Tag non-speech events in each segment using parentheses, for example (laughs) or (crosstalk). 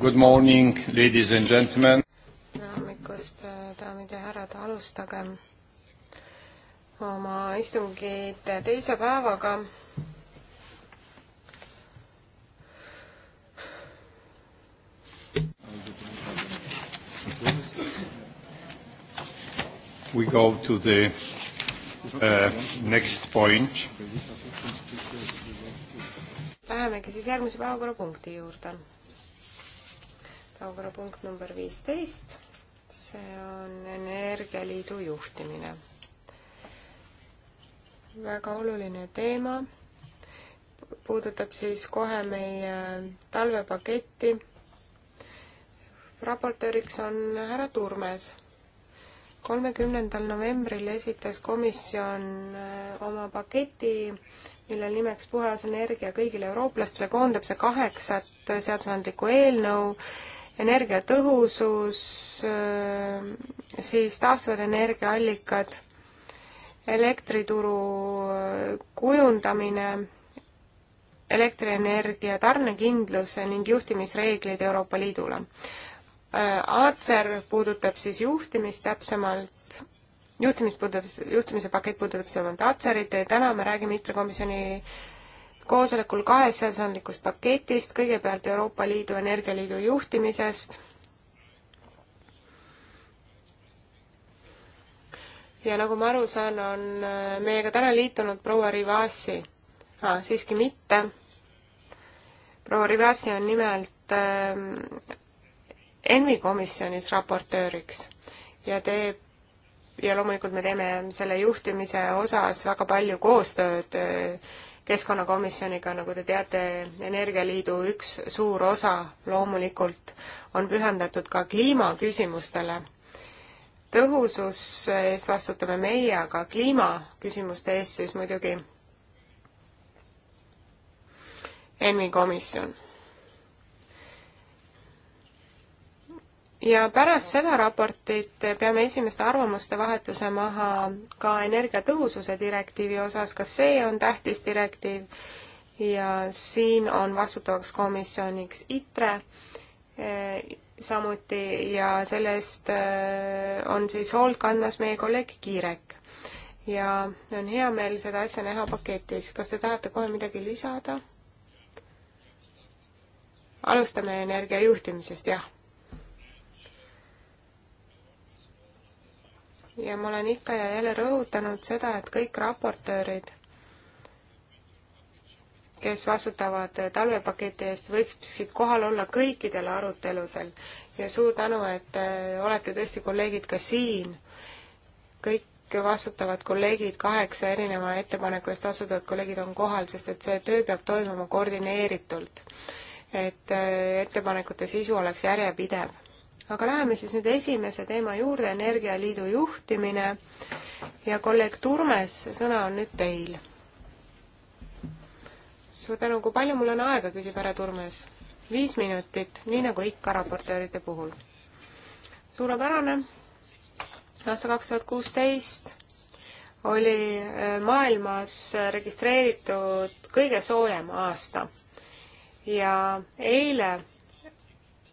Good morning, ladies and gentlemen. tere hommikust, daamid ja härrad, alustagem oma istungit teise päevaga. We go to the uh, next point. Lähemegi siis järgmise päevakorrapunkti juurde päevakorrapunkt number viisteist, see on Energialiidu juhtimine. väga oluline teema, puudutab siis kohe meie talvepaketti. raportööriks on härra Turmes. kolmekümnendal novembril esitas komisjon äh, oma paketi mille nimeks Puhas energia kõigile eurooplastele koondab see kaheksat seadusandlikku eelnõu energiatõhusus, äh, siis taastuvad energiaallikad, elektrituru äh, kujundamine, elektrienergia tarnekindluse ning juhtimisreeglid Euroopa Liidule. Äh, ACER puudutab siis juhtimist täpsemalt, juhtimist puudutab, juhtimise pakett puudutab täpsemalt ACER-it ja täna me räägime ITRE komisjoni koosolekul kahest seadusandlikust paketist, kõigepealt Euroopa Liidu Energialiidu juhtimisest ja nagu ma aru saan, on äh, meiega täna liitunud proua Rivasi ah,. siiski mitte. proua Rivasi on nimelt äh, ENVI komisjonis raportööriks ja teeb ja loomulikult me teeme selle juhtimise osas väga palju koostööd äh, keskkonnakomisjoniga, nagu te teate, Energialiidu üks suur osa loomulikult on pühendatud ka kliimaküsimustele. tõhusus eest vastutame meie, aga kliimaküsimuste eest siis muidugi ENMi komisjon ja pärast seda raportit peame esimeste arvamuste vahetuse maha ka energiatõhususe direktiivi osas, kas see on tähtis direktiiv ja siin on vastutavaks komisjoniks ITRE eh, samuti ja sellest eh, on siis hoolt kandmas meie kolleeg Kiirek. ja on hea meel seda asja näha paketis, kas te tahate kohe midagi lisada? alustame energiajuhtimisest, jah ja ma olen ikka ja jälle rõhutanud seda, et kõik raportöörid, kes vastutavad talvepaketi eest, võiksid kohal olla kõikidel aruteludel ja suur tänu, et äh, olete tõesti kolleegid ka siin. kõik vastutavad kolleegid, kaheksa erineva ettepaneku eest vastutavad kolleegid on kohal, sest et see töö peab toimuma koordineeritult. et äh, ettepanekute sisu oleks järjepidev aga läheme siis nüüd esimese teema juurde, Energialiidu juhtimine ja kolleeg Turmes, sõna on nüüd teil. suur tänu, kui palju mul on aega, küsib härra Turmes? viis minutit, nii nagu ikka raportööride puhul. suurepärane, aasta kaks tuhat kuusteist oli äh, maailmas registreeritud kõige soojem aasta ja eile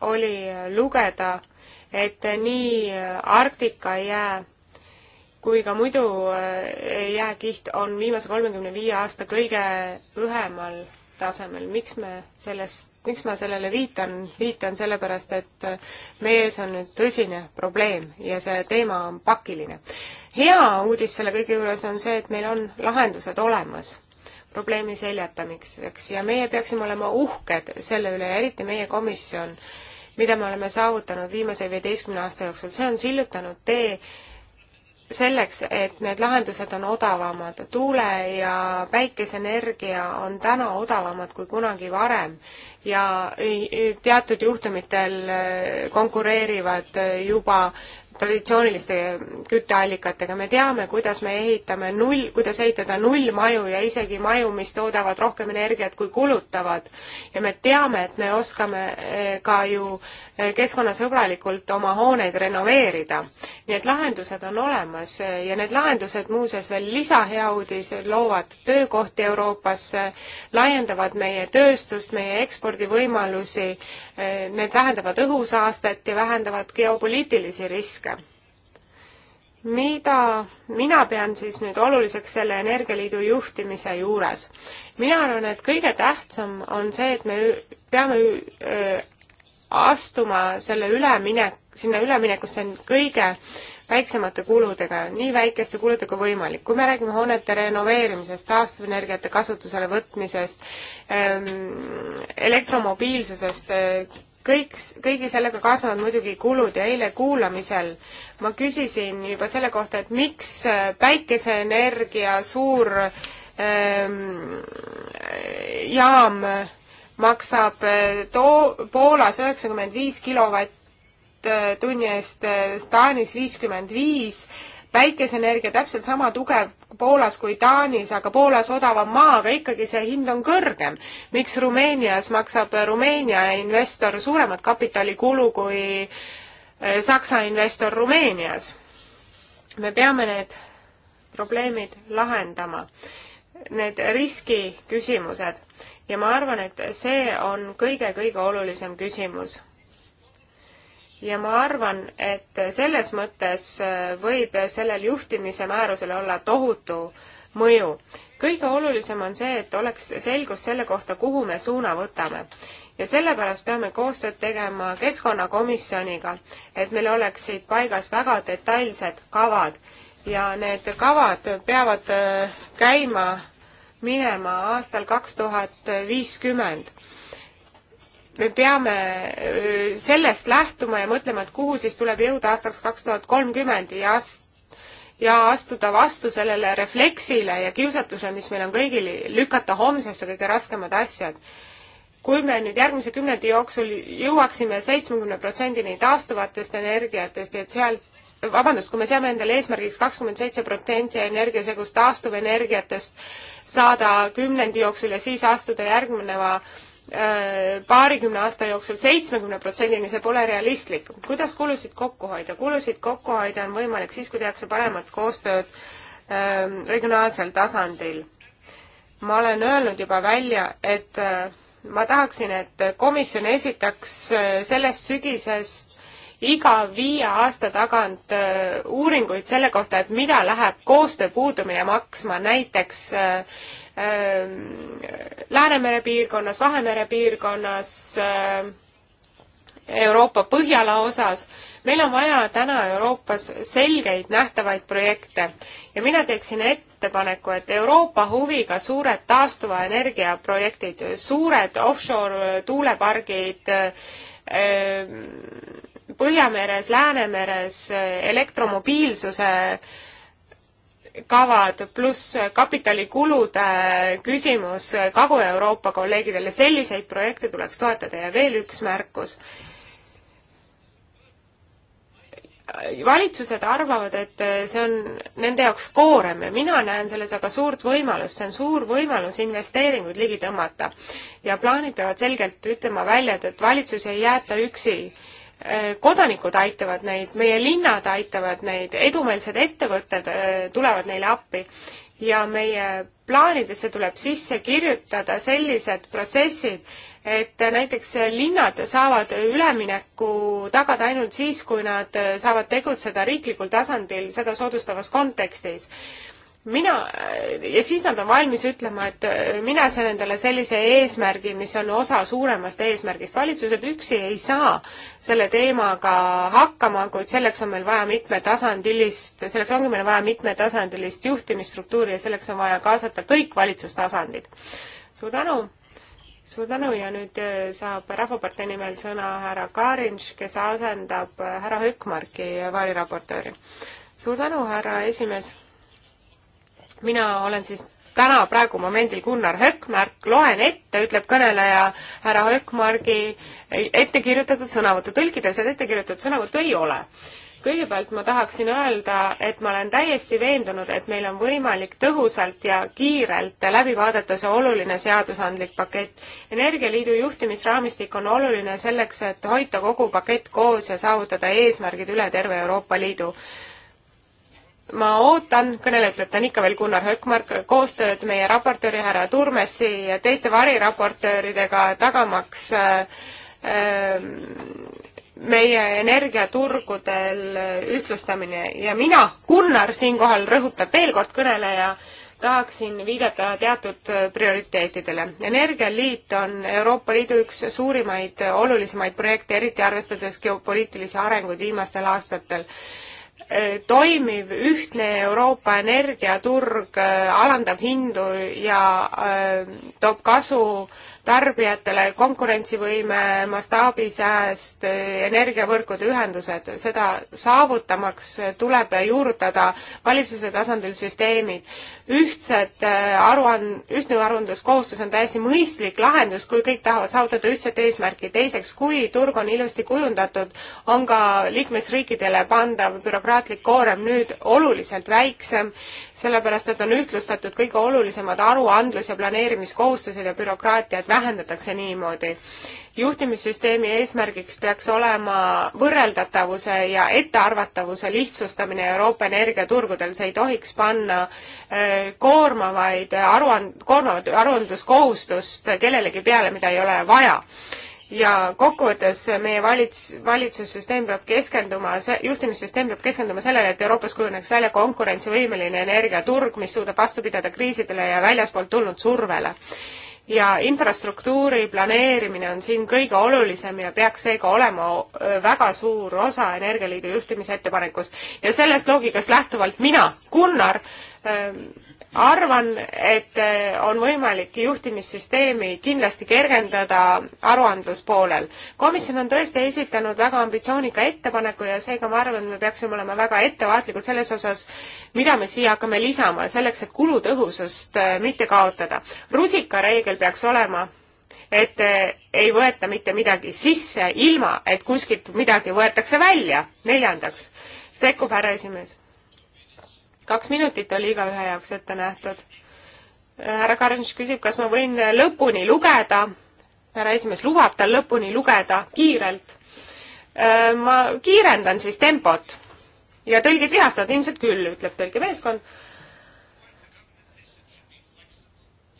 oli lugeda, et nii Arktika jää kui ka muidu äh, jääkiht on viimase kolmekümne viie aasta kõige õhemal tasemel. miks me sellest, miks ma sellele viitan, viitan sellepärast, et äh, meie ees on nüüd tõsine probleem ja see teema on pakiline. hea uudis selle kõige juures on see, et meil on lahendused olemas probleemi seljatamiseks ja meie peaksime olema uhked selle üle ja eriti meie komisjon, mida me oleme saavutanud viimase viieteistkümne aasta jooksul, see on sillutanud tee selleks, et need lahendused on odavamad. tuule- ja päikeseenergia on täna odavamad kui kunagi varem ja teatud juhtumitel konkureerivad juba traditsiooniliste kütteallikatega, me teame, kuidas me ehitame null, kuidas ehitada nullmaju ja isegi maju, mis toodavad rohkem energiat, kui kulutavad. ja me teame, et me oskame eh, ka ju äh, keskkonnasõbralikult oma hooneid renoveerida. nii et lahendused on olemas ja need lahendused muuseas veel lisahea uudis, loovad töökohti Euroopasse, laiendavad meie tööstust, meie ekspordivõimalusi, need vähendavad õhusaastet ja vähendavad geopoliitilisi riske mida mina pean siis nüüd oluliseks selle Energialiidu juhtimise juures? mina arvan, et kõige tähtsam on see, et me peame astuma selle üleminek, sinna üleminekusse kõige väiksemate kuludega, nii väikeste kuludega kui võimalik. kui me räägime hoonete renoveerimisest, taastuvenergiate kasutusele võtmisest, ehm, elektromobiilsusest, kõik, kõigi sellega kaasnevad muidugi kulud ja eile kuulamisel ma küsisin juba selle kohta, et miks päikeseenergia suur ähm, jaam maksab äh, too, Poolas üheksakümmend viis kilovatt-tunni eest, äh, Taanis viiskümmend viis, päikeseenergia täpselt sama tugev Poolas kui Taanis, aga Poolas odavam maa, aga ikkagi see hind on kõrgem. miks Rumeenias maksab Rumeenia investor suuremat kapitalikulu kui äh, Saksa investor Rumeenias? me peame need probleemid lahendama, need riskiküsimused ja ma arvan, et see on kõige-kõige olulisem küsimus. ja ma arvan, et selles mõttes äh, võib sellel juhtimise määrusel olla tohutu mõju. kõige olulisem on see, et oleks selgus selle kohta, kuhu me suuna võtame. ja sellepärast peame koostööd tegema Keskkonnakomisjoniga, et meil oleksid paigas väga detailsed kavad ja need kavad peavad äh, käima minema aastal kaks tuhat viiskümmend. me peame sellest lähtuma ja mõtlema, et kuhu siis tuleb jõuda aastaks kaks tuhat kolmkümmend ja ast-, ja astuda vastu sellele refleksile ja kiusatusele, mis meil on kõigil, lükata homsesse kõige raskemad asjad kui me nüüd järgmise kümnendi jooksul jõuaksime seitsmekümne protsendini taastuvatest energiatest ja et sealt vabandust, kui me seame endale eesmärgiks kakskümmend seitse protsenti energiasegust taastuvenergiatest saada kümnendi jooksul ja siis astuda järgneva äh, paarikümne aasta jooksul seitsmekümne protsendini, see pole realistlik. kuidas kulusid kokku hoida? kulusid kokku hoida on võimalik siis, kui tehakse paremat koostööd ähm, regionaalsel tasandil. ma olen öelnud juba välja, et äh, ma tahaksin, et komisjon esitaks äh, sellest sügisest iga viie aasta tagant äh, uuringuid selle kohta, et mida läheb koostöö puudumine maksma, näiteks äh, äh, Läänemere piirkonnas, Vahemere piirkonnas äh,, Euroopa põhjala osas. meil on vaja täna Euroopas selgeid nähtavaid projekte ja mina teeksin ettepaneku, et Euroopa huviga suured taastuva energia projektid, suured offshore tuulepargid äh,, Põhjameres, Läänemeres eh, elektromobiilsuse kavad pluss kapitalikulude küsimus eh, Kagu-Euroopa kolleegidele, selliseid projekte tuleks toetada ja veel üks märkus. valitsused arvavad, et eh, see on nende jaoks koorem ja mina näen selles aga suurt võimalust, see on suur võimalus investeeringuid ligi tõmmata. ja plaanid peavad selgelt ütlema välja, et, et valitsusi ei jäeta üksi Äh, kodanikud aitavad neid, meie linnad aitavad neid, edumeelsed ettevõtted äh, tulevad neile appi ja meie plaanidesse tuleb sisse kirjutada sellised protsessid, et näiteks linnad saavad ülemineku tagada ainult siis, kui nad äh, saavad tegutseda riiklikul tasandil seda soodustavas kontekstis mina, ja siis nad on valmis ütlema, et äh, mina saan endale sellise eesmärgi, mis on osa suuremast eesmärgist. valitsused üksi ei saa selle teemaga hakkama, kuid selleks on meil vaja mitmetasandilist, selleks ongi meil vaja mitmetasandilist juhtimisstruktuuri ja selleks on vaja kaasata kõik valitsustasandid. suur tänu! suur tänu ja nüüd äh, saab Rahvapartei nimel sõna härra Karinš, kes asendab äh, härra Hökmarki variraportööri. suur tänu, härra esimees mina olen siis täna praegu momendil Gunnar Höckmark, loen ette, ütleb kõneleja härra Höckmargi ettekirjutatud sõnavõttu, tõlkides, et ettekirjutatud sõnavõttu ei ole. kõigepealt ma tahaksin öelda, et ma olen täiesti veendunud, et meil on võimalik tõhusalt ja kiirelt läbi vaadata see oluline seadusandlik pakett. energialiidu juhtimisraamistik on oluline selleks, et hoida kogu pakett koos ja saavutada eesmärgid üle terve Euroopa Liidu ma ootan, kõnelejatelt on ikka veel Gunnar Hökmark, koostööd meie raportööri härra Turmesi ja teiste variraportööridega, tagamaks äh, äh, meie energiaturgudel ühtlustamine ja mina, Gunnar, siinkohal rõhutab veel kord kõneleja, tahaksin viidata teatud prioriteetidele. energialiit on Euroopa Liidu üks suurimaid, olulisemaid projekte, eriti arvestades geopoliitilisi arenguid viimastel aastatel toimiv ühtne Euroopa energiaturg äh, alandab hindu ja äh, toob kasu tarbijatele konkurentsivõime, mastaabisääst, energiavõrkude ühendused, seda saavutamaks tuleb juurutada valitsuse tasandil süsteemid. ühtsed äh, aruand-, ühtne aruandluskohustus on täiesti mõistlik lahendus, kui kõik tahavad saavutada ühtset eesmärki. teiseks, kui turg on ilusti kujundatud, on ka liikmesriikidele pandav bürokraatlik koorem nüüd oluliselt väiksem sellepärast et on ühtlustatud kõige olulisemad aruandlus- ja planeerimiskohustused ja bürokraatiat vähendatakse niimoodi. juhtimissüsteemi eesmärgiks peaks olema võrreldatavuse ja ettearvatavuse lihtsustamine Euroopa energiaturgudel, see ei tohiks panna äh, koormavaid aruand-, koormavat aruandluskohustust kellelegi peale, mida ei ole vaja ja kokkuvõttes meie valits-, valitsussüsteem peab keskenduma, see juhtimissüsteem peab keskenduma sellele, et Euroopas kujuneks välja konkurentsivõimeline energiaturg, mis suudab vastu pidada kriisidele ja väljaspoolt tulnud survele. ja infrastruktuuri planeerimine on siin kõige olulisem ja peaks seega olema väga suur osa Energialiidu juhtimisettepanekust. ja sellest loogikast lähtuvalt mina, Gunnar ähm,, arvan, et eh, on võimalik juhtimissüsteemi kindlasti kergendada aruandluspoolel. komisjon on tõesti esitanud väga ambitsioonika ettepaneku ja seega ma arvan, et me peaksime olema väga ettevaatlikud selles osas, mida me siia hakkame lisama, selleks et kulutõhusust eh, mitte kaotada. rusikareegel peaks olema et eh, ei võeta mitte midagi sisse, ilma et kuskilt midagi võetakse välja. neljandaks, sekkub härra esimees kaks minutit oli igaühe jaoks ette nähtud. härra Karnš küsib, kas ma võin lõpuni lugeda. härra esimees lubab tal lõpuni lugeda kiirelt. Äh, ma kiirendan siis tempot ja tõlgid vihastavad ilmselt küll, ütleb tõlgimeeskond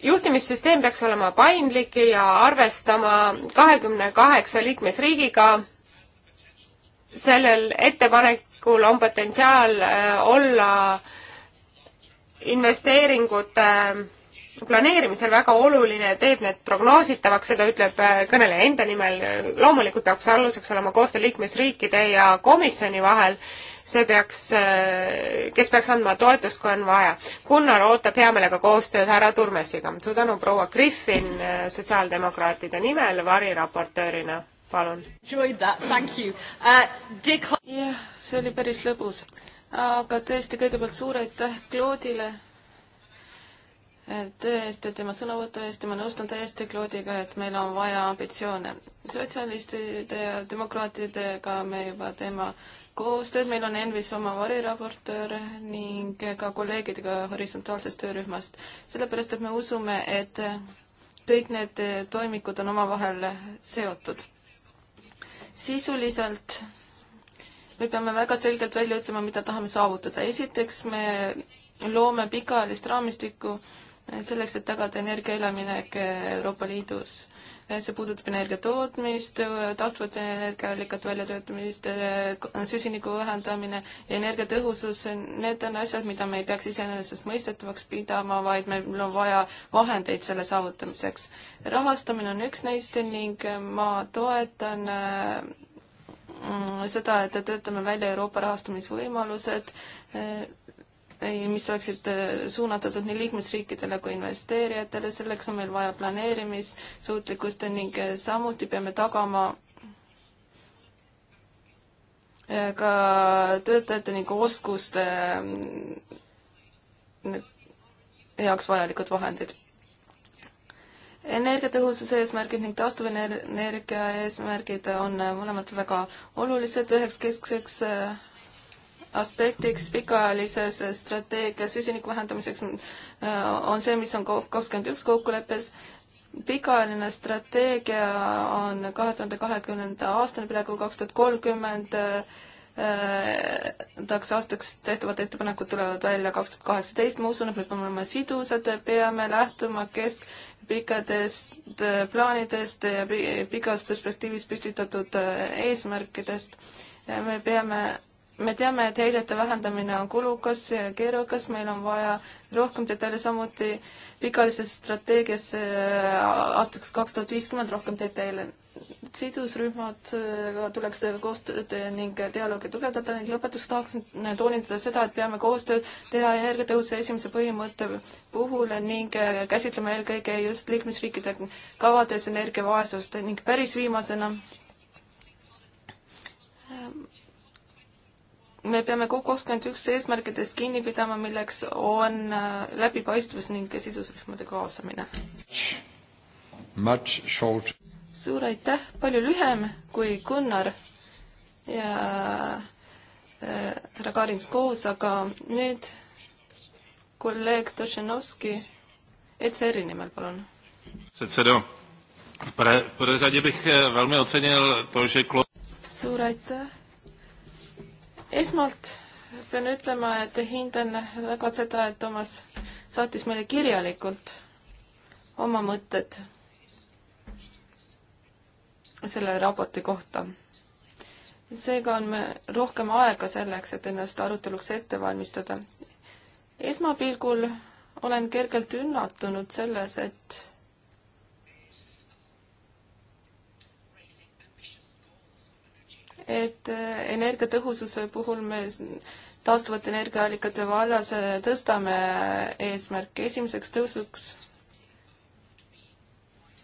juhtimissüsteem peaks olema paindlik ja arvestama kahekümne kaheksa liikmesriigiga. sellel ettepanek, tulevikul on potentsiaal äh, olla investeeringute äh, planeerimisel väga oluline, teeb need prognoositavaks, seda ütleb äh, kõneleja enda nimel. loomulikult peaks aluseks olema koostöö liikmesriikide ja komisjoni vahel. see peaks, kes peaks andma toetust, kui on vaja. Gunnar ootab hea meelega koostööd härra Turmesiga. suur tänu proua Griffin sotsiaaldemokraatide nimel variraportöörina palun. Uh, jah, see oli päris lõbus. aga tõesti, kõigepealt suur aitäh Claude'ile tõesti, tema sõnavõtu eest ja ma nõustun täiesti Claude'iga, et meil on vaja ambitsioone. sotsialistide ja demokraatidega me juba teeme koostööd, meil on ENVis oma variraportöör ning ka kolleegidega horisontaalsest töörühmast. sellepärast, et me usume, et kõik need toimikud on omavahel seotud sisuliselt me peame väga selgelt välja ütlema, mida tahame saavutada. esiteks me loome pikaajalist raamistikku äh, selleks, et tagada energia üleminek Euroopa Liidus. see puudutab energia tootmist, taastuvate energiaallikate väljatöötamist, süsiniku vähendamine ja energiatõhusus, need on asjad, mida me ei peaks iseenesestmõistetavaks pidama, vaid meil on vaja vahendeid selle saavutamiseks. rahastamine on üks neist ning ma toetan mm, seda, et töötame välja Euroopa rahastamisvõimalused, mis oleksid äh, suunatud nii liikmesriikidele kui investeerijatele, selleks on meil vaja planeerimissuutlikkust ning äh, samuti peame tagama äh, ka töötajate ning oskuste heaks vajalikud vahendid. energiatõhususe eesmärgid ning taastuvenergia eesmärgid on mõlemad väga olulised, üheks keskseks aspektiks pikaajalises strateegias süsiniku vähendamiseks on äh, see, mis on kakskümmend üks kokkuleppes. pikaajaline strateegia on kahe tuhande kahekümnenda aastani, praegu kaks tuhat kolmkümmend äh, tahaks aastaks tehtavad ettepanekud tulevad välja kaks tuhat kaheksateist, ma usun, et me peame olema sidusad, peame lähtuma kesk-, pikkadest äh, plaanidest ja pikas perspektiivis püstitatud eesmärkidest. me peame me teame, et heidete vähendamine on kulukas ja keerukas, meil on vaja rohkem detaile, samuti pikaajalises strateegias äh, aastaks kaks tuhat viiskümmend rohkem detaile. sidusrühmad äh, tuleks koostööd ning dialoogi tugevdada ning lõpetuseks tahaksin äh, toonitada seda, et peame koostööd teha energiatõhususe esimese põhimõtte puhul ning käsitlema eelkõige just liikmesriikide kavades energiavaesust ning päris viimasena me peame kokku kakskümmend üks eesmärkidest kinni pidama, milleks on äh, läbipaistvus ning sidusrühmade kaasamine. suur aitäh, palju lühem kui Gunnar ja äh, härra äh, Karins koos, aga nüüd kolleeg Tošenovski, ECR-i nimel, palun. Eh, suur aitäh esmalt pean ütlema, et hindan väga seda, et Toomas saatis meile kirjalikult oma mõtted selle raporti kohta. seega on me rohkem aega selleks, et ennast aruteluks ette valmistada. esmapilgul olen kergelt üllatunud selles, et et äh, energiatõhususe puhul me taastuvate energiaallikate vallas äh, tõstame äh, eesmärki esimeseks tõusuks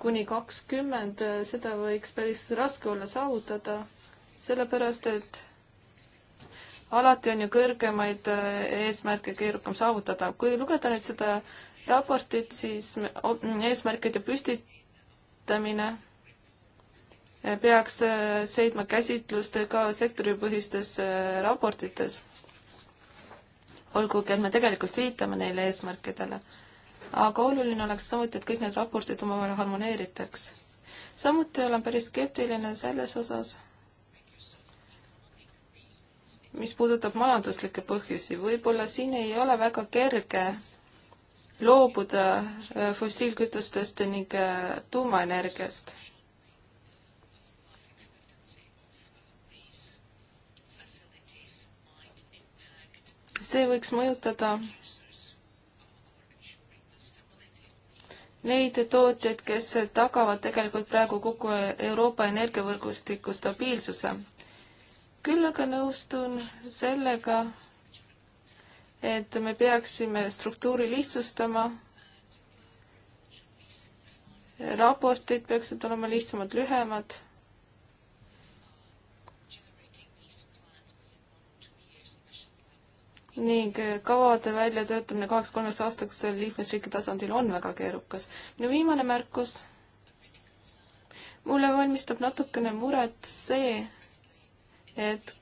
kuni kakskümmend, seda võiks päris raske olla saavutada, sellepärast et alati on ju kõrgemaid eesmärke keerukam saavutada. kui lugeda nüüd seda raportit, siis eesmärkide püstitamine peaks äh, seisma käsitlust ka sektoripõhistes äh, raportites. olgugi, et me tegelikult viitame neile eesmärkidele. aga oluline oleks samuti, et kõik need raportid omavahel harmoneeritaks. samuti olen päris skeptiline selles osas, mis puudutab majanduslikke põhjusi, võib-olla siin ei ole väga kerge loobuda äh, fossiilkütustest ning tuumaenergiast see võiks mõjutada neid tootjaid, kes tagavad tegelikult praegu kogu Euroopa energiavõrgustiku stabiilsuse. küll aga nõustun sellega, et me peaksime struktuuri lihtsustama, raportid peaksid olema lihtsamad, lühemad ning kavade väljatöötamine kaheks-kolmeks aastaks liikmesriigi tasandil on väga keerukas. minu viimane märkus. mulle valmistab natukene muret see, et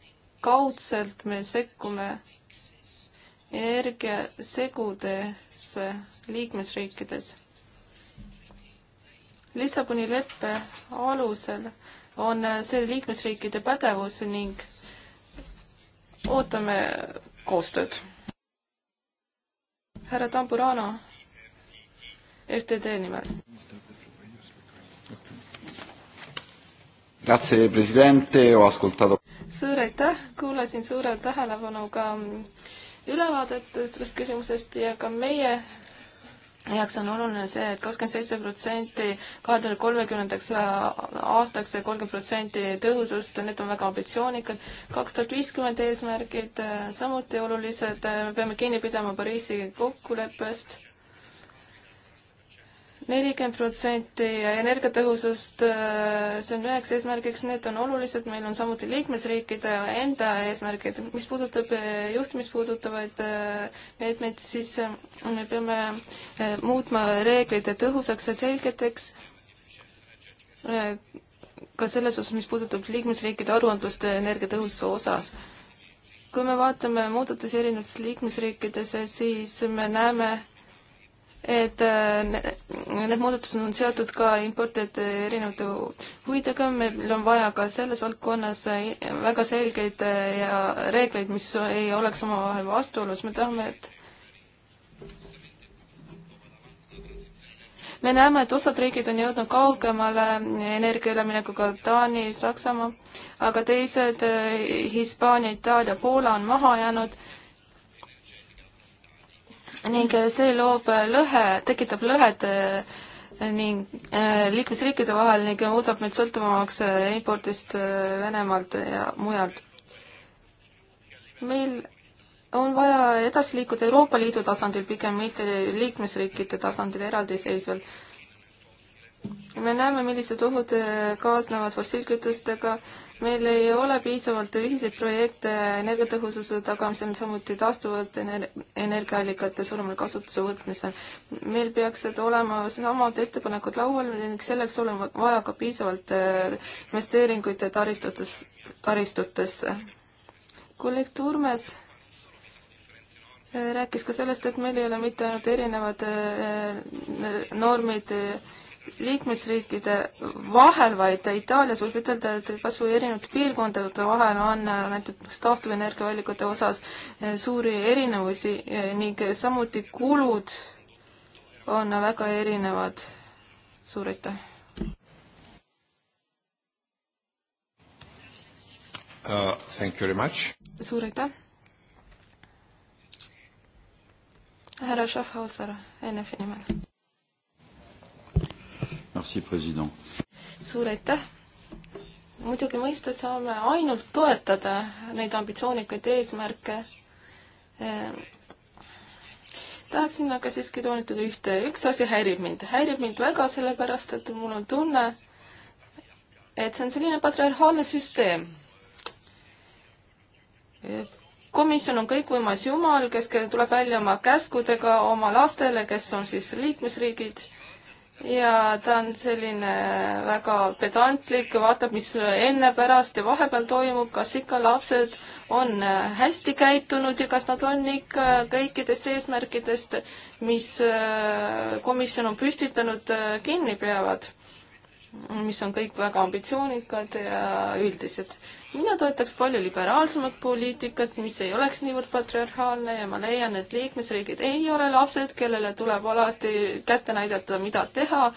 kaudselt me sekkume energiasegudesse liikmesriikides. Lissaboni leppe alusel on see liikmesriikide pädevus ning ootame koostööd. härra Tamburano, FTD nimel. Grazie presidente, ho ascoltato. suur aitäh, kuulasin suure tähelepanuga ülevaadet sellest küsimusest ja ka meie heaks on oluline see et, et kakskümmend seitse protsenti kahe tuhande kolmekümnendaks äh, aastaks ja kolmkümmend protsenti tõhusust, need on väga ambitsioonikad. kaks tuhat viiskümmend eesmärgid äh, samuti olulised, äh, me peame kinni pidama Pariisi kokkuleppest nelikümmend protsenti energiatõhusust, äh, see on üheks eesmärgiks, need on olulised, meil on samuti liikmesriikide enda eesmärgid. mis puudutab äh, juhtimist puudutavaid äh, meetmeid, siis me peame muutma reeglid tõhusaks ja selgeteks ka selles osas, mis puudutab liikmesriikide aruandlust energiatõhususe osas. kui me vaatame muudatusi erinevates liikmesriikides, siis me näeme, et äh, need muudatused on seotud ka importijate erinevate huvidega, meil on vaja ka selles valdkonnas äh, väga selgeid äh, ja reegleid, mis ei oleks omavahel vastuolus, me tahame, et me näeme, et osad riigid on jõudnud kaugemale energia üleminekuga, Taani, Saksamaa, aga teised, Hispaania, Itaalia, Poola on maha jäänud ning see loob lõhe, tekitab lõhed eh, ning eh, liikmesriikide vahel ning muudab meid sõltuvamaks eh, impordist Venemaalt ja mujalt. meil on vaja edasi liikuda Euroopa Liidu tasandil, pigem mitte liikmesriikide tasandil eraldiseisvalt me näeme, millised ohud äh, kaasnevad fossiilkütustega, meil ei ole piisavalt ühiseid projekte energiatõhususe tagamisel, samuti taastuvate energiaallikate suuremal kasutuse võtmisel. meil peaksid olema samad ettepanekud laual ning selleks olema vaja ka piisavalt äh, investeeringuid taristutes, taristutesse. kolleeg Turmes äh, rääkis ka sellest, et meil ei ole mitte ainult erinevad normid liikmesriikide vahel, vaid Itaalias võib ütelda, et kas või erinevate piirkondade vahel on äh, näiteks taastuvenergiaallikate osas äh, suuri erinevusi äh, ning samuti kulud on väga erinevad. suur aitäh! Uh, thank you very much. suur aitäh! härra Schaffhauser NF-i nimel suur aitäh! muidugi mõista saame ainult toetada neid ambitsioonikaid eesmärke. Ehm, tahaksin aga siiski toonitada ühte, üks asi häirib mind, häirib mind väga, sellepärast et mul on tunne, et see on selline patriarhaalne süsteem. komisjon on kõikvõimas jumal, kes tuleb välja oma käskudega oma lastele, kes on siis liikmesriigid ja ta on selline väga pedantlik, vaatab, mis enne, pärast ja vahepeal toimub, kas ikka lapsed on hästi käitunud ja kas nad on ikka kõikidest eesmärkidest, mis äh, komisjon on püstitanud, äh, kinni peavad mis on kõik väga ambitsioonikad ja üldised. mina toetaks palju liberaalsemat poliitikat, mis ei oleks niivõrd patriarhaalne ja ma leian, et liikmesriigid ei ole lapsed, kellele tuleb alati kätte näidata, mida teha.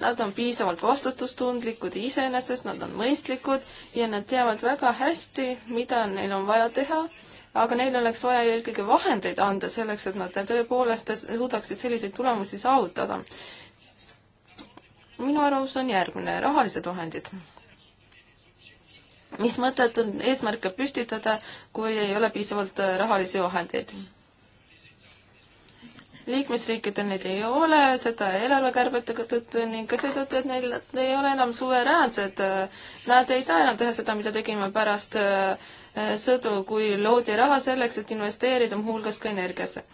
Nad on piisavalt vastutustundlikud iseenesest, nad on mõistlikud ja nad teavad väga hästi, mida neil on vaja teha aga neil oleks vaja eelkõige vahendeid anda selleks, et nad tõepoolest suudaksid selliseid tulemusi saavutada minu arvamus on järgmine, rahalised vahendid. mis mõtet on eesmärke püstitada, kui ei ole piisavalt äh, rahalisi vahendeid? liikmesriikidel neid ei ole, seda eelarvekärbetega tõttu ning ka seetõttu, et neil ei ole enam suveräänsed, äh, nad ei saa enam teha seda, mida tegime pärast äh, sõdu, kui loodi raha selleks, et investeerida muuhulgas ka energiasse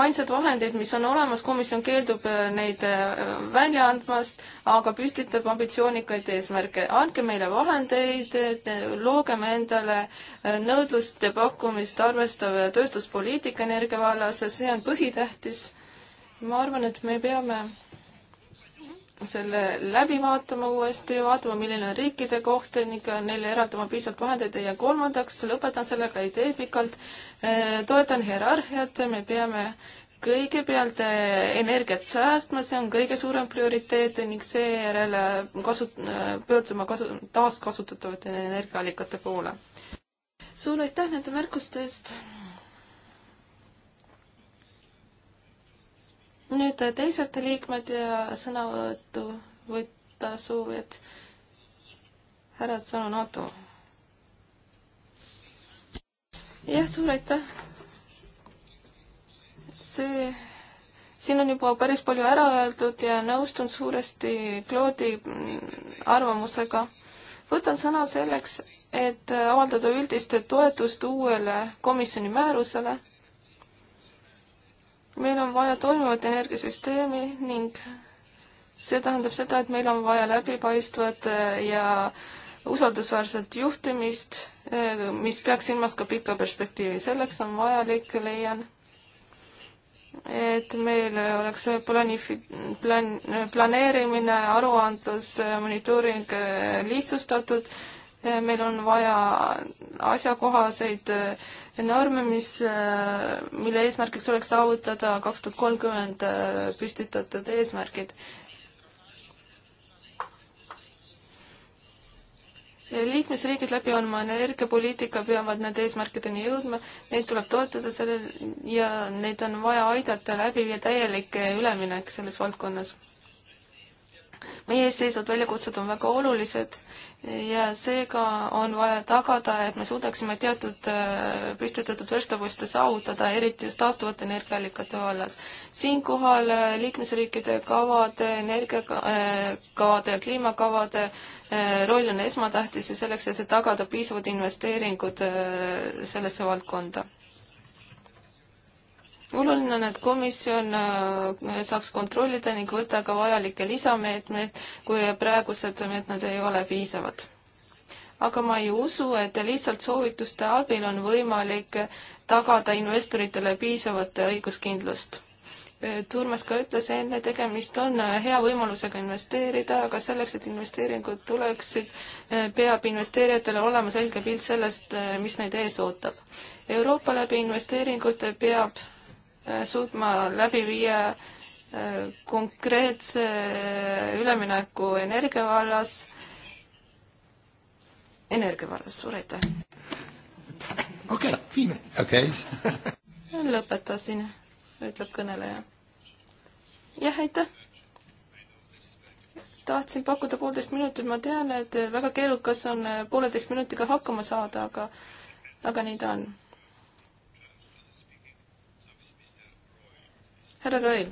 ainsad vahendid, mis on olemas, komisjon keeldub äh, neid äh, välja andmast, aga püstitab ambitsioonikaid eesmärke. andke meile vahendeid, äh, loogem endale nõudlust ja pakkumist arvestav tööstuspoliitika energia vallas, see on põhitähtis. ma arvan, et me peame selle läbi vaatama uuesti, vaatama, milline on riikide koht ning neile eraldama piisavalt vahendeid ja kolmandaks lõpetan sellega, ei tee pikalt, eh, toetan hierarhiat, me peame kõigepealt eh, energiat säästma, see on kõige suurem prioriteet ning seejärel eh, kasu-, pöörduma kasu-, taaskasutatavate energiaallikate poole. suur aitäh nende märkuste eest! nüüd äh, teised liikmed ja sõnavõttu võtta soovijad. härra Tsanonato. jah, suur aitäh. see, siin on juba päris palju ära öeldud ja nõustun suuresti Claude'i mm, arvamusega. võtan sõna selleks, et äh, avaldada üldist toetust uuele komisjoni määrusele meil on vaja toimivat energiasüsteemi ning see tähendab seda, et meil on vaja läbipaistvat äh, ja usaldusväärset juhtimist, äh, mis peaks silmas ka pika perspektiivi. selleks on vajalik, leian, et meil oleks planifi-, plan-, planeerimine, aruandlus, äh, monitooring lihtsustatud meil on vaja asjakohaseid äh, norme, mis, äh, mille eesmärgiks oleks saavutada kaks tuhat kolmkümmend äh, püstitatud eesmärgid. liikmesriigid läbi oma energiapoliitika peavad nende eesmärkideni jõudma, neid tuleb toetada sellel ja neid on vaja aidata läbi viia täielik üleminek selles valdkonnas. meie ees seisvad väljakutsed on väga olulised ja seega on vaja tagada, et me suudaksime teatud äh, püstitatud verstaposte saavutada, eriti just taastuvate energiaallikate vallas. siinkohal äh, liikmesriikide kavade, energiakavade äh, ja kliimakavade roll on esmatähtis ja selleks, et tagada piisavad investeeringud sellesse valdkonda oluline on, et komisjon äh, saaks kontrollida ning võtta ka vajalikke lisameetmeid, kui praegused meetmed ei ole piisavad. aga ma ei usu, et lihtsalt soovituste abil on võimalik tagada investoritele piisavat õiguskindlust. Äh, Turmas ka ütles enne, tegemist on äh, hea võimalusega investeerida, aga selleks, et investeeringud tuleksid, peab investeerijatele olema selge pilt sellest, mis neid ees ootab. Euroopa läbi investeeringute peab Äh, suutma läbi viia äh, konkreetse äh, ülemineku energia vallas, energia vallas, suur aitäh! okei okay,, viime! okei okay. (laughs) lõpetasin, ütleb kõneleja. jah, aitäh! tahtsin pakkuda poolteist minutit, ma tean, et väga keerukas on pooleteist minutiga hakkama saada, aga, aga nii ta on härra Roil.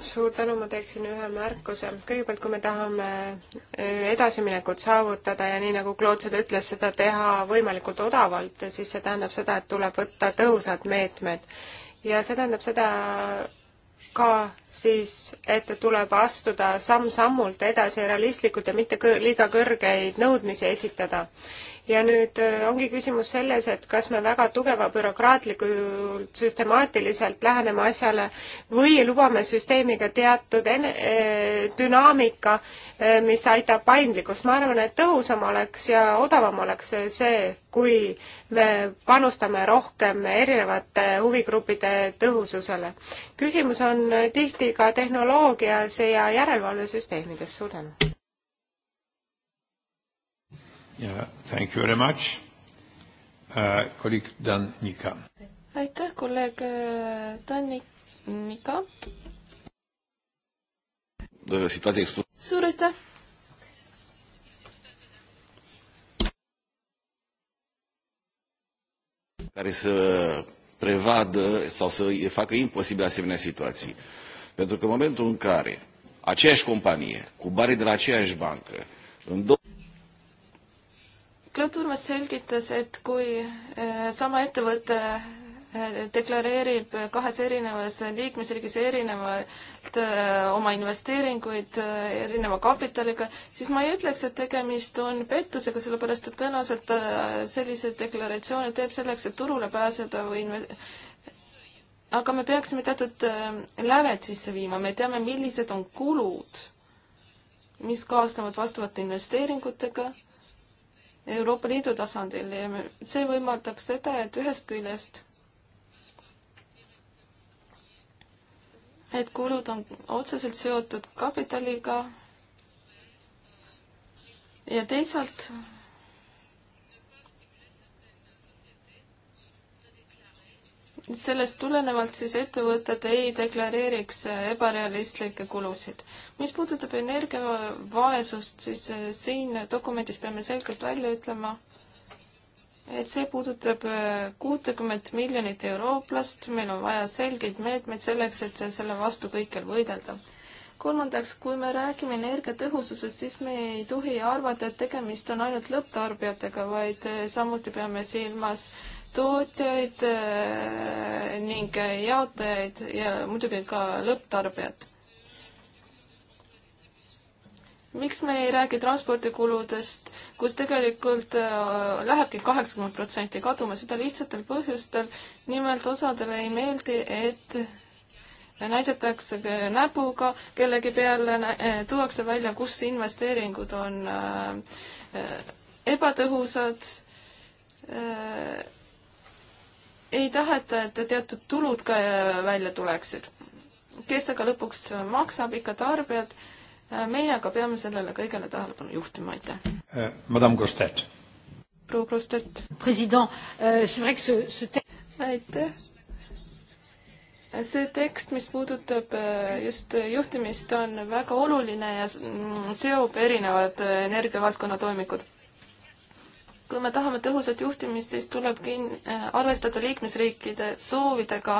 suur tänu, ma teeksin ühe märkuse. kõigepealt, kui me tahame äh, edasiminekut saavutada ja nii nagu Claude seda ütles, seda teha võimalikult odavalt, siis see tähendab seda, et tuleb võtta tõhusad meetmed. ja see tähendab seda, ka siis, et tuleb astuda samm-sammult edasi realistlikult ja mitte kõr liiga kõrgeid nõudmisi esitada ja nüüd äh, ongi küsimus selles, et kas me väga tugeva bürokraatlikult süstemaatiliselt läheneme asjale või lubame süsteemiga teatud äh, dünaamika, äh, mis aitab paindlikkust. ma arvan, et tõhusam oleks ja odavam oleks see, kui me panustame rohkem erinevate huvigruppide tõhususele. küsimus on tihti ka tehnoloogias ja järelevalvesüsteemides. suur tänu! ja thank you very much uh,. kolleeg Dan Nika. aitäh, kolleeg äh, Dan Nika. suur aitäh. care să prevadă sau să facă imposibil asemenea situații. Pentru că în momentul în care aceeași companie, cu banii de la aceeași bancă, în două Claude Urmas selgitas, et kui eh, sama ettevõte eh, deklareerib kahes erinevas liikmesriigis erinevalt eh, oma investeeringuid erineva kapitaliga, siis ma ei ütleks, et tegemist on pettusega, sellepärast et tõenäoliselt selliseid deklaratsioone teeb selleks, et turule pääseda või inve-, aga me peaksime teatud läved sisse viima, me teame, millised on kulud, mis kaasnevad vastavate investeeringutega Euroopa Liidu tasandil ja see võimaldaks seda, et ühest küljest et kulud on otseselt seotud kapitaliga ja teisalt sellest tulenevalt siis ettevõtted ei deklareeriks ebarealistlikke kulusid. mis puudutab energiavaesust, siis eh, siin dokumendis peame selgelt välja ütlema, et see puudutab eh, kuutekümmet miljonit eurooplast, meil on vaja selgeid meetmeid selleks, et selle vastu kõikjal võidelda kolmandaks, kui me räägime energiatõhususest, siis me ei tohi arvata, et tegemist on ainult lõpptarbijatega, vaid eh, samuti peame silmas äh, tootjaid äh, ning äh, jaotajaid ja muidugi ka lõpptarbijad. miks me ei räägi transpordikuludest, kus tegelikult äh, lähebki kaheksakümmend protsenti kaduma, seda lihtsatel põhjustel. nimelt osadele ei meeldi, et näidatakse näpuga kellegi peale, tuuakse välja, kus investeeringud on ebatõhusad ei taheta, et teatud tulud ka äh, välja tuleksid. kes aga lõpuks äh, maksab, ikka tarbijad. Äh, meie aga peame sellele kõigele tähelepanu juhtima, aitäh äh,. Madame Grostet. proua Grostet. president äh,, see oleks see. aitäh. see tekst, mis puudutab just juhtimist, on väga oluline ja mm, seob erinevad energiavaldkonna toimikud kui me tahame tõhusat juhtimist, siis tuleb kin-, äh, arvestada liikmesriikide soovidega,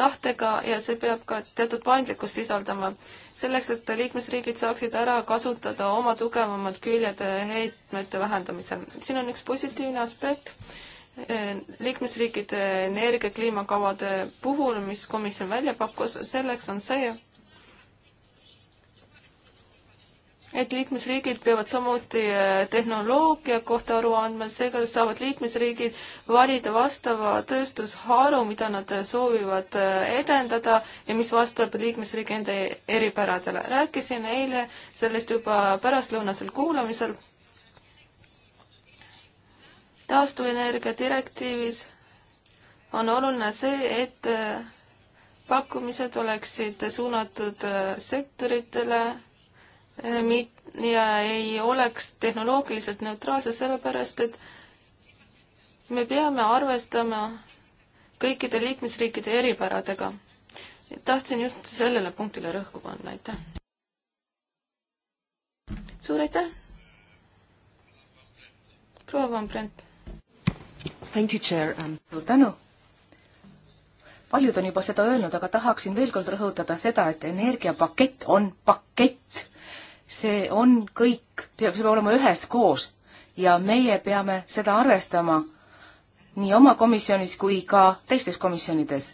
tahtega ja see peab ka teatud paindlikkust sisaldama. selleks, et liikmesriigid saaksid ära kasutada oma tugevamad küljed heitmete vähendamisel. siin on üks positiivne aspekt, äh, liikmesriikide energia kliimakavade puhul, mis komisjon välja pakkus, selleks on see, et liikmesriigid peavad samuti äh, tehnoloogia kohta aru andma, seega saavad liikmesriigid valida vastava tööstusharu, mida nad äh, soovivad äh, edendada ja mis vastab liikmesriigi enda eripäradele. rääkisin eile sellest juba pärastlõunasel kuulamisel. taastuvenergia direktiivis on oluline see, et pakkumised oleksid suunatud sektoritele Äh, ja ei oleks tehnoloogiliselt neutraalsed, sellepärast et me peame arvestama kõikide liikmesriikide eripäradega. tahtsin just sellele punktile rõhku panna, aitäh. suur aitäh. proua Van Brent. Thank you, chair um.... suur tänu. paljud on juba seda öelnud, aga tahaksin veel kord rõhutada seda, et energiapakett on pakett see on kõik, peab, see peab olema üheskoos ja meie peame seda arvestama nii oma komisjonis kui ka teistes komisjonides.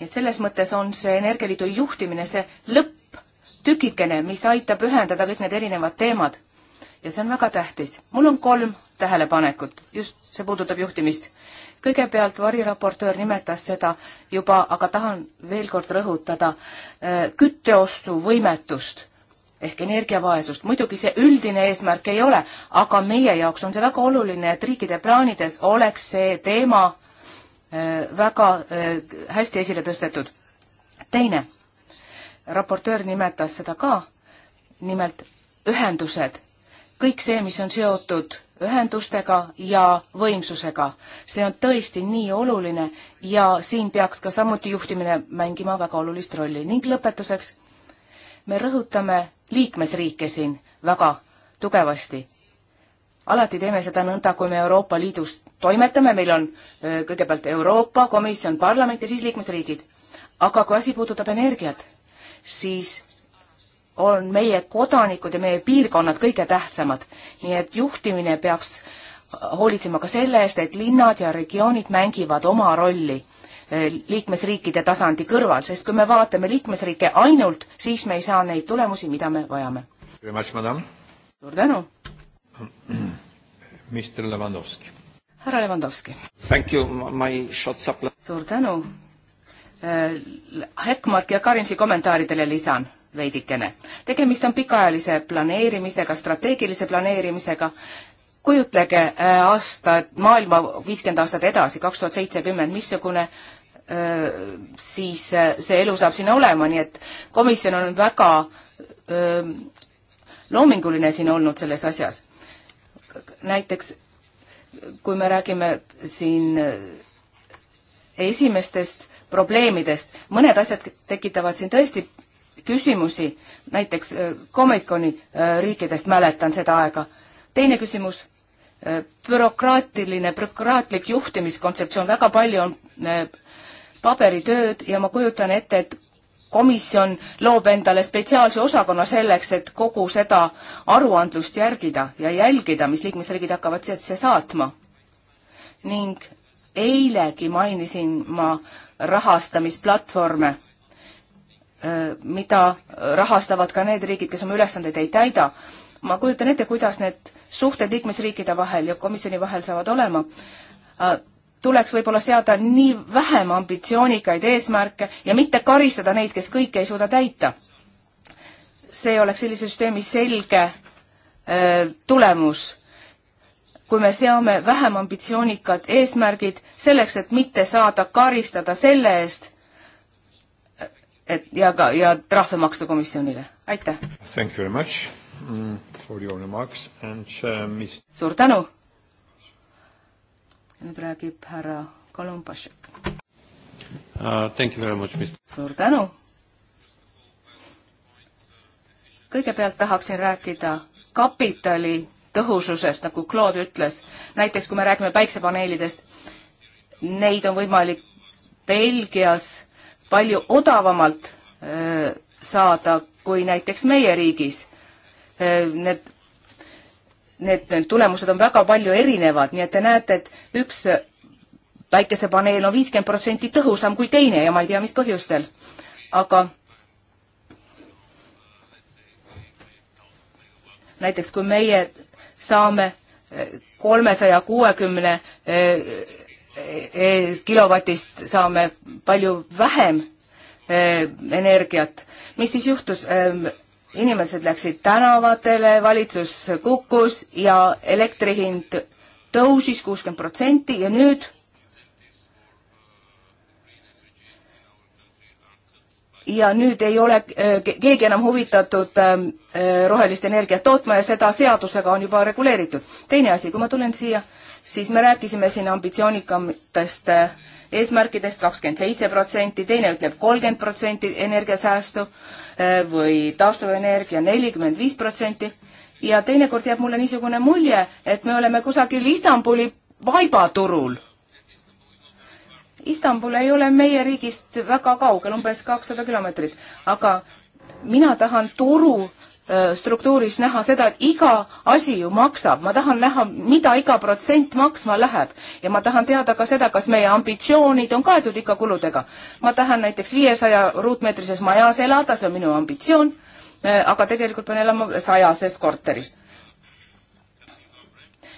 et selles mõttes on see Energialiidu juhtimine see lõpptükikene, mis aitab ühendada kõik need erinevad teemad. ja see on väga tähtis. mul on kolm tähelepanekut, just see puudutab juhtimist. kõigepealt variraportöör nimetas seda juba, aga tahan veel kord rõhutada äh, kütteostuvõimetust ehk energiavaesust. muidugi see üldine eesmärk ei ole, aga meie jaoks on see väga oluline, et riikide plaanides oleks see teema äh, väga äh, hästi esile tõstetud. teine, raportöör nimetas seda ka, nimelt ühendused. kõik see, mis on seotud ühendustega ja võimsusega. see on tõesti nii oluline ja siin peaks ka samuti juhtimine mängima väga olulist rolli ning lõpetuseks me rõhutame liikmesriike siin väga tugevasti. alati teeme seda nõnda, kui me Euroopa Liidus toimetame, meil on kõigepealt Euroopa Komisjon, parlament ja siis liikmesriigid. aga kui asi puudutab energiat, siis on meie kodanikud ja meie piirkonnad kõige tähtsamad. nii et juhtimine peaks hoolitsema ka selle eest, et linnad ja regioonid mängivad oma rolli Eh, liikmesriikide tasandi kõrval, sest kui me vaatame liikmesriike ainult, siis me ei saa neid tulemusi, mida me vajame. suur tänu. (clears throat) minister Levanovski. härra Levanovski. suur tänu. Eh, Heckmark ja Karinsi kommentaaridele lisan veidikene. tegemist on pikaajalise planeerimisega, strateegilise planeerimisega, kujutlege eh, aasta, maailma viiskümmend aastat edasi, kaks tuhat seitsekümmend, missugune Äh, siis äh, see elu saab sinna olema, nii et komisjon on väga äh, loominguline siin olnud selles asjas. näiteks kui me räägime siin esimestest probleemidest, mõned asjad tekitavad siin tõesti küsimusi, näiteks Comic-Coni riikidest mäletan seda aega. teine küsimus, bürokraatiline, bürokraatlik juhtimiskontseptsioon, väga palju on paberitööd ja ma kujutan ette, et komisjon loob endale spetsiaalse osakonna selleks, et kogu seda aruandlust järgida ja jälgida, mis liikmesriigid hakkavad sisse saatma. ning eilegi mainisin ma rahastamisplatvorme, mida rahastavad ka need riigid, kes oma ülesandeid ei täida. ma kujutan ette, kuidas need suhted liikmesriikide vahel ja komisjoni vahel saavad olema tuleks võib-olla seada nii vähem ambitsioonikaid eesmärke ja mitte karistada neid, kes kõike ei suuda täita. see oleks sellise süsteemi selge öö, äh, tulemus, kui me seame vähem ambitsioonikad eesmärgid selleks, et mitte saada karistada selle eest, äh, et ja ka, ja trahve maksta komisjonile. aitäh! Thank you very much mm, for your remarks and uh, mis suur tänu! ja nüüd räägib härra Kolumbasek uh,. Thank you very much, Mr. suur tänu. kõigepealt tahaksin rääkida kapitali tõhususest, nagu Claude ütles. näiteks kui me räägime päiksepaneelidest, neid on võimalik Belgias palju odavamalt öö, äh, saada kui näiteks meie riigis. Äh, need need, need tulemused on väga palju erinevad, nii et te näete, et üks päikesepaneel on viiskümmend protsenti tõhusam kui teine ja ma ei tea, mis põhjustel. aga näiteks kui meie saame eh, kolmesaja kuuekümne eh, eh, kilovatist saame palju vähem energiat, mis siis juhtus inimesed läksid tänavatele, valitsus kukkus ja elektri hind tõusis kuuskümmend protsenti ja nüüd ja nüüd ei ole äh, keegi enam huvitatud ähm, äh, rohelist energiat tootma ja seda seadusega on juba reguleeritud. teine asi, kui ma tulen siia äh, siis me rääkisime siin ambitsioonikamatest äh, eesmärkidest kakskümmend seitse protsenti, teine ütleb kolmkümmend protsenti energiasäästu äh, või taastuvenergia nelikümmend viis protsenti ja teinekord jääb mulle niisugune mulje, et me oleme kusagil Istanbuli vaibaturul. Istanbul ei ole meie riigist väga kaugel, umbes kakssada kilomeetrit, aga mina tahan turu Äh, struktuuris näha seda, et iga asi ju maksab, ma tahan näha, mida iga protsent maksma läheb ja ma tahan teada ka seda, kas meie ambitsioonid on kaetud ikka kuludega. ma tahan näiteks viiesaja ruutmeetrises majas elada, see on minu ambitsioon, äh, aga tegelikult pean elama sajases korteris.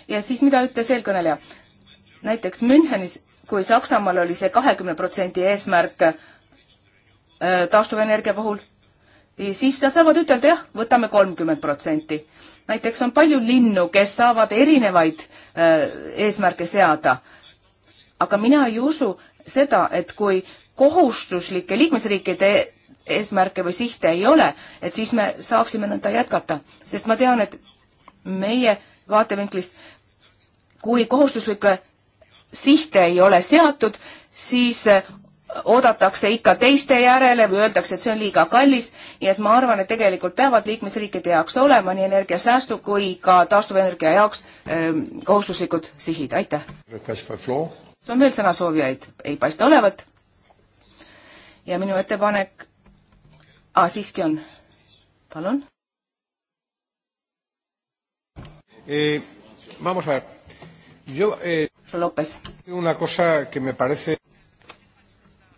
ja siis, mida ütles eelkõneleja? näiteks Münchenis, kui Saksamaal oli see kahekümne protsendi eesmärk äh, taastuvenergia puhul siis nad saavad ütelda jah, võtame kolmkümmend protsenti. näiteks on palju linnu, kes saavad erinevaid äh, eesmärke seada. aga mina ei usu seda, et kui kohustuslikke liikmesriikide eesmärke või sihte ei ole, et siis me saaksime nõnda jätkata, sest ma tean, et meie vaatevinklist, kui kohustuslikke sihte ei ole seatud, siis äh, oodatakse ikka teiste järele või öeldakse, et see on liiga kallis, nii et ma arvan, et tegelikult peavad liikmesriikide jaoks olema nii energiasäästu kui ka taastuvenergia jaoks ähm, kohustuslikud sihid, aitäh. kas on veel sõnasoovijaid? ei paista olevat. ja minu ettepanek ah,, siiski on, palun. Eh, vamos a ver, yo eh, López. una cosa que me parece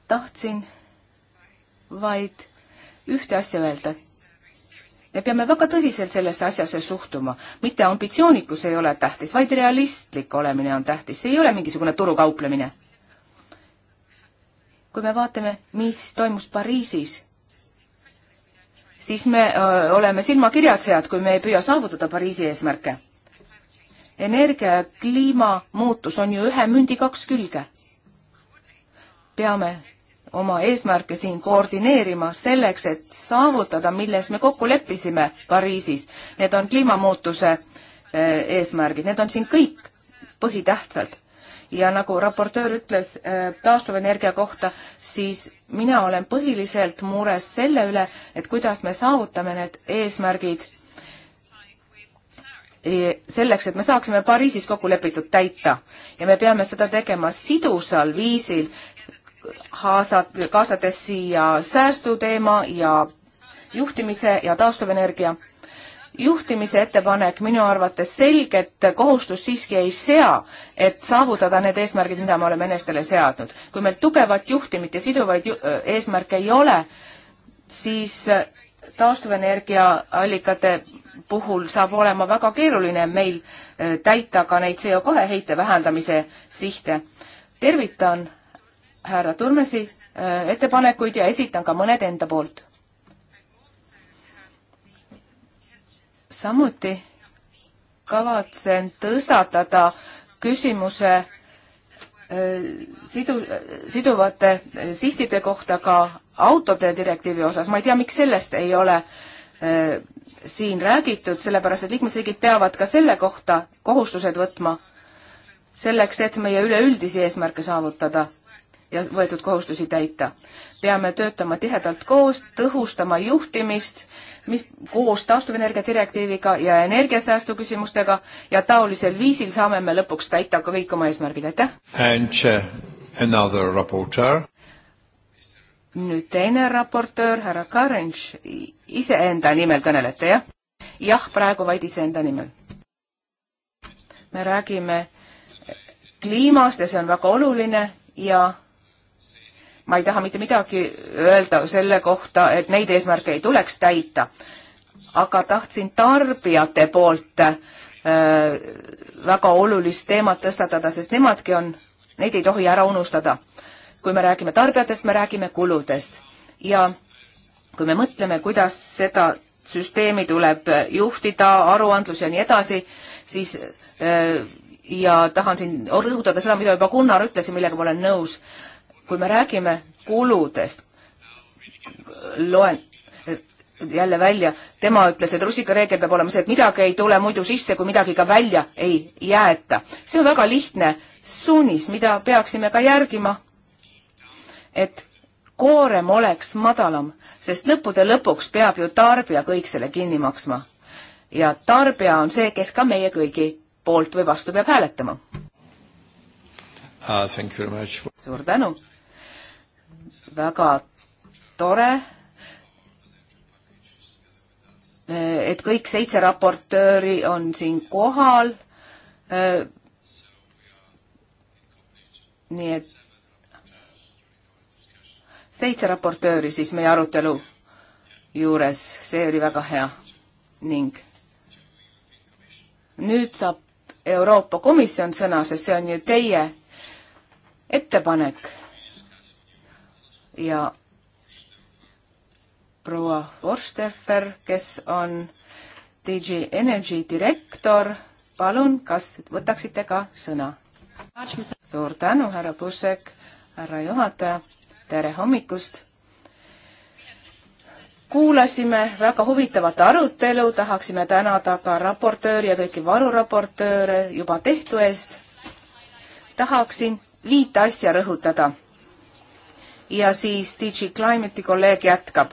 tahtsin vaid ühte asja öelda. me peame väga tõsiselt sellesse asjasse suhtuma. mitte ambitsioonikus ei ole tähtis, vaid realistlik olemine on tähtis, see ei ole mingisugune turukauplemine. kui me vaatame, mis toimus Pariisis, siis me öö, oleme silmakirjatsejad, kui me ei püüa saavutada Pariisi eesmärke. energia ja kliimamuutus on ju ühe mündi kaks külge. peame oma eesmärke siin koordineerima selleks, et saavutada, milles me kokku leppisime Pariisis. Need on kliimamuutuse eh, eesmärgid, need on siin kõik põhitähtsad. ja nagu raportöör ütles eh, taastuvenergia kohta, siis mina olen põhiliselt mures selle üle, et kuidas me saavutame need eesmärgid eh, selleks, et me saaksime Pariisis kokku lepitud täita ja me peame seda tegema sidusal viisil, haasat, kaasates siia säästuteema ja juhtimise ja taastuvenergia. juhtimise ettepanek minu arvates selget kohustust siiski ei sea, et saavutada need eesmärgid, mida me oleme enestele seadnud. kui meil tugevat juhtimit ja siduvaid ju eesmärke ei ole, siis taastuvenergiaallikate puhul saab olema väga keeruline meil täita ka neid CO2 heite vähendamise sihte. tervitan härra Turmesi äh, ettepanekuid ja esitan ka mõned enda poolt. samuti kavatsen tõstatada küsimuse äh, sidu, siduvate sihtide kohta ka autode direktiivi osas, ma ei tea, miks sellest ei ole äh, siin räägitud, sellepärast et liikmesriigid peavad ka selle kohta kohustused võtma, selleks et meie üleüldisi eesmärke saavutada ja võetud kohustusi täita. peame töötama tihedalt koos, tõhustama juhtimist, mis koos taastuvenergia direktiiviga ja energiasäästu küsimustega ja taolisel viisil saame me lõpuks täita ka kõik oma eesmärgid, aitäh! Uh, nüüd teine raportöör, härra Karinš, iseenda nimel kõnelete, jah? jah, praegu vaid iseenda nimel. me räägime kliimast ja see on väga oluline ja ma ei taha mitte midagi öelda selle kohta, et neid eesmärke ei tuleks täita, aga tahtsin tarbijate poolt äh, väga olulist teemat tõstatada, sest nemadki on, neid ei tohi ära unustada. kui me räägime tarbijatest, me räägime kuludest ja kui me mõtleme, kuidas seda süsteemi tuleb juhtida, aruandlus ja nii edasi, siis äh, ja tahan siin rõhutada seda, mida juba Gunnar ütles ja millega ma olen nõus kui me räägime kuludest, loen jälle välja, tema ütles, et rusikareegel peab olema see, et midagi ei tule muidu sisse, kui midagi ka välja ei jäeta. see on väga lihtne suunis, mida peaksime ka järgima. et koorem oleks madalam, sest lõppude lõpuks peab ju tarbija kõik selle kinni maksma. ja tarbija on see, kes ka meie kõigi poolt või vastu peab hääletama uh,. suur tänu väga tore, et kõik seitse raportööri on siin kohal. nii et seitse raportööri siis meie arutelu juures, see oli väga hea ning nüüd saab Euroopa Komisjon sõna, sest see on ju teie ettepanek ja proua Forsterfer, kes on DG Energy direktor. palun, kas võtaksite ka sõna? suur tänu, härra Pussek, härra juhataja, tere hommikust! kuulasime väga huvitavat arutelu, tahaksime tänada ka raportööri ja kõiki varuraportööre juba tehtu eest. tahaksin viite asja rõhutada ja siis DG Climate'i kolleeg jätkab.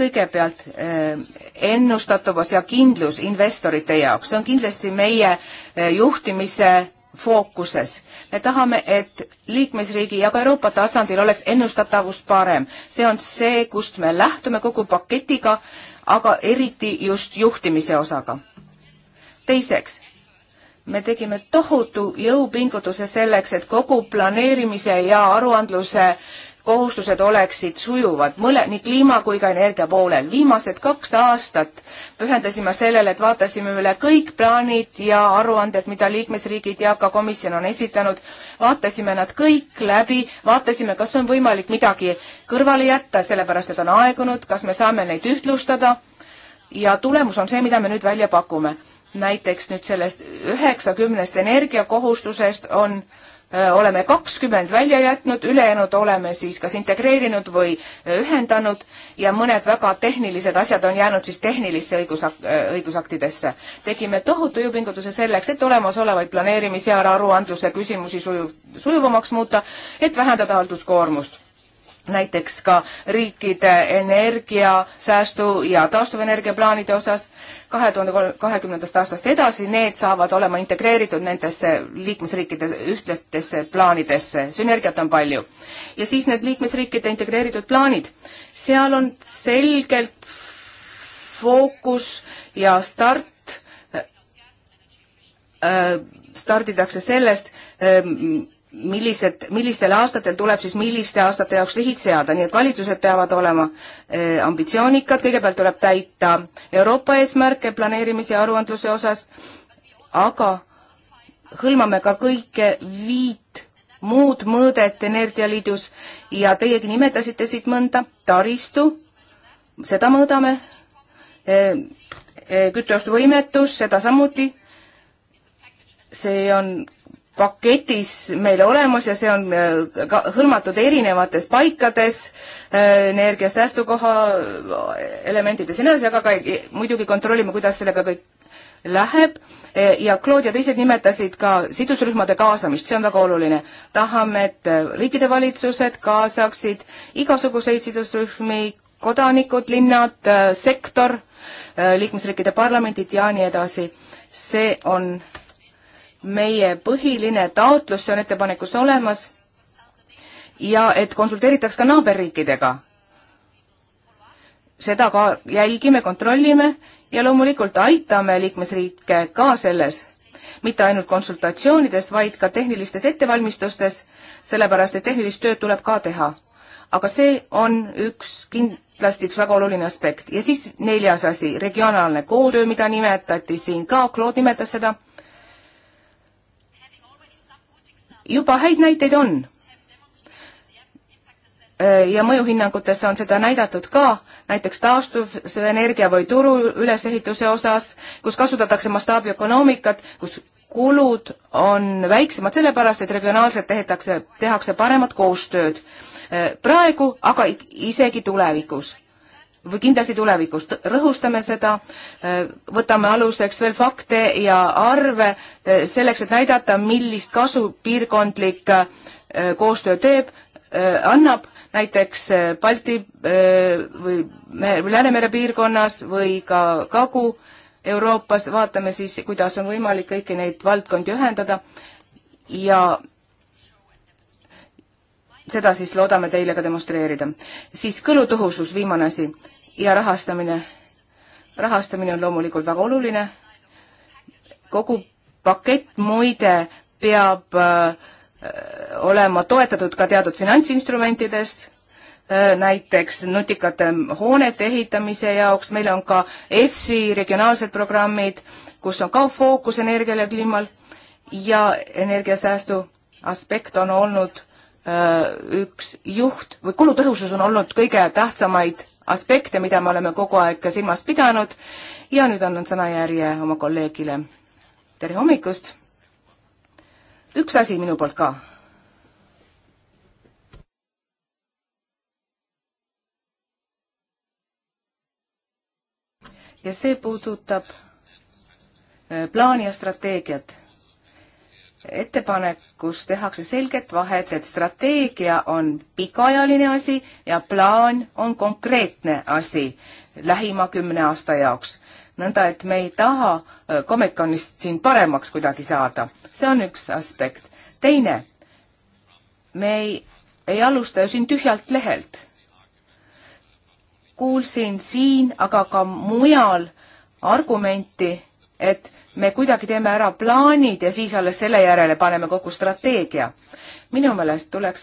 kõigepealt eh, ennustatavus ja kindlus investorite jaoks, see on kindlasti meie eh, juhtimise fookuses. me tahame, et liikmesriigi ja ka Euroopa tasandil oleks ennustatavus parem. see on see, kust me lähtume kogu paketiga, aga eriti just juhtimise osaga. teiseks, me tegime tohutu jõupingutuse selleks, et kogu planeerimise ja aruandluse kohustused oleksid sujuvad mõle, nii kliima kui ka energia poolel. viimased kaks aastat pühendasime sellele, et vaatasime üle kõik plaanid ja aruanded, mida liikmesriigid ja ka komisjon on esitanud. vaatasime nad kõik läbi, vaatasime, kas on võimalik midagi kõrvale jätta, sellepärast et on aegunud, kas me saame neid ühtlustada. ja tulemus on see, mida me nüüd välja pakume. näiteks nüüd sellest üheksakümnest energiakohustusest on äh, oleme kakskümmend välja jätnud, ülejäänud oleme siis kas integreerinud või ühendanud ja mõned väga tehnilised asjad on jäänud siis tehnilisse õigusak-, õigusaktidesse. tegime tohutu jõupingutuse selleks, et olemasolevaid planeerimis- ja aruandluse küsimusi sujuv, sujuvamaks muuta, et vähendada halduskoormust näiteks ka riikide energiasäästu ja taastuvenergia plaanide osas kahe tuhande kahekümnendast aastast edasi, need saavad olema integreeritud nendesse liikmesriikide ühtsetesse plaanidesse, sünergiat on palju. ja siis need liikmesriikide integreeritud plaanid, seal on selgelt fookus ja start äh,, äh starditakse sellest äh,, millised, millistel aastatel tuleb siis milliste aastate jaoks sihid seada, nii et valitsused peavad olema äh, ambitsioonikad, kõigepealt tuleb täita Euroopa eesmärke planeerimise ja aruandluse osas, aga hõlmame ka kõike viit muud mõõdet Energialiidus ja teiegi nimetasite siit mõnda, taristu, seda mõõdame e,, eh, e, eh, kütteostuvõimetus, seda samuti, see on paketis meil olemas ja see on äh, ka hõlmatud erinevates paikades, äh, energiasäästukoha äh, elementides ja nii edasi, aga ka e, muidugi kontrollime, kuidas sellega kõik läheb e, ja Claude ja teised nimetasid ka sidusrühmade kaasamist, see on väga oluline. tahame, et riikide valitsused kaasaksid igasuguseid sidusrühmi, kodanikud, linnad, sektor, liikmesriikide parlamendid ja nii edasi. see on meie põhiline taotlus, see on ettepanekus olemas, ja et konsulteeritaks ka naaberriikidega. seda ka jälgime, kontrollime ja loomulikult aitame liikmesriike ka selles, mitte ainult konsultatsioonides, vaid ka tehnilistes ettevalmistustes, sellepärast et tehnilist tööd tuleb ka teha. aga see on üks kindlasti üks väga oluline aspekt ja siis neljas asi, regionaalne koostöö, mida nimetati siin ka, Claude nimetas seda juba häid näiteid on. Äh, ja mõjuhinnangutes on seda näidatud ka, näiteks taastuvenergia või turu ülesehituse osas, kus kasutatakse mastaabiökonoomikat, kus kulud on väiksemad sellepärast, et regionaalselt tehetakse, tehakse paremat koostööd äh, praegu, aga isegi tulevikus või kindlasti tulevikus, rõhustame seda, äh, võtame aluseks veel fakte ja arve äh, selleks, et näidata, millist kasu piirkondlik äh, koostöö teeb, annab, näiteks Balti või Läänemere piirkonnas või ka Kagu-Euroopas, vaatame siis, kuidas on võimalik kõiki neid valdkondi ühendada ja seda siis loodame teile ka demonstreerida. siis kõlutõhusus, viimane asi, ja rahastamine. rahastamine on loomulikult väga oluline. kogu pakett muide peab äh, olema toetatud ka teatud finantsinstrumentidest äh,, näiteks nutikate hoonete ehitamise jaoks, meil on ka EFSI regionaalsed programmid, kus on ka fookus energial ja kliimal ja energiasäästu aspekt on olnud Äh, üks juht või kulutõhusus on olnud kõige tähtsamaid aspekte, mida me oleme kogu aeg silmas pidanud ja nüüd annan sõnajärje oma kolleegile. tere hommikust! üks asi minu poolt ka. ja see puudutab äh, plaani ja strateegiat ettepanekus tehakse selget vahet, et strateegia on pikaajaline asi ja plaan on konkreetne asi lähima kümne aasta jaoks. nõnda, et me ei taha äh, Comic-Conist siin paremaks kuidagi saada. see on üks aspekt. teine, me ei, ei alusta ju siin tühjalt lehelt. kuulsin siin, aga ka mujal argumenti et me kuidagi teeme ära plaanid ja siis alles selle järele paneme kokku strateegia. minu meelest tuleks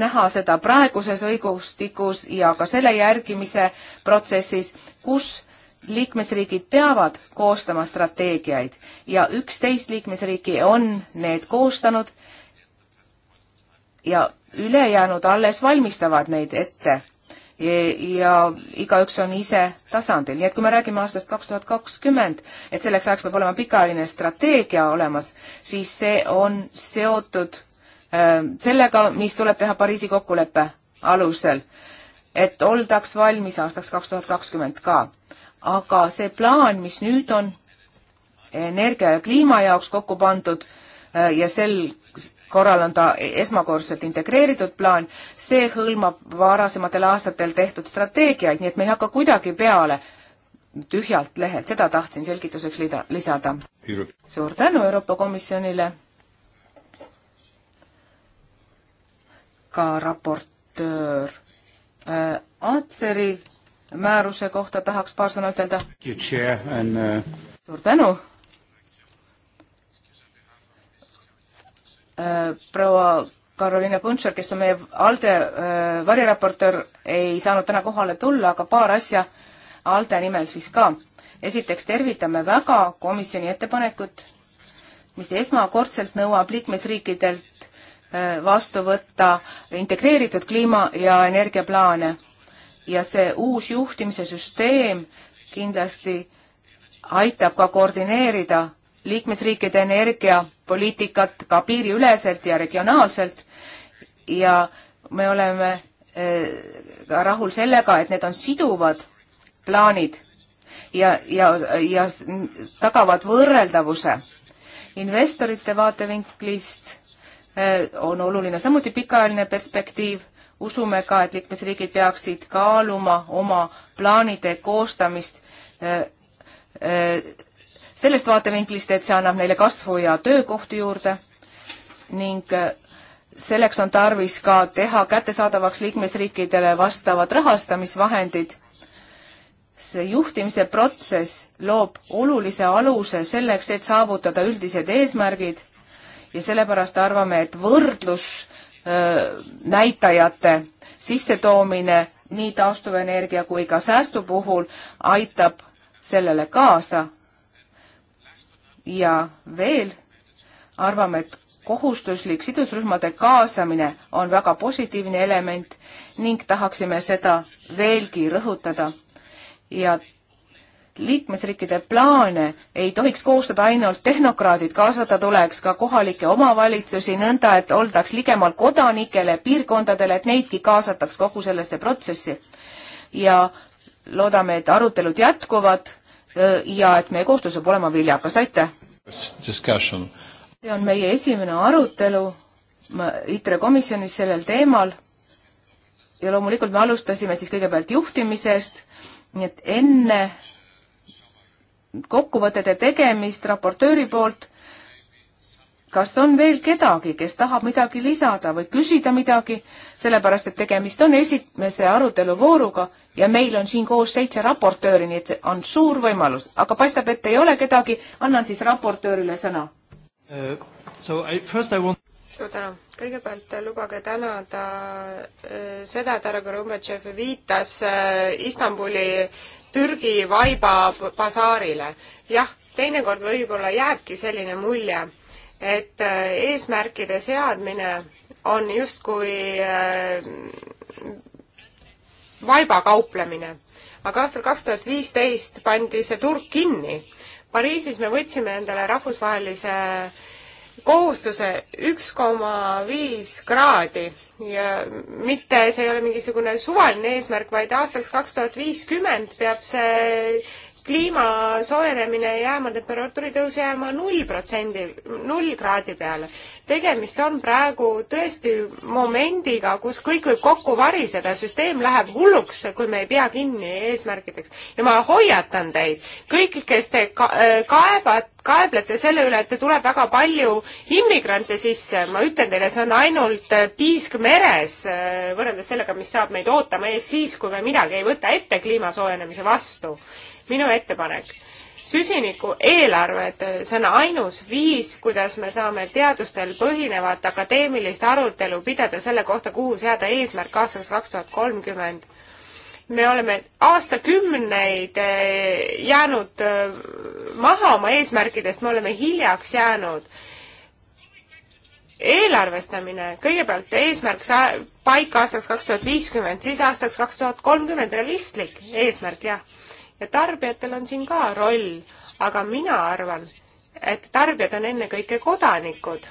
näha seda praeguses õigustikus ja ka selle järgimise protsessis, kus liikmesriigid peavad koostama strateegiaid ja üksteist liikmesriiki on need koostanud ja ülejäänud alles valmistavad neid ette ja igaüks on ise tasandil. nii et kui me räägime aastast kaks tuhat kakskümmend, et selleks ajaks peab olema pikaajaline strateegia olemas, siis see on seotud ähm, sellega, mis tuleb teha Pariisi kokkuleppe alusel, et oldaks valmis aastaks kaks tuhat kakskümmend ka. aga see plaan, mis nüüd on energia ja kliima jaoks kokku pandud äh, ja sel korral on ta esmakordselt integreeritud plaan, see hõlmab varasematel aastatel tehtud strateegiaid, nii et me ei hakka kuidagi peale tühjalt lehelt, seda tahtsin selgituseks lida, lisada. suur tänu Euroopa Komisjonile. ka raportöör äh, Atseri määruse kohta tahaks paar sõna ütelda. Äh, suur tänu proua Karoliina Puntšer, kes on meie ALDE äh, variraportöör, ei saanud täna kohale tulla, aga paar asja ALDE nimel siis ka. esiteks tervitame väga komisjoni ettepanekut, mis esmakordselt nõuab liikmesriikidelt äh, vastu võtta integreeritud kliima- ja energiaplaane. ja see uus juhtimise süsteem kindlasti aitab ka koordineerida liikmesriikide energiapoliitikat ka piiriüleselt ja regionaalselt ja me oleme eh, ka rahul sellega, et need on siduvad plaanid ja, ja, ja tagavad võrreldavuse. investorite vaatevinklist eh, on oluline samuti pikaajaline perspektiiv, usume ka, et liikmesriigid peaksid kaaluma oma plaanide koostamist eh, sellest vaatevinklist, et see annab neile kasvu ja töökohti juurde ning äh, selleks on tarvis ka teha kättesaadavaks liikmesriikidele vastavad rahastamisvahendid. see juhtimise protsess loob olulise aluse selleks, et saavutada üldised eesmärgid ja sellepärast arvame, et võrdlus öö, äh, näitajate sissetoomine nii taastuvenergia kui ka säästu puhul aitab sellele kaasa ja veel arvame, et kohustuslik sidusrühmade kaasamine on väga positiivne element ning tahaksime seda veelgi rõhutada. ja liikmesriikide plaane ei tohiks koostada ainult tehnokraadid, kaasata tuleks ka kohalikke omavalitsusi, nõnda et oldaks ligemal kodanikele, piirkondadele, et neidki kaasataks kogu sellesse protsessi. ja loodame, et arutelud jätkuvad ja et meie koostöö saab olema viljakas, aitäh! see on meie esimene arutelu ITRE komisjonis sellel teemal ja loomulikult me alustasime siis kõigepealt juhtimisest, nii et enne kokkuvõtete tegemist raportööri poolt kas on veel kedagi, kes tahab midagi lisada või küsida midagi, sellepärast et tegemist on esimese aruteluvooruga ja meil on siin koos seitse raportööri, nii et see on suur võimalus, aga paistab, et ei ole kedagi, annan siis raportöörile sõna uh,. Want... suur tänu, kõigepealt lubage tänada äh, seda, et härra Gorbatšev viitas äh, Istanbuli Türgi vaiba basaarile. jah, teinekord võib-olla jääbki selline mulje et äh, eesmärkide seadmine on justkui äh, vaibakauplemine. aga aastal kaks tuhat viisteist pandi see turg kinni. Pariisis me võtsime endale rahvusvahelise kohustuse üks koma viis kraadi ja mitte, see ei ole mingisugune suvaline eesmärk, vaid aastaks kaks tuhat viiskümmend peab see kliima soojenemine ja jäämatemperatuuri tõus jääma null protsendi, null kraadi peale. tegemist on praegu tõesti momendiga, kus kõik võib kokku variseda, süsteem läheb hulluks, kui me ei pea kinni eesmärkideks. ja ma hoiatan teid, kõik, kes te ka-, kaevad, kaeblete selle üle, et tuleb väga palju immigrante sisse, ma ütlen teile, see on ainult piisk meres võrreldes sellega, mis saab meid ootama ees siis, kui me midagi ei võta ette kliima soojenemise vastu minu ettepanek süsiniku eelarved, see on ainus viis, kuidas me saame teadustel põhinevat akadeemilist arutelu pidada selle kohta, kuhu seada eesmärk aastaks kaks tuhat kolmkümmend. me oleme aastakümneid eh, jäänud eh, maha oma eesmärkidest, me oleme hiljaks jäänud. eelarvestamine, kõigepealt eesmärk sa-, paika aastaks kaks tuhat viiskümmend, siis aastaks kaks tuhat kolmkümmend, realistlik eesmärk, jah ja tarbijatel on siin ka roll, aga mina arvan, et tarbijad on ennekõike kodanikud.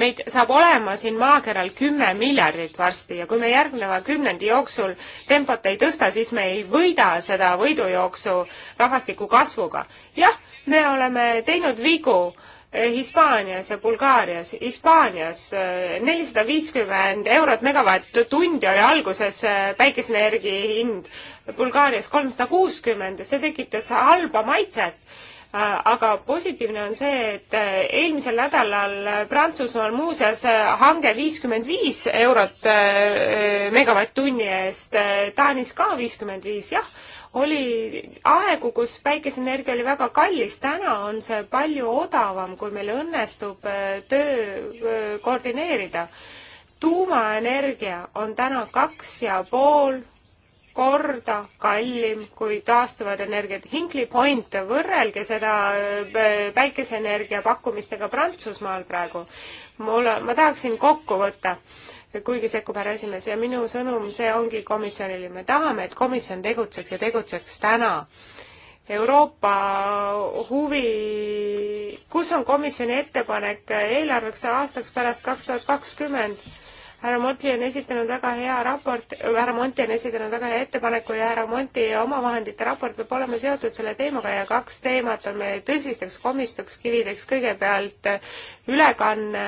meid saab olema siin maakeral kümme miljardit varsti ja kui me järgneva kümnendi jooksul tempot ei tõsta, siis me ei võida seda võidujooksu rahvastiku kasvuga. jah, me oleme teinud vigu äh, Eh, Hispaanias ja Bulgaarias. Hispaanias eh, nelisada viiskümmend eurot megavatt-tundi oli alguses eh, päikeseenergia hind, Bulgaarias kolmsada kuuskümmend ja see tekitas halba maitset aga positiivne on see, et eelmisel nädalal Prantsusmaal muuseas hange viiskümmend viis eurot megavatt-tunni eest, Taanis ka viiskümmend viis, jah, oli aegu, kus päikeseenergia oli väga kallis, täna on see palju odavam, kui meil õnnestub äh, töö äh, koordineerida. tuumaenergia on täna kaks ja pool korda kallim kui taastuvad energiat. Hinkley Point, võrrelge seda äh, päikeseenergia pakkumistega Prantsusmaal praegu. mul, ma tahaksin kokku võtta kuigi sekkub härra esimees ja minu sõnum, see ongi komisjonile, me tahame, et komisjon tegutseks ja tegutseks täna. Euroopa huvi, kus on komisjoni ettepanek eelarveks aastaks pärast kaks tuhat kakskümmend? härra Monti on esitanud väga hea raport, äh, härra Monti on esitanud väga hea ettepaneku ja härra Monti omavahendite raport peab olema seotud selle teemaga ja kaks teemat on meie tõsisteks komistuks kivideks. kõigepealt äh, ülekanne,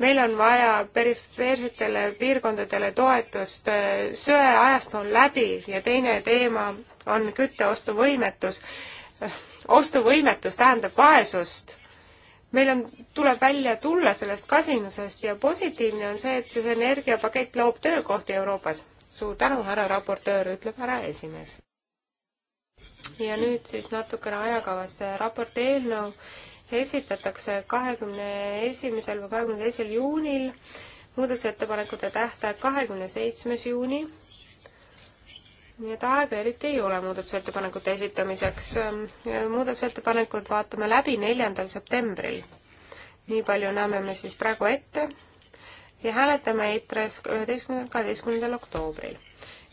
meil on vaja perifeersetele piirkondadele toetust, äh, söeajast on läbi ja teine teema on kütteostuvõimetus. ostuvõimetus tähendab vaesust meil on, tuleb välja tulla sellest kasinusest ja positiivne on see, et see energiapakett loob töökohti Euroopas. suur tänu, härra raportöör, ütleb härra esimees. ja nüüd siis natukene ajakavast. raporti eelnõu esitatakse kahekümne esimesel või kahekümne teisel juunil, muudatusettepanekute tähtaeg kahekümne seitsmes juuni nii et aega eriti ei ole muudatusettepanekute esitamiseks. Ähm, muudatusettepanekud vaatame läbi neljandal septembril. nii palju näeme me siis praegu ette ja hääletame EITRES üheteistkümnendal, kaheteistkümnendal oktoobril.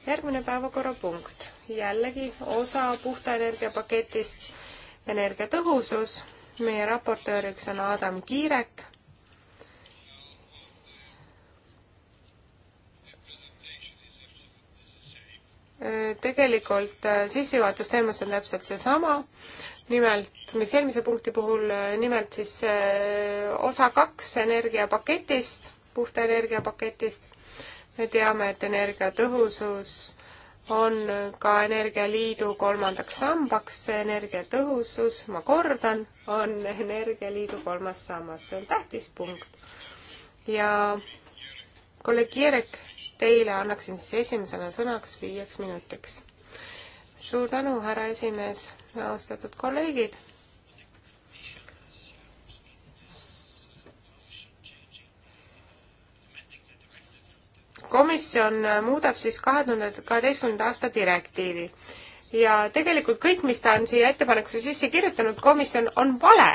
järgmine päevakorrapunkt, jällegi osa puhta energia paketist, energiatõhusus, meie raportööriks on Adam Kiirek tegelikult äh, sissejuhatusteemas on täpselt seesama, nimelt, mis eelmise punkti puhul, äh, nimelt siis äh, osa kaks energiapaketist, puhta energiapaketist. me teame, et energiatõhusus on ka Energialiidu kolmandaks sambaks, energiatõhusus, ma kordan, on Energialiidu kolmas sammas, see on tähtis punkt. ja kolleeg Jerek teile annaksin siis esimesena sõnaks viieks minutiks. suur tänu, härra esimees, austatud kolleegid. komisjon muudab siis kahe tuhande kaheteistkümnenda aasta direktiivi ja tegelikult kõik, mis ta on siia ettepanekusse sisse kirjutanud, komisjon on vale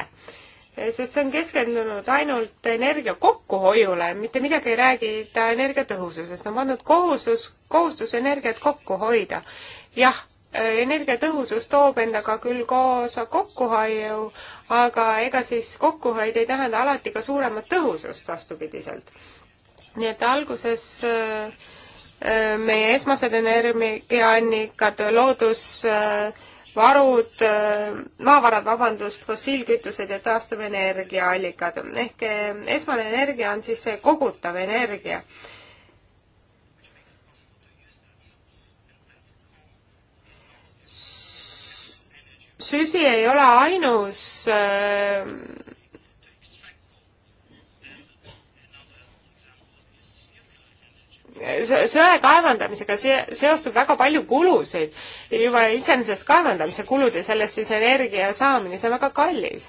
sest see on keskendunud ainult energia kokkuhoiule, mitte midagi ei räägita energiatõhususest, on pandud kohustus, kohustus energiat kokku hoida. jah, energiatõhusus toob endaga küll kaasa kokkuhoiu, aga ega siis kokkuhoid ei tähenda alati ka suuremat tõhusust, vastupidiselt. nii et alguses äh, äh, meie esmased energiaannikad, loodus äh, varud, maavarad, vabandust, fossiilkütused ja taastuvenergiaallikad. ehk eh, esmane energia on siis see kogutav energia. süsi ei ole ainus eh, söe kaevandamisega seostub väga palju kulusid, juba iseenesest kaevandamise kulud ja sellest siis energia saamine, see on väga kallis.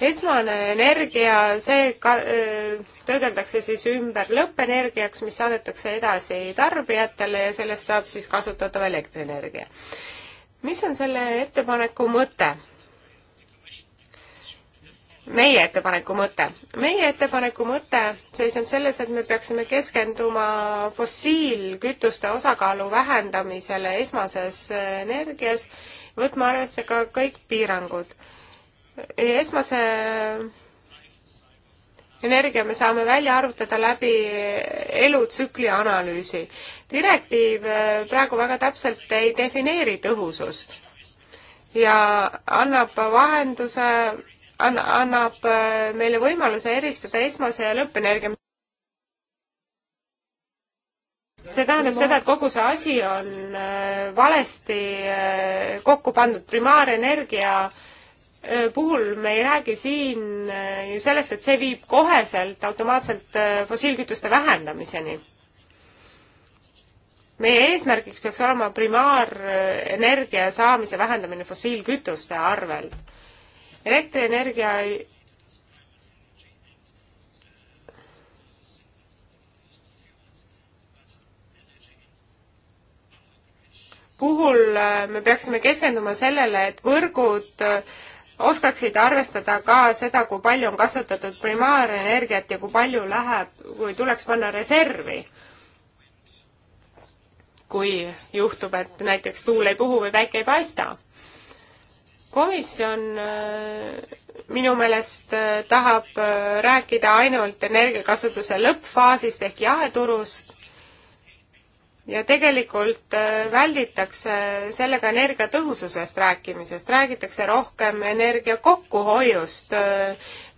esmane energia, see ka-, äh, töödeldakse siis ümber lõppenergiaks, mis saadetakse edasi tarbijatele ja sellest saab siis kasutatav elektrienergia. mis on selle ettepaneku mõte? meie ettepaneku mõte? meie ettepaneku mõte seisneb selles, et me peaksime keskenduma fossiilkütuste osakaalu vähendamisele esmases äh, energias, võtma arvesse ka kõik piirangud. esmase äh, energia me saame välja arvutada läbi äh, elutsükli analüüsi. direktiiv praegu väga täpselt ei defineeri tõhusust ja annab vahenduse an-, annab äh, meile võimaluse eristada esmase ja lõppenergia. see tähendab seda, et kogu see asi on äh, valesti äh, kokku pandud, primaarenergia puhul me ei räägi siin ju sellest, et see viib koheselt automaatselt fossiilkütuste vähendamiseni meie eesmärgiks peaks olema primaarenergia saamise vähendamine fossiilkütuste arvelt elektrienergia puhul äh, me peaksime keskenduma sellele, et võrgud äh, oskaksid arvestada ka seda, kui palju on kasutatud primaarenergiat ja kui palju läheb, kui tuleks panna reservi. kui juhtub, et näiteks tuul ei puhu või päike ei paista komisjon äh, minu meelest äh, tahab äh, rääkida ainult energiakasutuse lõppfaasist ehk jaeturust ja tegelikult välditakse sellega energiatõhususest rääkimisest, räägitakse rohkem energia kokkuhoiust,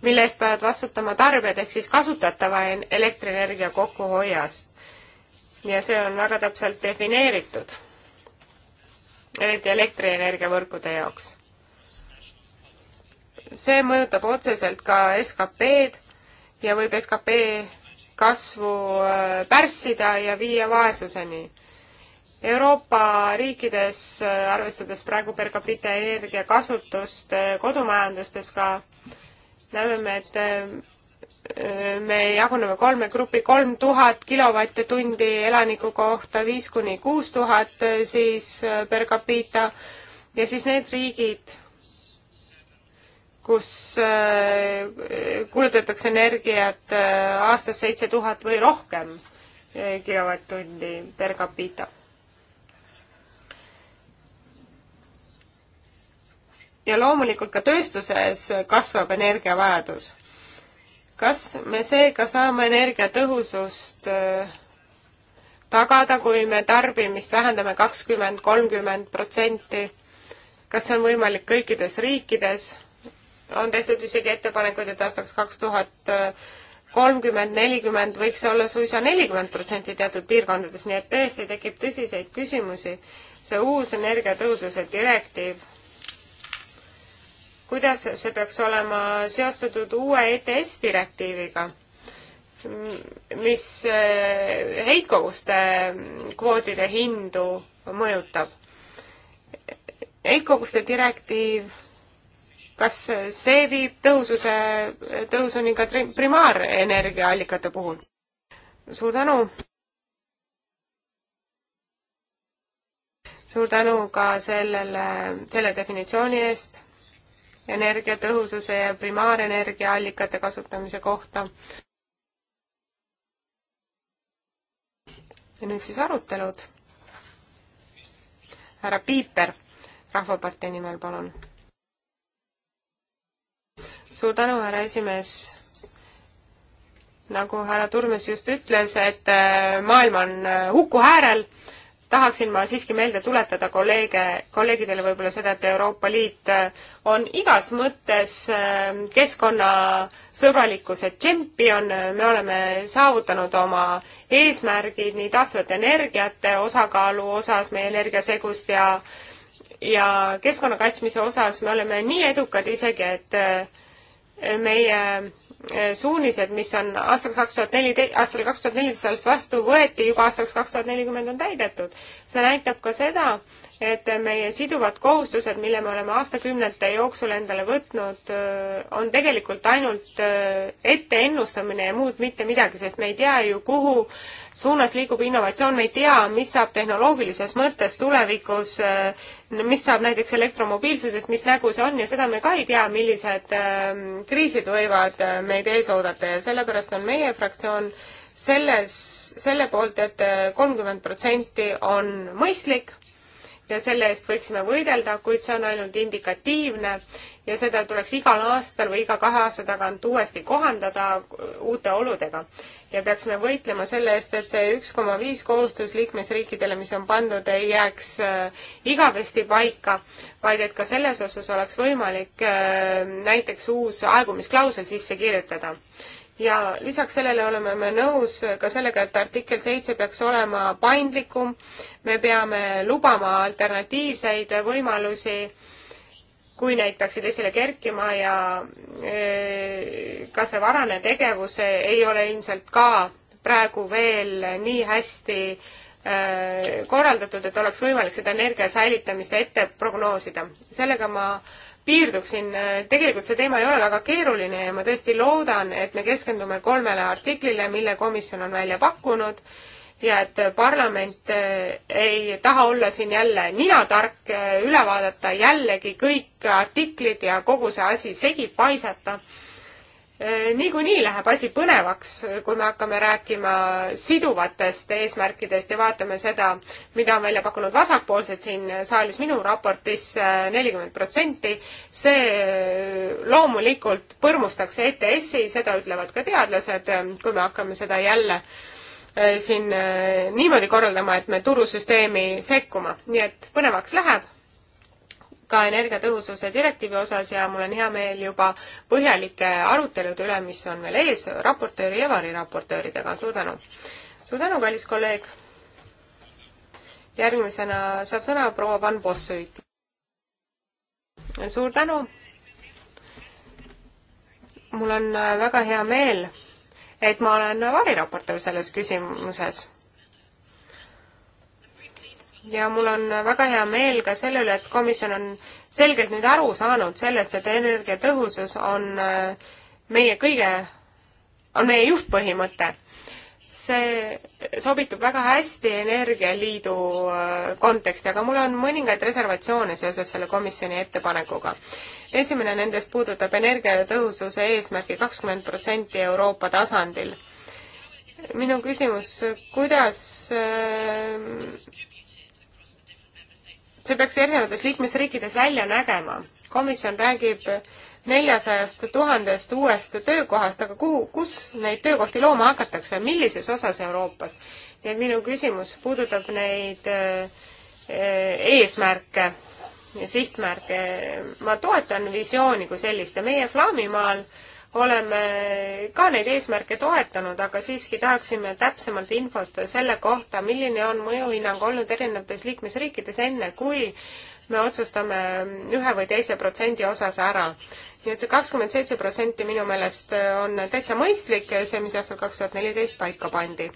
mille eest peavad vastutama tarbijad, ehk siis kasutatava elektrienergia kokkuhoiast. ja see on väga täpselt defineeritud, eriti elektrienergiavõrkude jaoks see mõjutab otseselt ka SKP-d ja võib SKP kasvu äh, pärssida ja viia vaesuseni. Euroopa riikides, äh, arvestades praegu per capita energiakasutust äh, kodumajandustes ka, näeme me, et me jaguneme kolme gruppi, kolm tuhat kilovatt-tundi elaniku kohta, viis kuni kuus tuhat siis per capita ja siis need riigid, kus eh, kulutatakse energiat eh, aastas seitse tuhat või rohkem eh, gigavatt-tundi per capita. ja loomulikult ka tööstuses kasvab energiavajadus. kas me seega saame energiatõhusust tagada, kui me tarbimist vähendame kakskümmend, kolmkümmend protsenti? kas see on võimalik kõikides riikides? on tehtud isegi ettepanekuid, et aastaks kaks tuhat kolmkümmend, nelikümmend võiks olla suisa nelikümmend protsenti teatud piirkondades, nii et tõesti tekib tõsiseid küsimusi. see uus energiatõhususe direktiiv, kuidas see peaks olema seostatud uue ETS direktiiviga, mis eh, heitkoguste kvoodide hindu mõjutab? heitkoguste direktiiv kas see viib tõhususe, tõhusuni ka primaarenergiaallikate puhul? suur tänu! suur tänu ka sellele, selle definitsiooni eest energiatõhususe ja primaarenergiaallikate kasutamise kohta. ja nüüd siis arutelud. härra Piiper Rahvapartei nimel, palun suur tänu, härra esimees. nagu härra Turmes just ütles, et äh, maailm on äh, huku äärel, tahaksin ma siiski meelde tuletada kolleege, kolleegidele võib-olla seda, et Euroopa Liit äh, on igas mõttes keskkonnasõbralikkuse tšempion, me oleme saavutanud oma eesmärgid nii taastuvate energiate osakaalu osas, meie energiasegust ja äh, ja keskkonnakaitsmise osas me oleme nii edukad isegi, et eh, meie eh, suunised, mis on aastaks kaks tuhat neliteist, aastal kaks tuhat neliteist alles vastu võeti, juba aastaks kaks tuhat nelikümmend on täidetud. see näitab ka seda, et meie siduvad kohustused, mille me oleme aastakümnete jooksul endale võtnud, on tegelikult ainult ette ennustamine ja muud mitte midagi, sest me ei tea ju, kuhu suunas liigub innovatsioon, me ei tea, mis saab tehnoloogilises mõttes tulevikus, mis saab näiteks elektromobiilsusest, mis nägu see on ja seda me ka ei tea, millised kriisid võivad meid ees oodata ja sellepärast on meie fraktsioon selles, selle poolt et, et kolmkümmend protsenti on mõistlik ja selle eest võiksime võidelda, kuid see on ainult indikatiivne ja seda tuleks igal aastal või iga kahe aasta tagant uuesti kohandada uute oludega. ja peaksime võitlema selle eest, et see üks koma viis kohustus liikmesriikidele, mis on pandud, ei jääks äh, igavesti paika, vaid et ka selles osas oleks võimalik äh, näiteks uus aegumisklausel sisse kirjutada ja lisaks sellele oleme me nõus ka sellega, et artikkel seitse peaks olema paindlikum, me peame lubama alternatiivseid võimalusi, kui neid peaksid esile kerkima ja e, ka see varane tegevus ei ole ilmselt ka praegu veel nii hästi Äh, korraldatud, et oleks võimalik seda energia säilitamist ette prognoosida. sellega ma piirduksin, tegelikult see teema ei ole väga keeruline ja ma tõesti loodan, et me keskendume kolmele artiklile, mille komisjon on välja pakkunud ja et parlament äh, ei taha olla siin jälle ninatark, äh, üle vaadata jällegi kõik artiklid ja kogu see asi segi paisata Äh, niikuinii läheb asi põnevaks, kui me hakkame rääkima siduvatest eesmärkidest ja vaatame seda, mida on välja pakkunud vasakpoolsed siin saalis minu raportis, äh, nelikümmend protsenti. see äh, loomulikult põrmustaks ETS-i, seda ütlevad ka teadlased, kui me hakkame seda jälle siin niimoodi korraldama, et me turusüsteemi sekkuma, nii et põnevaks läheb ka energiatõhususe direktiivi osas ja mul on hea meel juba põhjalike arutelude üle, mis on veel ees raportööri ja variraportööridega, suur tänu! suur tänu, kallis kolleeg! järgmisena saab sõna proua Van Bossüüt. suur tänu! mul on väga hea meel, et ma olen variraportöör selles küsimuses ja mul on väga hea meel ka selle üle, et komisjon on selgelt nüüd aru saanud sellest, et energiatõhusus on äh, meie kõige, on meie juhtpõhimõte. see sobitub väga hästi Energialiidu äh, konteksti, aga mul on mõningaid reservatsioone seoses selle komisjoni ettepanekuga. esimene nendest puudutab energiatõhususe eesmärki kakskümmend protsenti Euroopa tasandil minu küsimus, kuidas äh, see peaks erinevates liikmesriikides välja nägema. komisjon räägib neljasajast tuhandest uuest töökohast, aga kuhu, kus neid töökohti looma hakatakse, millises osas Euroopas? nii et minu küsimus puudutab neid äh, eesmärke ja sihtmärke. ma toetan visiooni kui sellist ja meie Flaamimaal äh, oleme ka neid eesmärke toetanud, aga siiski tahaksime täpsemalt infot selle kohta, milline on mõjuhinnang olnud erinevates liikmesriikides, enne kui me otsustame ühe või teise protsendi osas ära. nii et see kakskümmend seitse protsenti minu meelest on täitsa mõistlik, see, mis aastal kaks tuhat neliteist paika pandi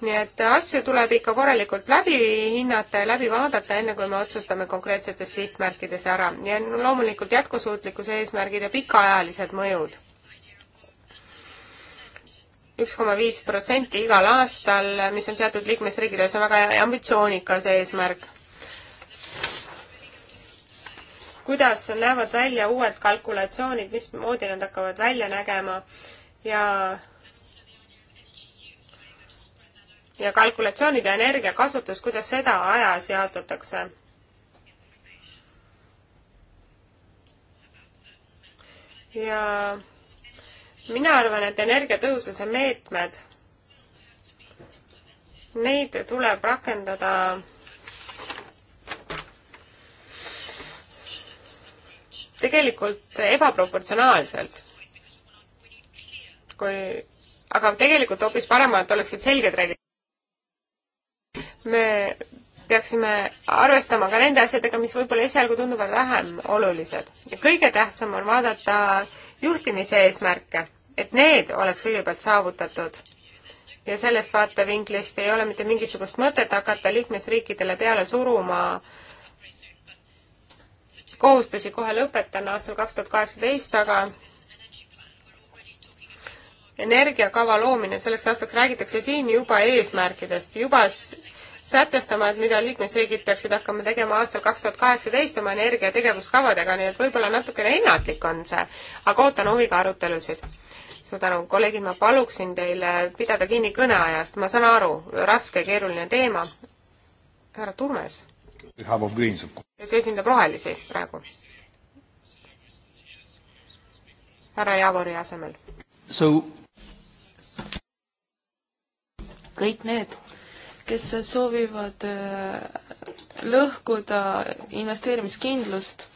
nii et asju tuleb ikka korralikult läbi hinnata ja läbi vaadata, enne kui me otsustame konkreetsetes sihtmärkides ära ja loomulikult jätkusuutlikkuse eesmärgid ja pikaajalised mõjud. üks koma viis protsenti igal aastal, mis on seatud liikmesriigile, see on väga ambitsioonikas eesmärk. kuidas näevad välja uued kalkulatsioonid, mismoodi nad hakkavad välja nägema ja ja kalkulatsioonid ja energiakasutus, kuidas seda ajas jaotatakse. ja mina arvan, et energiatõhususe meetmed, neid tuleb rakendada tegelikult ebaproportsionaalselt. kui, aga tegelikult hoopis parem, et oleksid selged reeglid me peaksime arvestama ka nende asjadega, mis võib-olla esialgu tunduvad vähem olulised. ja kõige tähtsam on vaadata juhtimise eesmärke, et need oleks kõigepealt saavutatud. ja sellest vaatevinklist ei ole mitte mingisugust mõtet hakata liikmesriikidele peale suruma kohustusi kohe lõpetan aastal kaks tuhat kaheksateist, aga energiakava loomine selleks aastaks räägitakse siin juba eesmärkidest, juba sätestama, et mida liikmesriigid peaksid hakkama tegema aastal kaks tuhat kaheksateist oma energia tegevuskavadega, nii et võib-olla natukene ennatlik on see, aga ootan huviga arutelusid. suur tänu, kolleegid, ma paluksin teile pidada kinni kõneajast, ma saan aru, raske, keeruline teema. härra Turmes, kes esindab rohelisi praegu? härra Javori asemel. kõik need kes soovivad äh, lõhkuda investeerimiskindlust,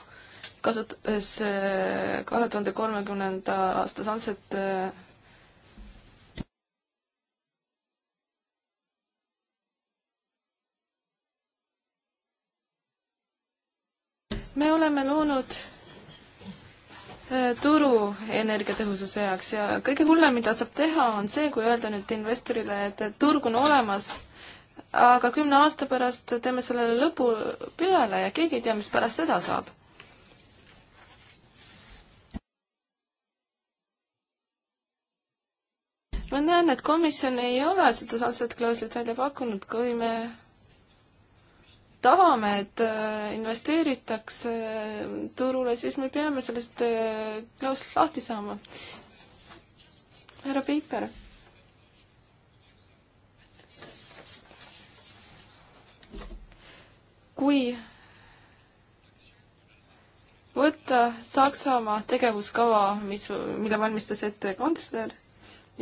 kasutades äh, kahe tuhande kolmekümnenda aasta sunset äh, me oleme loonud turu energiatõhususe jaoks ja kõige hullem, mida saab teha, on see, kui öelda nüüd investorile, et turg on olemas aga kümne aasta pärast teeme sellele lõpu peale ja keegi ei tea, mis pärast seda saab. ma näen, et komisjon ei ole seda sunset klauslit välja pakkunud, kui me tahame, et äh, investeeritakse äh, turule, siis me peame sellest äh, klauslist lahti saama. härra Piiper kui võtta Saksamaa tegevuskava, mis, mille valmistas ette kantsler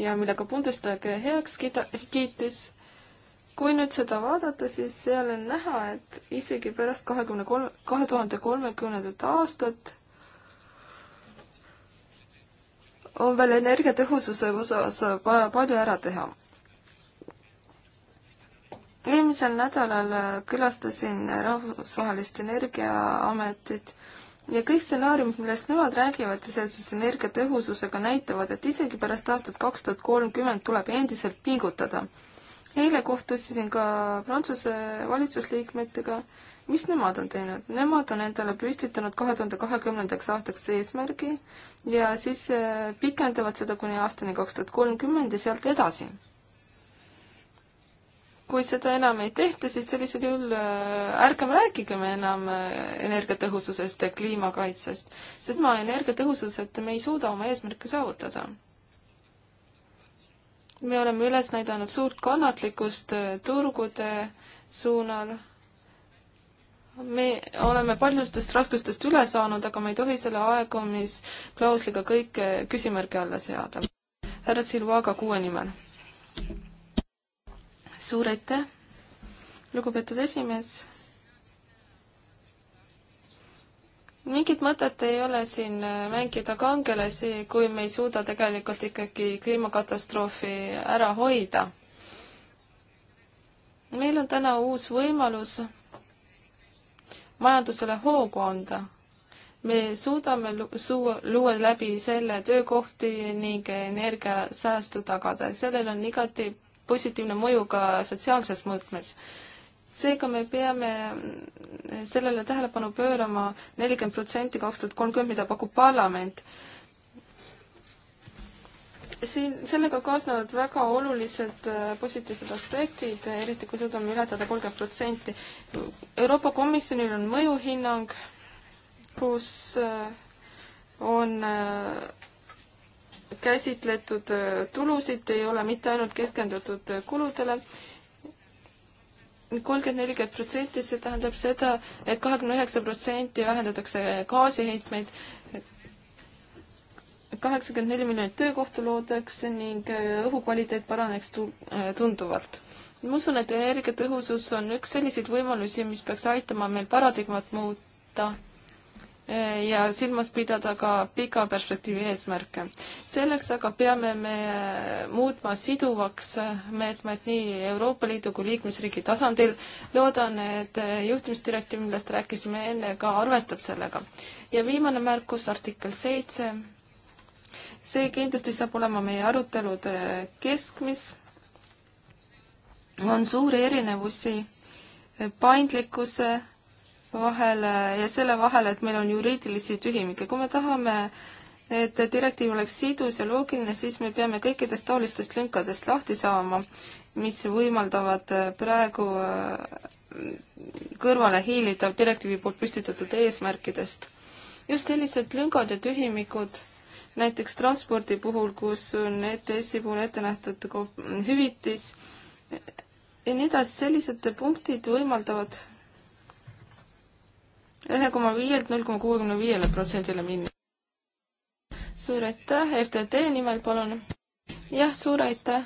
ja millega Bundestag heaks kiitis, kui nüüd seda vaadata, siis seal on näha, et isegi pärast kahekümne kolm, kahe tuhande kolmekümnendat aastat on veel energiatõhususe osas palju ära teha eelmisel nädalal äh, külastasin Rahvusvahelist Energiaametit ja kõik stsenaariumid, millest nemad räägivad ja seoses energiatõhususega näitavad, et isegi pärast aastat kaks tuhat kolmkümmend tuleb endiselt pingutada. eile kohtusin ka Prantsuse valitsusliikmetega, mis nemad on teinud? Nemad on endale püstitanud kahe tuhande kahekümnendaks aastaks eesmärgi ja siis äh, pikendavad seda kuni aastani kaks tuhat kolmkümmend ja sealt edasi kui seda enam ei tehta, siis sellisel juhul äh, ärgem rääkigem enam äh, energiatõhususest ja kliimakaitsest, sest ma energiatõhususeta me ei suuda oma eesmärke saavutada. me oleme üles näidanud suurt kannatlikkust äh, turgude suunal. me oleme paljudest raskustest üle saanud, aga me ei tohi selle aegumisklausliga kõike küsimärgi alla seada. härra Silvaga kuue nimel suur aitäh, lugupeetud esimees. mingit mõtet ei ole siin äh, mängida kangelasi, kui me ei suuda tegelikult ikkagi kliimakatastroofi ära hoida. meil on täna uus võimalus majandusele hoogu anda me suudame suu-, luua läbi selle töökohti ning energiasäästu tagada, sellel on igati positiivne mõju ka sotsiaalses mõõtmes. seega me peame sellele tähelepanu pöörama nelikümmend protsenti kaks tuhat kolmkümmend, mida pakub parlament siin, sellega kaasnevad väga olulised äh, positiivsed aspektid, eriti kui suudame ületada kolmkümmend protsenti. Euroopa Komisjonil on mõjuhinnang, kus äh, on äh, käsitletud äh, tulusid, ei ole mitte ainult keskendutud äh, kuludele, kolmkümmend, nelikümmend protsenti, see tähendab seda et, et kahekümne üheksa protsenti vähendatakse äh, gaasiheitmeid, kaheksakümmend neli miljonit töökohta loodakse ning õhukvaliteet paraneks tunduvalt. ma usun, et energiatõhusus on üks selliseid võimalusi, mis peaks aitama meil paradigmat muuta ja silmas pidada ka pika perspektiivi eesmärke. selleks aga peame me muutma siduvaks meetmed nii Euroopa Liidu kui liikmesriigi tasandil. loodan, et juhtimisdirektiiv, millest rääkisime enne, ka arvestab sellega. ja viimane märkus, artikkel seitse. see kindlasti saab olema meie arutelude keskmis. on suuri erinevusi paindlikkuse vahele ja selle vahele, et meil on juriidilisi tühimikke, kui me tahame et direktiiv oleks sidus ja loogiline, siis me peame kõikidest taolistest lünkadest lahti saama, mis võimaldavad praegu äh, kõrvale hiilida direktiivi poolt püstitatud eesmärkidest. just sellised lüngad ja tühimikud, näiteks transpordi puhul, kus on ETS-i puhul ette nähtud hüvitis ja nii edasi, sellised punktid võimaldavad ühe koma viielt null koma kuuekümne viiele protsendile minna. suur aitäh, FTT nimel palun. jah, suur aitäh.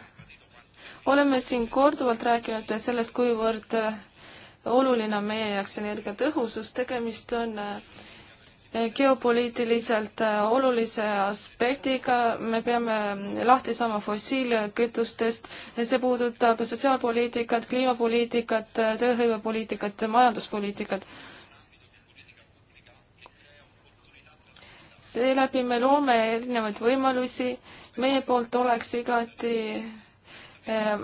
oleme siin korduvalt rääkinud sellest, kuivõrd äh, oluline on meie jaoks energiatõhusus, tegemist on äh, geopoliitiliselt äh, olulise aspektiga, me peame lahti saama fossiilkütustest, see puudutab sotsiaalpoliitikat, kliimapoliitikat, tööhõivepoliitikat, majanduspoliitikat seeläbi me loome erinevaid võimalusi, meie poolt oleks igati ähm,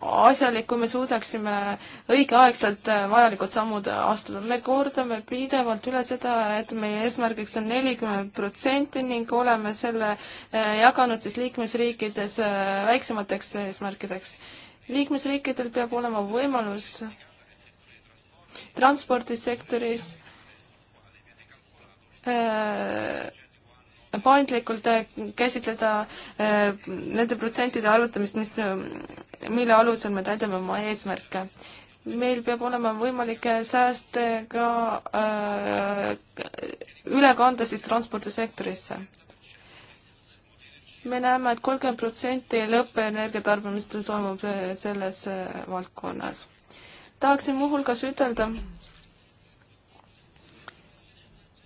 asjalik, kui me suudaksime õigeaegselt äh, vajalikud sammud astuda. me kordame pidevalt üle seda, et meie eesmärgiks on nelikümmend protsenti ning oleme selle äh, jaganud siis liikmesriikides äh, väiksemateks eesmärkideks. liikmesriikidel peab olema võimalus transpordisektoris äh, Äh, paindlikult äh, käsitleda äh, nende protsentide arvutamist, mis, mille alusel me täidame oma eesmärke. meil peab olema võimalik sääste ka üle kanda siis transpordisektorisse. me näeme et, et kolmkümmend protsenti lõppenergia tarbimist toimub selles valdkonnas. tahaksin muuhulgas ütelda,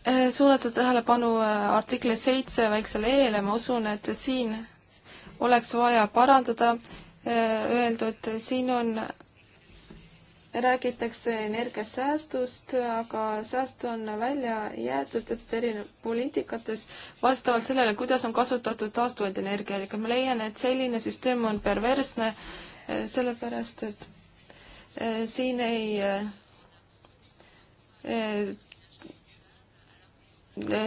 Äh, suunata tähelepanu äh, artikli seitse väiksele e-le, ma usun, et siin oleks vaja parandada äh, öeldud, siin on, räägitakse energiasäästust, aga sääst on välja jäetud teatud erinevates poliitikates vastavalt sellele, kuidas on kasutatud taastuvaid energiaallikaid. ma leian, et selline süsteem on perversne, sellepärast et siin ei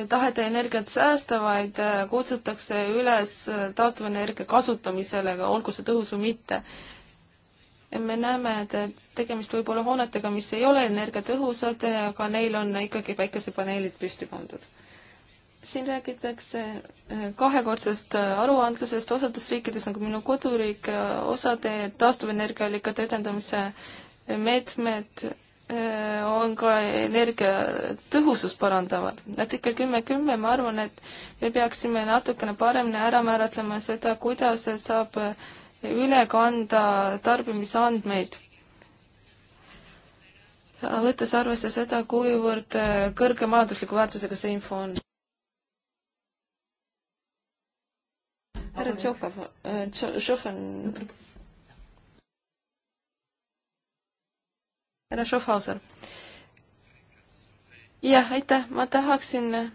taheta energiat säästa, vaid äh, kutsutakse üles äh, taastuvenergia kasutamisele, olgu see tõhus või mitte. me näeme, et tegemist võib olla hoonetega, mis ei ole energiatõhusad, äh, aga neil on ikkagi päikesepaneelid püsti pandud. siin räägitakse kahekordsest aruandlusest, osades riikides nagu minu koduriik, osade taastuvenergiaallikate edendamise meetmed meet, Äh, on ka energiatõhusust parandavad. artikkel kümme kümme, ma arvan, et me peaksime natukene paremini ära määratlema seda, kuidas saab üle kanda tarbimisandmeid. võttes arvesse seda, kuivõrd äh, kõrge majandusliku väärtusega see info on. härra Tšofov, äh, Tšofov. härra Schaffhauser. jah, aitäh, ma tahaksin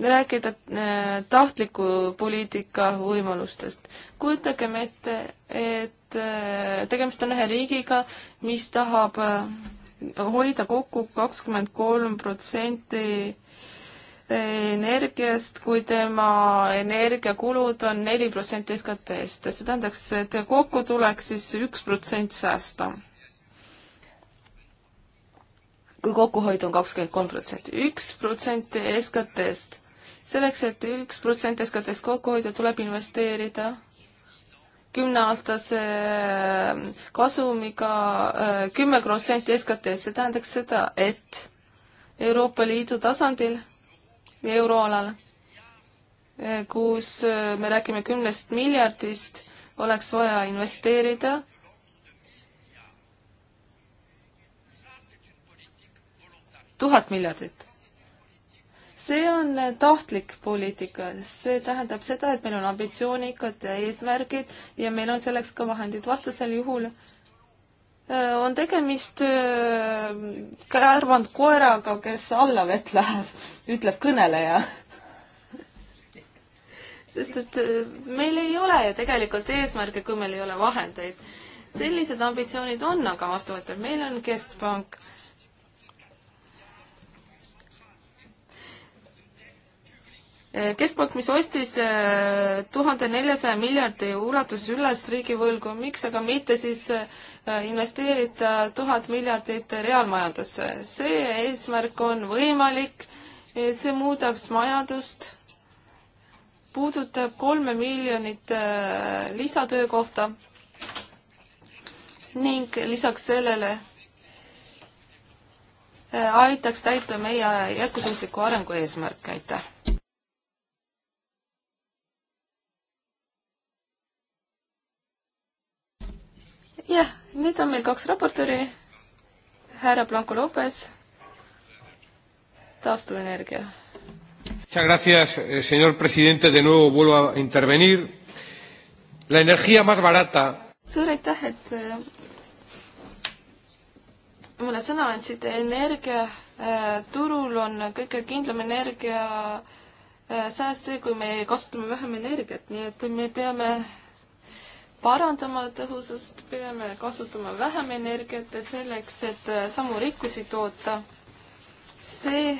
rääkida äh, tahtliku poliitika võimalustest. kujutagem ette, et äh, tegemist on ühe riigiga, mis tahab äh, hoida kokku kakskümmend kolm protsenti energiast, kui tema energiakulud on neli protsenti SKT-st. SKT see tähendaks, et kokku tuleks siis üks protsent säästa kui kokkuhoid on kakskümmend kolm protsenti, üks protsent SKT-st. selleks, et üks protsent SKT-st kokku hoida, tuleb investeerida kümneaastase äh, kasumiga äh, kümme protsenti SKT-st, see tähendaks seda, et Euroopa Liidu tasandil ja euroalal, äh, kus me räägime kümnest miljardist, oleks vaja investeerida tuhat miljardit. see on tahtlik poliitika, see tähendab seda, et meil on ambitsioonikad eesmärgid ja meil on selleks ka vahendid, vastasel juhul äh, on tegemist äh, kärvand koeraga, kes allavett läheb, (laughs) ütleb kõneleja (laughs) sest et äh, meil ei ole ju tegelikult eesmärke, kui meil ei ole vahendeid. sellised ambitsioonid on aga vastuvõetav, meil on keskpank, keskpank, mis ostis äh, tuhande neljasaja miljardi ulatuses üles riigivõlgu, miks aga mitte siis äh, investeerida tuhat miljardit reaalmajandusse. see eesmärk on võimalik, see muudaks majandust, puudutab kolme miljonit äh, lisatöökohta ning lisaks sellele aitaks täita meie jätkusuutliku arengu eesmärke, aitäh! jah, nüüd on meil kaks raportööri, härra Blanco Lopez, taastuvenergia. Muchas gracias, eh, señor presidente, de nuevo vuelvo a intervenir. La energía más barata. suur aitäh, et eh, mulle sõna andsite, energia eh, turul on kõige kindlam energia sääst see, kui me kasutame vähem energiat, nii et me peame parandama tõhusust, peame kasutama vähem energiat selleks, et äh, samu rikkusi toota. see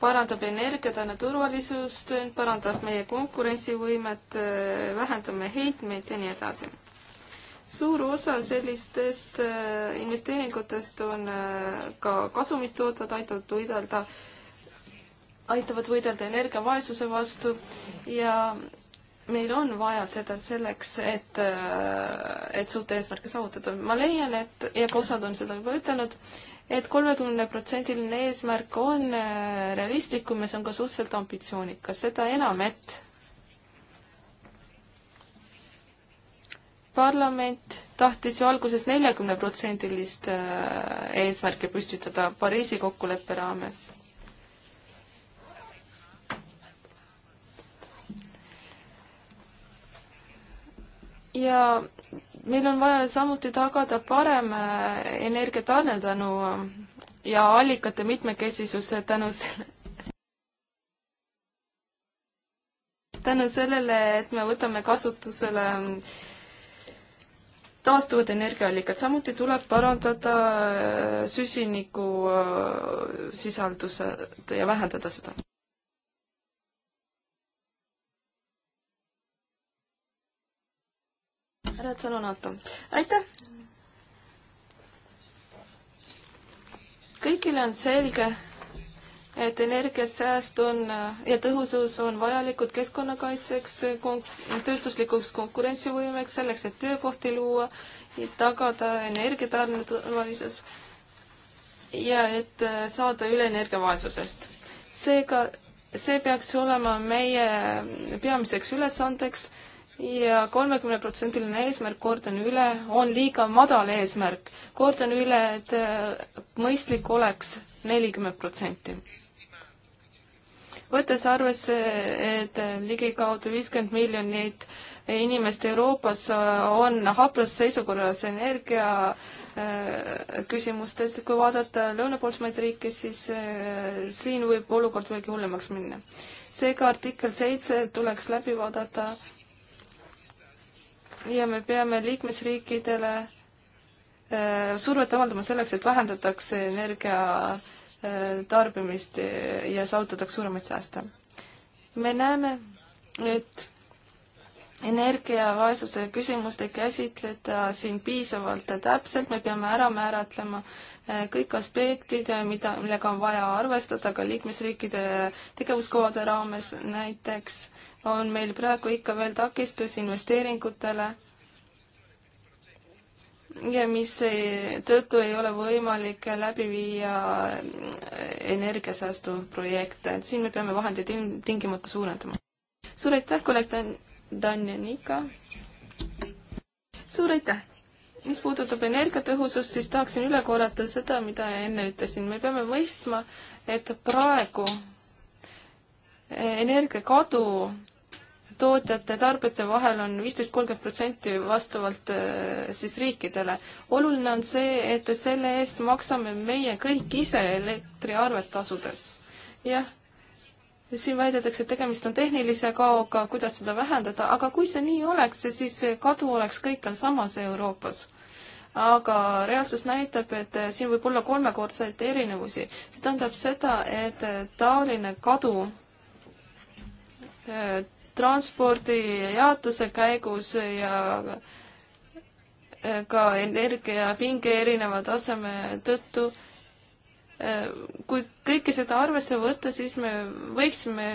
parandab energiatena turvalisust, parandab meie konkurentsivõimet, äh, vähendame heitmeid ja nii edasi. suur osa sellistest äh, investeeringutest on ka kasumit tootvad, aitavad võidelda aitavad võidelda energiavaesuse vastu ja meil on vaja seda selleks, et, äh, et suuta eesmärke saavutada. ma leian, et ja ka osad on seda juba ütelnud, et kolmekümneprotsendiline eesmärk on äh, realistlikum ja see on ka suhteliselt ambitsioonikas, seda enam, et parlament tahtis ju alguses neljakümneprotsendilist äh, eesmärki püstitada Pariisi kokkuleppe raames ja meil on vaja samuti tagada parem äh, energiatarne tänu äh, ja allikate mitmekesisus tänu (laughs) tänu sellele, et me võtame kasutusele äh, taastuvad energiaallikad, samuti tuleb parandada süsiniku sisalduse ja vähendada seda. härra Tsanonato, aitäh! kõigile on selge, et energiasääst on äh, ja tõhusus on vajalikud keskkonnakaitseks, tööstuslikuks konkurentsivõimeks, selleks, et töökohti luua, tagada energiatarne turvalisus ja et äh, saada üle energiavaesusest. seega see peaks olema meie äh, peamiseks ülesandeks ja kolmekümneprotsendiline eesmärk, kordan üle, on liiga madal eesmärk. kordan üle, et äh, mõistlik oleks nelikümmend protsenti. võttes arvesse, et äh, ligikaudu viiskümmend miljonit inimest Euroopas äh, on hapras seisukorras energia küsimustes, kui vaadata lõunapoolsemaid riike, siis siin võib olukord veelgi hullemaks minna. seega artikkel seitse tuleks läbi vaadata ja me peame liikmesriikidele äh, survet avaldama selleks, et vähendatakse energia äh, tarbimist ja saavutatakse suuremaid sääste. me näeme, et energiavaesuse küsimust ei käsitleda siin piisavalt täpselt, me peame ära määratlema äh, kõik aspektid, mida, millega on vaja arvestada ka liikmesriikide tegevuskohade raames näiteks on meil praegu ikka veel takistus investeeringutele ja mis tõttu ei ole võimalik läbi viia energiasäästuprojekte, et siin me peame vahendeid tingimata suurendama. suur aitäh, kolleeg Dan-, Danjanika. suur aitäh! mis puudutab energiatõhusust, siis tahaksin üle korrata seda, mida enne ütlesin, me peame mõistma, et praegu energiakadu tootjate ja tarbijate vahel on viisteist, kolmkümmend protsenti vastavalt äh, siis riikidele. oluline on see, et selle eest maksame meie kõik ise elektriarvet tasudes. jah, siin väidetakse, et tegemist on tehnilise kaoga, kuidas seda vähendada, aga kui see nii oleks, siis kadu oleks kõikjal samas Euroopas aga reaalsus näitab, et äh, siin võib olla kolmekordseid erinevusi. see tähendab seda, et äh, taoline kadu transpordi jaotuse käigus ja äh, ka energiapinge erineva taseme tõttu. Äh, kui kõike seda arvesse võtta, siis me võiksime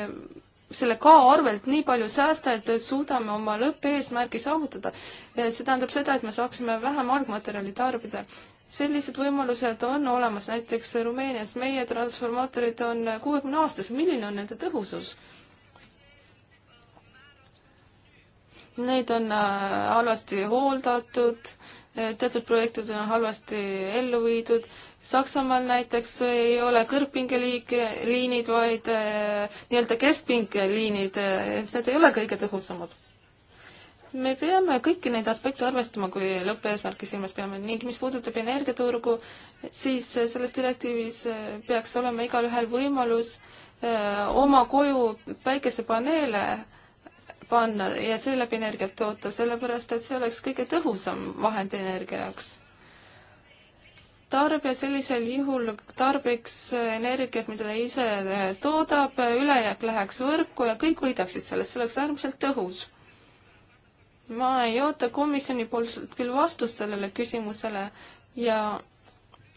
selle ka arvelt nii palju säästa, et suudame oma lõppeesmärgi saavutada. see tähendab seda, et me saaksime vähem algmaterjali tarbida. sellised võimalused on olemas näiteks Rumeenias. meie transformaatorid on kuuekümne aastased. milline on nende tõhusus? neid on äh, halvasti hooldatud, äh, teatud projektid on halvasti ellu viidud. Saksamaal näiteks ei ole kõrgpingeliinid, vaid äh, nii-öelda keskpingeliinid, et need ei ole kõige tõhusamad. me peame kõiki neid aspekte arvestama, kui lõppeesmärki silmas peame ning mis puudutab energiaturgu, siis selles direktiivis peaks olema igalühel võimalus oma koju päikesepaneele panna ja seeläbi energiat toota, sellepärast et see oleks kõige tõhusam vahend energia jaoks. tarbija sellisel juhul tarbiks energiat, mida ta ise toodab, ülejääk läheks võrku ja kõik võidaksid sellest, see oleks äärmiselt tõhus. ma ei oota komisjoni poolt küll vastust sellele küsimusele ja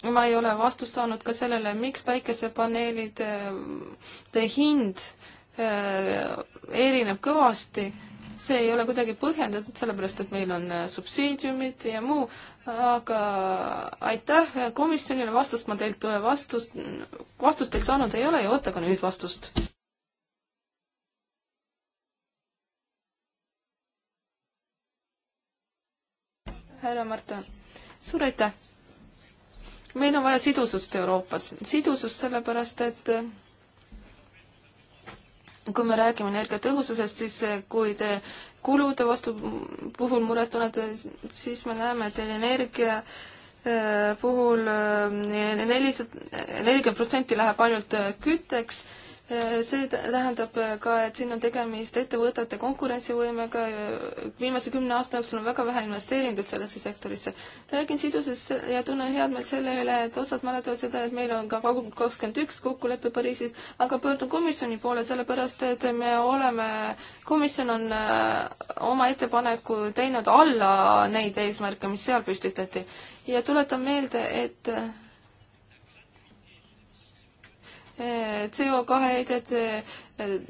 ma ei ole vastust saanud ka sellele, miks päikesepaneelide hind äh, Äh, erineb kõvasti. see ei ole kuidagi põhjendatud, sellepärast et meil on äh, subsiidiumid ja muu, aga aitäh komisjonile, vastust ma teilt äh, vastust, vastust teilt saanud ei ole ja ootage nüüd vastust. härra Marta, suur aitäh! meil on vaja sidusust Euroopas, sidusust sellepärast, et kui me räägime energiatõhususest, siis eh, kui te kulude vastu puhul muret tunnete, siis me näeme, et energia eh, puhul eh, nelisada, nelikümmend protsenti läheb ainult kütteks Äh, see tähendab äh, ka, et siin on tegemist ettevõtete konkurentsivõimega, äh, viimase kümne aasta jooksul on väga vähe investeeringuid sellesse sektorisse. räägin sidusest ja tunnen head meelt selle üle, et osad mäletavad seda, et meil on ka kakskümmend üks kokkulepe Pariisis, aga pöördun komisjoni poole, sellepärast et me oleme, komisjon on oma ettepaneku teinud alla neid eesmärke, mis seal püstitati. ja tuletan meelde, et Eh, CO2 heidete eh,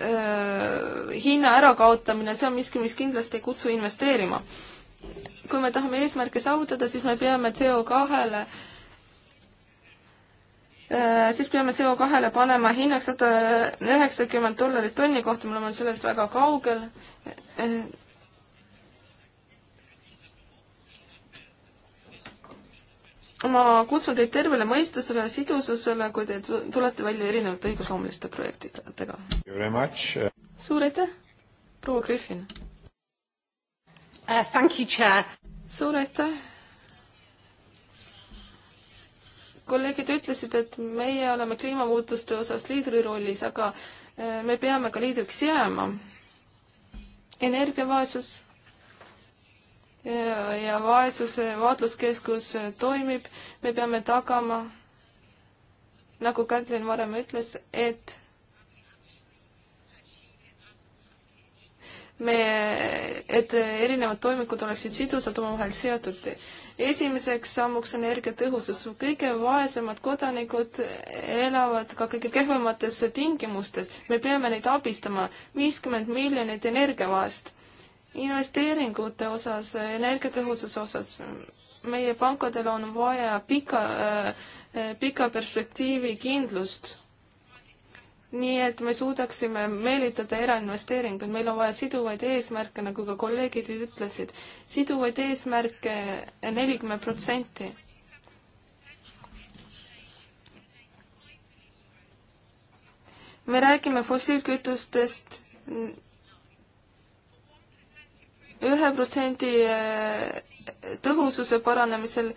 eh, hinna ärakaotamine, see on miski, mis kindlasti ei kutsu investeerima. kui me tahame eesmärke saavutada, siis me peame CO2-le siis peame CO2-le panema hinnaks sada üheksakümmend dollarit tonni kohta, me oleme sellest väga kaugel. ma kutsun teid tervele mõistusele, sidususele, kui te tulete välja erinevate õigusloomuliste projektidega. suur aitäh, proua Griffin uh,! Thank you, chair! suur aitäh! kolleegid ütlesid, et meie oleme kliimamuutuste osas liidri rollis, aga eh, me peame ka liidriks jääma. energiavaesus ja vaesuse vaatluskeskus toimib, me peame tagama, nagu Kätlin varem ütles, et me, et erinevad toimikud oleksid sidusalt omavahel seotud. esimeseks sammuks on energiatõhusus. kõige vaesemad kodanikud elavad ka kõige kehvemates tingimustes. me peame neid abistama. viiskümmend miljonit energiavaest investeeringute osas, energiatõhususe osas, meie pankadel on vaja pika, äh, äh, pika perspektiivi kindlust. nii et me suudaksime meelitada erainvesteeringuid, meil on vaja siduvaid eesmärke, nagu ka kolleegid ütlesid, siduvaid eesmärke nelikümmend protsenti me räägime fossiilkütustest ühe protsendi eh, tõhususe paranemisel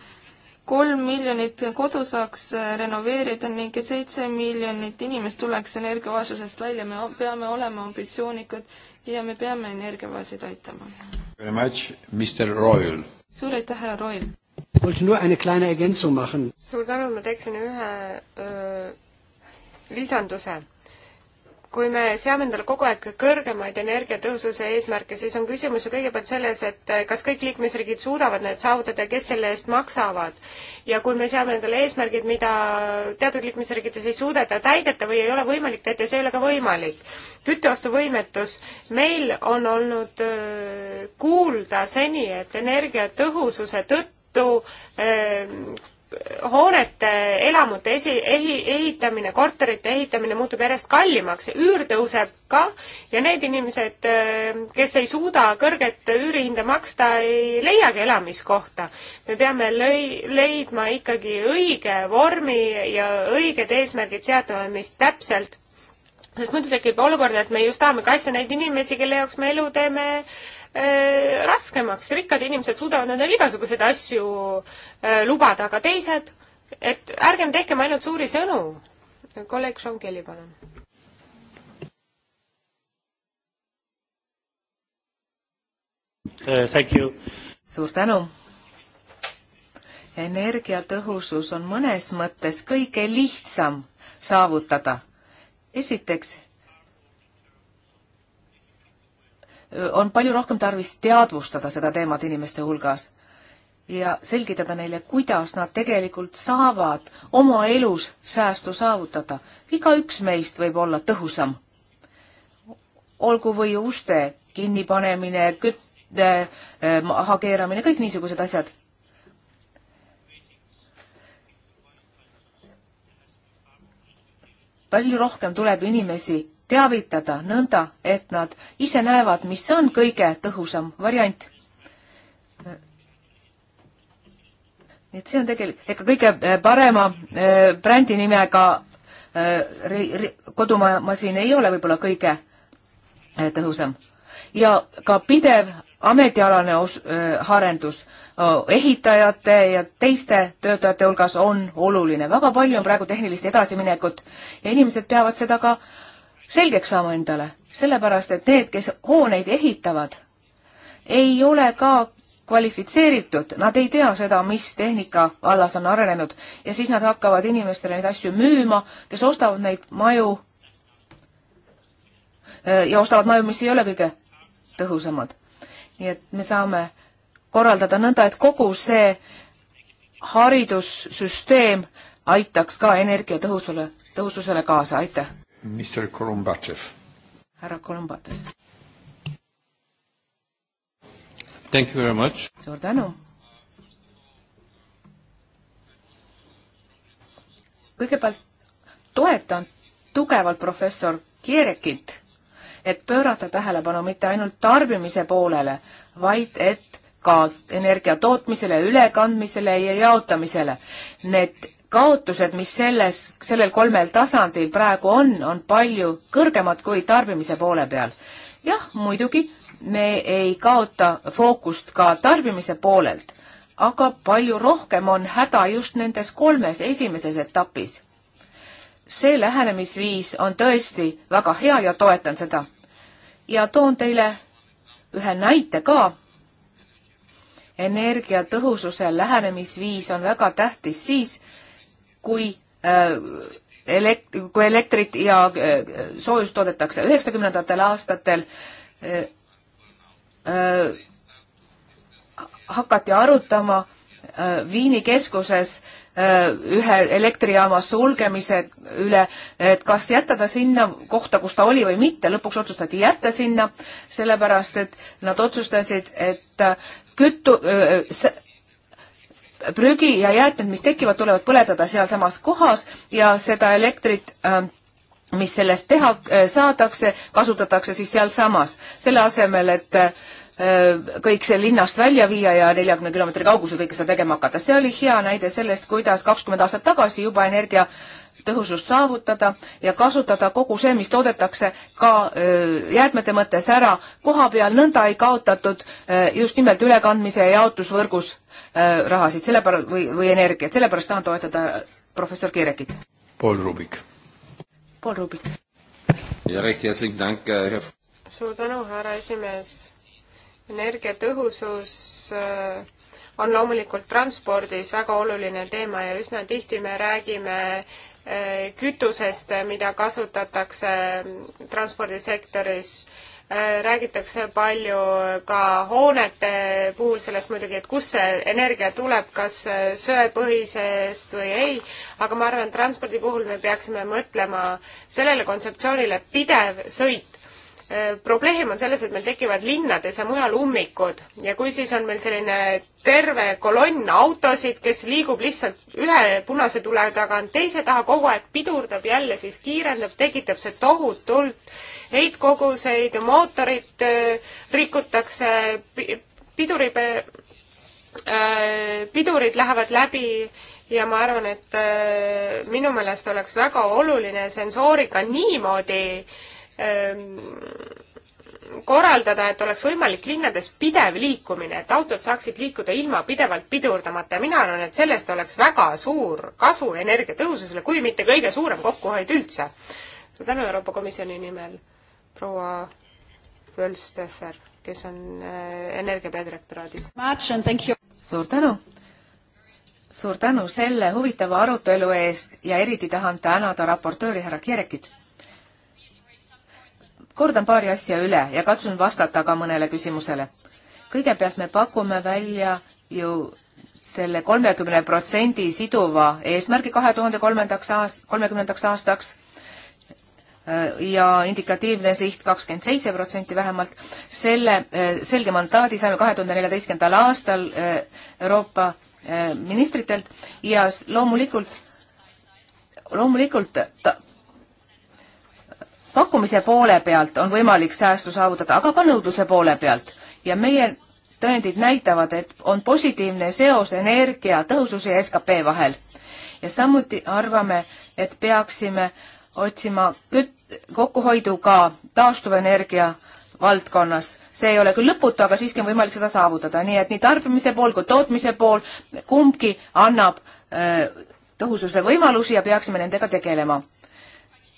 kolm miljonit kodu saaks eh, renoveerida ning seitse miljonit inimest tuleks energiavaesusest välja. me peame olema ambitsioonikad ja me peame energiavaeseid aitama. suur aitäh, härra Roil! suur tänu, ma teeksin ühe öö, lisanduse kui me seame endale kogu aeg kõrgemaid energiatõhususe eesmärke, siis on küsimus ju kõigepealt selles, et kas kõik liikmesriigid suudavad need saavutada ja kes selle eest maksavad. ja kui me seame endale eesmärgid, mida teatud liikmesriikides ei suudeta täideta või ei ole võimalik täita, see ei ole ka võimalik. kütteostuvõimetus, meil on olnud äh, kuulda seni, et energiatõhususe tõttu äh, hoonete, elamute esi-, ehi-, ehitamine, korterite ehitamine muutub järjest kallimaks, üür tõuseb ka ja need inimesed, kes ei suuda kõrget üürihinda maksta, ei leiagi elamiskohta. me peame lõi-, leidma ikkagi õige vormi ja õiged eesmärgid seadma, mis täpselt sest muidu tekib olukord, et me just tahame kaitsta neid inimesi, kelle jaoks me elu teeme äh, Äh, raskemaks, rikkad inimesed suudavad endale igasuguseid asju äh, lubada, aga teised, et ärgem tehkem ainult suuri sõnu. kolleeg Sean Kelly, palun. Uh, suur tänu energiatõhusus on mõnes mõttes kõige lihtsam saavutada. esiteks on palju rohkem tarvis teadvustada seda teemat inimeste hulgas ja selgitada neile, kuidas nad tegelikult saavad oma elus säästu saavutada. igaüks meist võib olla tõhusam. olgu või uste kinnipanemine, kütte eh, eh, maha keeramine, kõik niisugused asjad palju rohkem tuleb inimesi teavitada nõnda, et nad ise näevad, mis on kõige tõhusam variant. nii et see on tegelikult, ega kõige eh, parema eh, brändi nimega eh, kodumasin ei ole võib-olla kõige tõhusam. ja ka pidev ametialane os-, arendus oh, ehitajate ja teiste töötajate hulgas on oluline. väga palju on praegu tehnilist edasiminekut ja inimesed peavad seda ka äh, selgeks saama endale, sellepärast et need, kes hooneid ehitavad, ei ole ka kvalifitseeritud, nad ei tea seda, mis tehnika vallas on arenenud ja siis nad hakkavad inimestele neid asju müüma, kes ostavad neid maju äh, ja ostavad maju, mis ei ole kõige tõhusamad. nii et me saame korraldada nõnda, et kogu see haridussüsteem aitaks ka energiatõhusule, tõhususele kaasa, aitäh! Mr Korumbatšev. härra Korumbatšev. Thank you very much. suur tänu. kõigepealt toetan tugevalt professor Kierekit, et pöörata tähelepanu mitte ainult tarbimise poolele, vaid et ka energia tootmisele, ülekandmisele ja jaotamisele. Need kaotused, mis selles, sellel kolmel tasandil praegu on, on palju kõrgemad kui tarbimise poole peal. jah, muidugi, me ei kaota fookust ka tarbimise poolelt, aga palju rohkem on häda just nendes kolmes esimeses etapis. see lähenemisviis on tõesti väga hea ja toetan seda. ja toon teile ühe näite ka energiatõhususe lähenemisviis on väga tähtis siis, kui äh, elekt-, kui elektrit ja äh, soojust toodetakse üheksakümnendatel aastatel, äh, hakati arutama Viini keskuses ühe elektrijaama sulgemise üle, et kas jätta ta sinna kohta, kus ta oli või mitte, lõpuks otsustati jätta sinna, sellepärast et nad otsustasid, et kütu, prügi ja jäätmed, mis tekivad, tulevad põletada sealsamas kohas ja seda elektrit äh, mis sellest teha äh, saadakse, kasutatakse siis sealsamas, selle asemel, et äh, kõik see linnast välja viia ja neljakümne kilomeetri kaugusel kõike seda tegema hakata. see oli hea näide sellest, kuidas kakskümmend aastat tagasi juba energia äh, tõhusust saavutada ja kasutada kogu see, mis toodetakse ka jäätmete mõttes ära koha peal, nõnda ei kaotatud just nimelt ülekandmise ja jaotusvõrgus rahasid, sellepärast, või, või energiat, sellepärast tahan toetada professor Kirekit. Paul Rubik. Paul Rubik. ja recht herzlichen Dank, Herr uh, suur tänu, härra esimees. energiatõhusus äh, on loomulikult transpordis väga oluline teema ja üsna tihti me räägime kütusest, mida kasutatakse transpordisektoris. räägitakse palju ka hoonete puhul sellest muidugi, et kust see energia tuleb, kas söepõhisest või ei, aga ma arvan, et transpordi puhul me peaksime mõtlema sellele kontseptsioonile pidev sõit Äh, probleem on selles, et meil tekivad linnades ja mujal ummikud ja kui siis on meil selline terve kolonn autosid, kes liigub lihtsalt ühe punase tule tagant teise taha, kogu aeg pidurdab jälle, siis kiirendab, tekitab see tohutult heitkoguseid, mootorit äh, rikutakse, piduri, äh, pidurid lähevad läbi ja ma arvan, et minu meelest oleks väga oluline sensoorika niimoodi äh, Ehm, korraldada, et oleks võimalik linnades pidev liikumine, et autod saaksid liikuda ilma pidevalt pidurdamata ja mina arvan, et sellest oleks väga suur kasu energiatõhususele, kui mitte kõige suurem kokkuhoid üldse. suur tänu Euroopa Komisjoni nimel, proua Völstefer, kes on eh, Energia peadirektoraadis. suur tänu! suur tänu selle huvitava arutelu eest ja eriti tahan tänada raportööri härra Kierekit kordan paari asja üle ja katsun vastata ka mõnele küsimusele. kõigepealt me pakume välja ju selle kolmekümne protsendi siduva eesmärgi kahe tuhande kolmandaks aast-, kolmekümnendaks aastaks äh, ja indikatiivne siht kakskümmend seitse protsenti vähemalt, selle äh, selge mandaadi saime kahe tuhande neljateistkümnendal aastal äh, Euroopa ministritelt ja loomulikult, loomulikult ta, pakkumise poole pealt on võimalik säästu saavutada, aga ka nõudluse poole pealt ja meie tõendid näitavad, et on positiivne seos energia tõhususe ja skp vahel. ja samuti arvame, et peaksime otsima küt-, kokkuhoidu ka taastuvenergia valdkonnas. see ei ole küll lõputu, aga siiski on võimalik seda saavutada, nii et nii tarbimise pool kui tootmise pool, kumbki annab öö, äh, tõhususe võimalusi ja peaksime nendega tegelema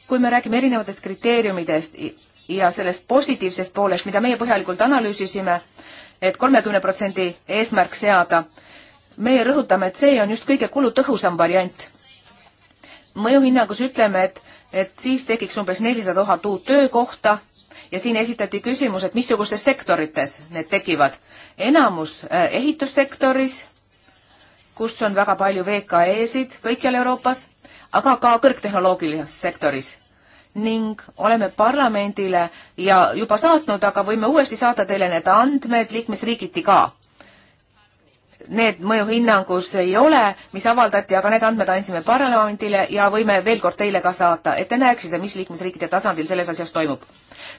kui me räägime erinevatest kriteeriumidest ja sellest positiivsest poolest, mida meie põhjalikult analüüsisime, et kolmekümne protsendi eesmärk seada, meie rõhutame, et see on just kõige kulutõhusam variant. mõjuhinnangus ütleme, et, et siis tekiks umbes nelisada tuhat uut töökohta ja siin esitati küsimus, et missugustes sektorites need tekivad. enamus äh, ehitussektoris kus on väga palju VKE-sid kõikjal Euroopas, aga ka kõrgtehnoloogilises sektoris ning oleme parlamendile ja juba saatnud, aga võime uuesti saata teile need andmed liikmesriigiti ka need mõjuhinnangus ei ole, mis avaldati, aga need andmed andsime parlamendile ja võime veel kord teile ka saata, et te näeksite, mis liikmesriikide tasandil selles asjas toimub.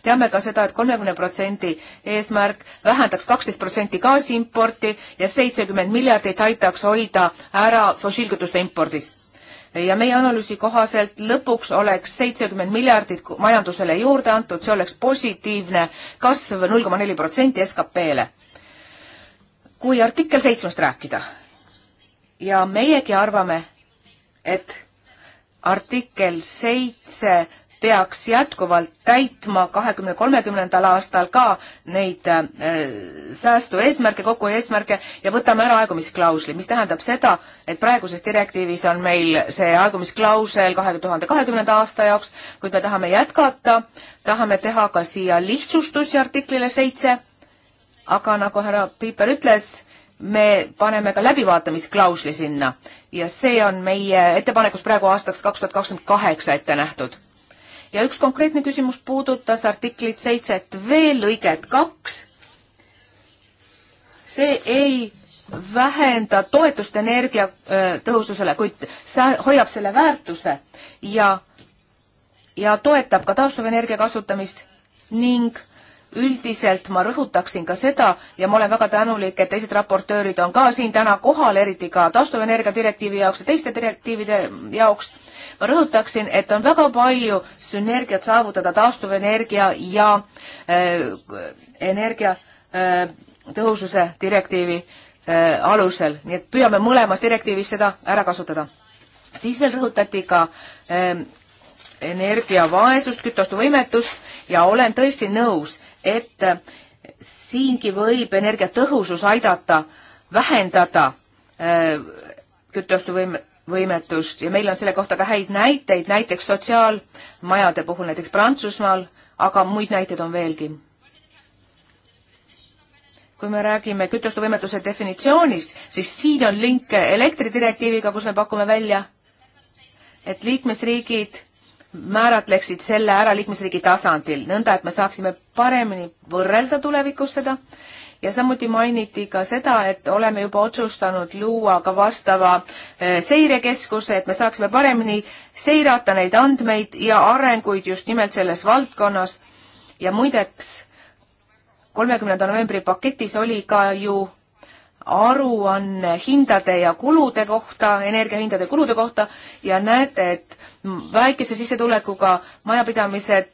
teame ka seda et, et kolmekümne protsendi eesmärk vähendaks kaksteist protsenti gaasiimporti ja seitsekümmend miljardit aitaks hoida ära fossiilkütuste impordis ja meie analüüsi kohaselt lõpuks oleks seitsekümmend miljardit majandusele juurde antud, see oleks positiivne kasv null koma neli protsenti SKP-le kui artikkel seitsmest rääkida ja meiegi arvame, et artikkel seitse peaks jätkuvalt täitma kahekümne kolmekümnendal aastal ka neid äh, säästu eesmärke, kokku eesmärke ja võtame ära aegumisklausli, mis tähendab seda, et praeguses direktiivis on meil see aegumisklausel kahe tuhande kahekümnenda aasta jaoks, kuid me tahame jätkata, tahame teha ka siia lihtsustusi artiklile seitse aga nagu härra Piiper ütles, me paneme ka läbivaatamisklausli sinna ja see on meie ettepanekus praegu aastaks kaks tuhat kakskümmend kaheksa ette nähtud. ja üks konkreetne küsimus puudutas artiklit seitset V lõiget kaks. see ei vähenda toetust energiatõhususele, äh, kuid see hoiab selle väärtuse ja, ja toetab ka taastuvenergia kasutamist ning äh, üldiselt ma rõhutaksin ka seda ja ma olen väga tänulik, et teised raportöörid on ka siin täna kohal, eriti ka taastuvenergia direktiivi jaoks ja teiste direktiivide jaoks. ma rõhutaksin, et on väga palju sünergiat saavutada taastuvenergia ja äh, energia äh, tõhususe direktiivi äh, alusel, nii et püüame mõlemas direktiivis seda ära kasutada. siis veel rõhutati ka äh, energiavaesust, kütostuvõimetust ja olen tõesti nõus et siingi võib energiatõhusus aidata vähendada äh, kütteostuvõime, võimetust ja meil on selle kohta ka häid näiteid, näiteks sotsiaalmajade puhul, näiteks Prantsusmaal, aga muid näiteid on veelgi. kui me räägime kütustevõimetuse definitsioonist, siis siin on link elektridirektiiviga, kus me pakume välja, et liikmesriigid määratleksid selle ära liikmesriigi tasandil, nõnda et me saaksime paremini võrrelda tulevikus seda ja samuti mainiti ka seda, et oleme juba otsustanud luua ka vastava eh, seirekeskuse, et me saaksime paremini seirata neid andmeid ja arenguid just nimelt selles valdkonnas. ja muideks, kolmekümnenda novembri paketis oli ka ju aruanne hindade ja kulude kohta, energiahindade kulude kohta ja näete, et väikese sissetulekuga majapidamised,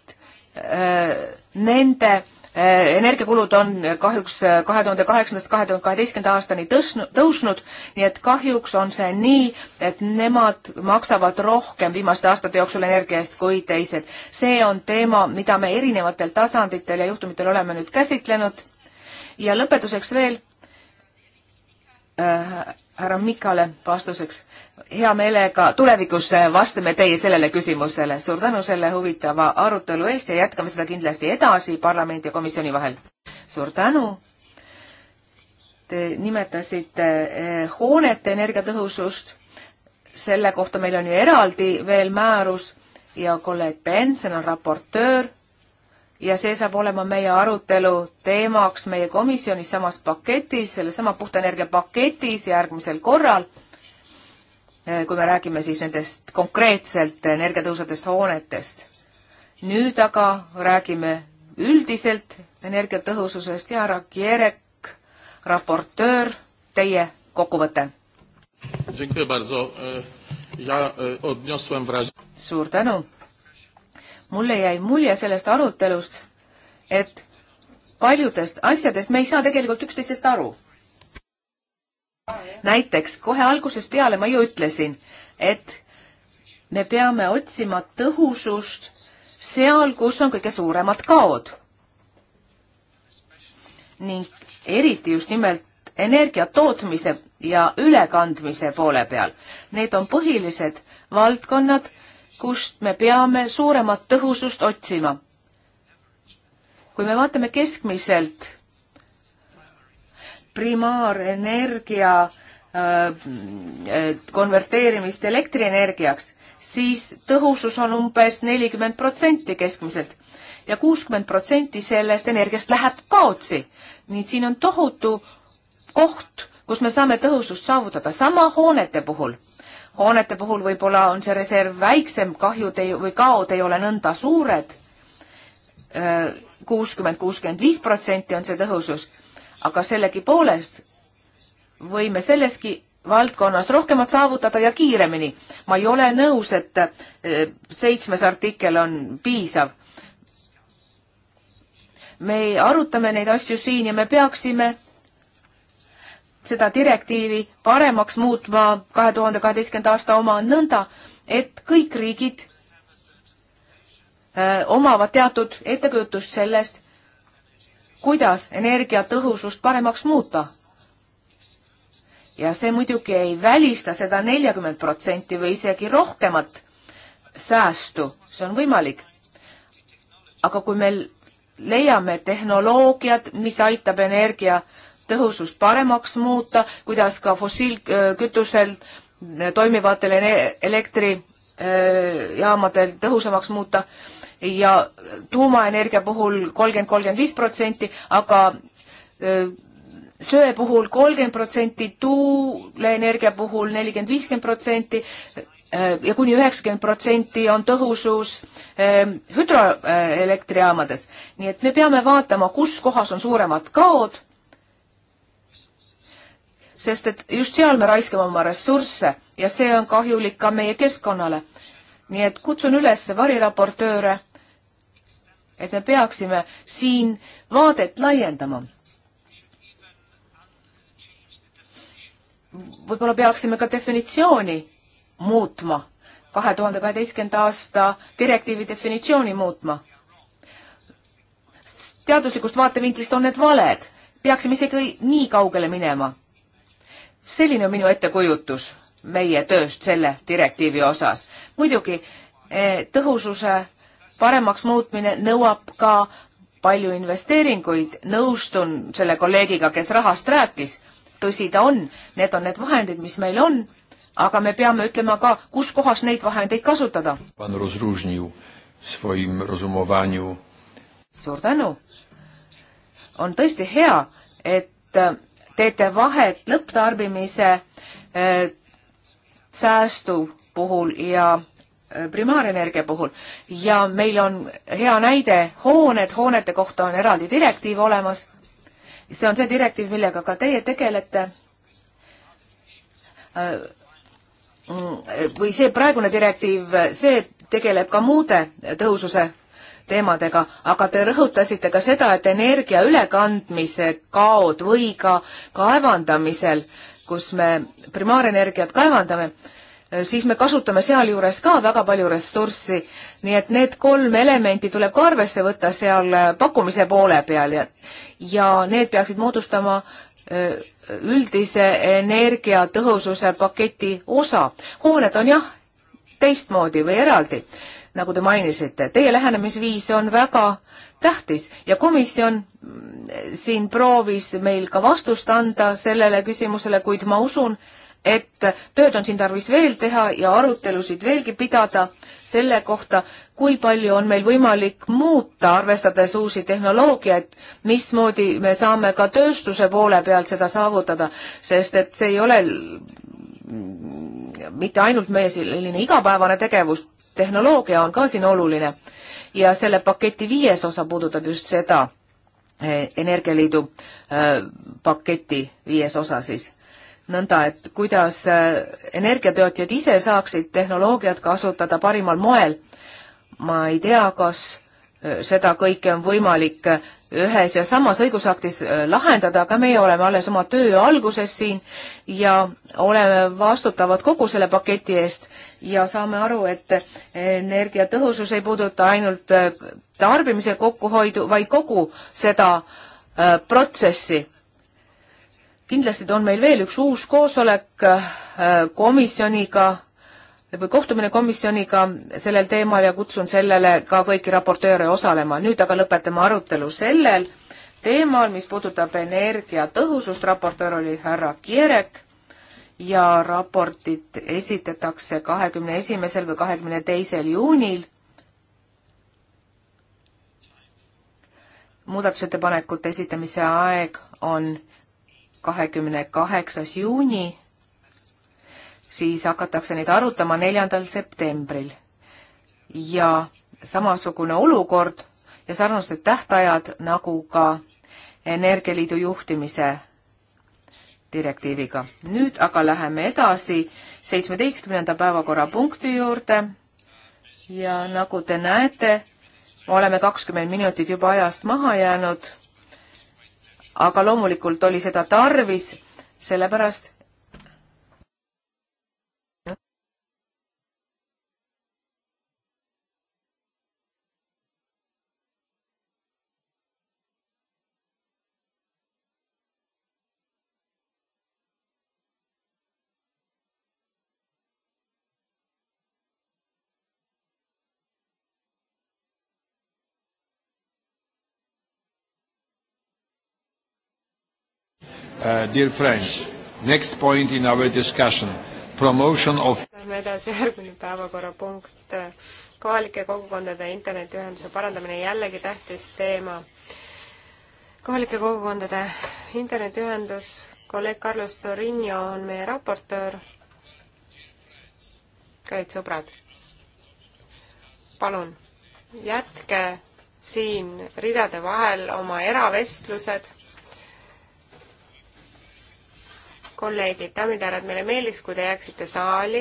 äh, nende äh, energiakulud on kahjuks äh, kahe tuhande kaheksandast kahe tuhande kaheteistkümnenda aastani tõsnud, tõusnud, nii et kahjuks on see nii, et nemad maksavad rohkem viimaste aastate jooksul energia eest kui teised. see on teema, mida me erinevatel tasanditel ja juhtumitel oleme nüüd käsitlenud. ja lõpetuseks veel Äh, härra Mikale vastuseks. hea meelega tulevikus äh, vastame teie sellele küsimusele. suur tänu selle huvitava arutelu eest ja jätkame seda kindlasti edasi parlamendi ja komisjoni vahel. suur tänu. Te nimetasite äh, hoonete energiatõhusust. selle kohta meil on ju eraldi veel määrus ja kolleeg Benson on raportöör ja see saab olema meie arutelu teemaks meie komisjonis samas paketis, sellesama puhta energia paketis järgmisel korral, eh, kui me räägime siis nendest konkreetselt energiatõusvatest hoonetest. nüüd aga räägime üldiselt energiatõhususest ja härra Kierek, raportöör, teie kokkuvõte. E, e, suur tänu mulle jäi mulje sellest arutelust, et paljudest asjadest me ei saa tegelikult üksteisest aru. näiteks kohe algusest peale ma ju ütlesin, et me peame otsima tõhusust seal, kus on kõige suuremad kaod. ning eriti just nimelt energia tootmise ja ülekandmise poole peal. Need on põhilised valdkonnad, kust me peame suuremat tõhusust otsima. kui me vaatame keskmiselt primaarenergia äh, konverteerimist elektrienergiaks, siis tõhusus on umbes nelikümmend protsenti keskmiselt ja kuuskümmend protsenti sellest energiast läheb kaotsi. nii et siin on tohutu koht, kus me saame tõhusust saavutada, sama hoonete puhul hoonete puhul võib-olla on see reserv väiksem, kahjud ei, või kaod ei ole nõnda suured, kuuskümmend, kuuskümmend viis protsenti on see tõhusus, aga sellegipoolest võime selleski valdkonnas rohkemat saavutada ja kiiremini. ma ei ole nõus, et seitsmes artikkel on piisav. me arutame neid asju siin ja me peaksime seda direktiivi paremaks muutma kahe tuhande kaheteistkümnenda aasta oma nõnda, et kõik riigid öö, äh, omavad teatud ettekujutust sellest, kuidas energiatõhusust paremaks muuta. ja see muidugi ei välista seda neljakümmet protsenti või isegi rohkemat säästu, see on võimalik. aga kui me leiame tehnoloogiad, mis aitab energia äh, tõhusust paremaks muuta, kuidas ka fossiilkütusel äh, äh, toimivatel elektrijaamadel äh, tõhusamaks muuta ja tuumaenergia puhul kolmkümmend, kolmkümmend viis protsenti, aga söe puhul kolmkümmend protsenti, tuuleenergia puhul nelikümmend, viiskümmend protsenti ja kuni üheksakümmend protsenti on tõhusus hüdroelektrijaamades. nii et me peame vaatama, kus kohas on suuremad kaod sest et just seal me raiskame oma ressursse ja see on kahjulik ka meie keskkonnale. nii et kutsun üles variraportööre, et me peaksime siin vaadet laiendama. võib-olla peaksime ka definitsiooni muutma, kahe tuhande kaheteistkümnenda aasta direktiivi definitsiooni muutma. teaduslikust vaatevinklist on need valed, peaksime isegi nii kaugele minema selline on minu ettekujutus meie tööst selle direktiivi osas. muidugi eh, tõhususe paremaks muutmine nõuab ka palju investeeringuid, nõustun selle kolleegiga, kes rahast rääkis, tõsi ta on, need on need vahendid, mis meil on, aga me peame ütlema ka, kus kohas neid vahendeid kasutada. suur tänu. on tõesti hea, et teete vahet lõpptarbimise äh, säästu puhul ja äh, primaarenergia puhul ja meil on hea näide hooned, hoonete kohta on eraldi direktiiv olemas. see on see direktiiv, millega ka teie tegelete. Äh, mm, või see praegune direktiiv, see tegeleb ka muude tõhususe teemadega, aga te rõhutasite ka seda, et energia ülekandmise kaod või ka kaevandamisel, kus me primaarenergiat kaevandame, siis me kasutame sealjuures ka väga palju ressurssi, nii et need kolm elementi tuleb ka arvesse võtta seal äh, pakkumise poole peal ja, ja need peaksid moodustama äh, üldise energiatõhususe paketi osa. hooned on jah, teistmoodi või eraldi nagu te mainisite. Teie lähenemisviis on väga tähtis ja komisjon mm, siin proovis meil ka vastust anda sellele küsimusele, kuid ma usun, et tööd on siin tarvis veel teha ja arutelusid veelgi pidada selle kohta, kui palju on meil võimalik muuta, arvestades uusi tehnoloogiaid, mismoodi me saame ka tööstuse poole peal seda saavutada, sest et see ei ole Mm, mitte ainult meie selline igapäevane tegevus, tehnoloogia on ka siin oluline ja selle paketi viies osa puudutab just seda eh, Energialiidu eh, paketi viies osa siis. nõnda, et kuidas eh, energiatootjad ise saaksid tehnoloogiat kasutada parimal moel. ma ei tea, kas seda kõike on võimalik ühes ja samas õigusaktis äh, lahendada, aga meie oleme alles oma töö alguses siin ja oleme vastutavad kogu selle paketi eest ja saame aru, et äh, energiatõhusus ei puuduta ainult äh, tarbimise kokkuhoidu, vaid kogu seda protsessi. kindlasti on meil veel üks uus koosolek komisjoniga või kohtumine komisjoniga sellel teemal ja kutsun sellele ka kõiki raportööre osalema. nüüd aga lõpetame arutelu sellel teemal, mis puudutab energiatõhusust, raportöör oli härra Kierek ja raportit esitatakse kahekümne esimesel või kahekümne teisel juunil. muudatusettepanekute esitamise aeg on kahekümne kaheksas juuni siis hakatakse neid arutama neljandal septembril. ja samasugune olukord ja sarnased tähtajad nagu ka Energialiidu juhtimise direktiiviga. nüüd aga läheme edasi seitsmeteistkümnenda päevakorrapunkti juurde ja nagu te näete, oleme kakskümmend minutit juba ajast maha jäänud, aga loomulikult oli seda tarvis, sellepärast Uh, dear friends, next point in our discussion, promotion of Lähme edasi, järgmine päevakorrapunkt, äh, kohalike kogukondade internetiühenduse parandamine, jällegi tähtis teema. kohalike kogukondade internetiühendus, kolleeg Carlos Torino on meie raportöör. kallid sõbrad, palun jätke siin ridade vahel oma eravestlused kolleegid, daamid ja härrad, meile meeldiks, kui te jääksite saali,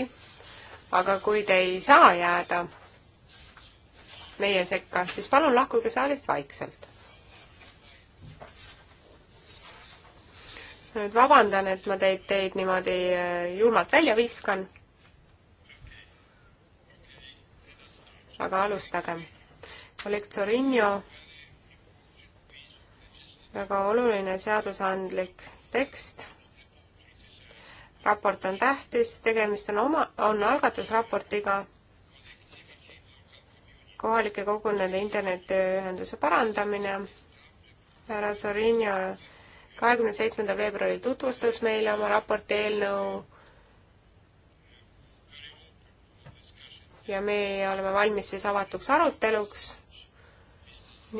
aga kui te ei saa jääda meie sekka, siis palun lahkuge saalist vaikselt. nüüd vabandan, et ma teid, teid niimoodi äh, julmalt välja viskan. aga alustagem. kolleeg Zorinio, väga oluline seadusandlik tekst raport on tähtis, tegemist on oma, on algatusraportiga kohalike kogukondade internetiühenduse parandamine. härra Sorinio kahekümne seitsmendal veebruaril tutvustas meile oma raporti eelnõu ja meie oleme valmis siis avatuks aruteluks.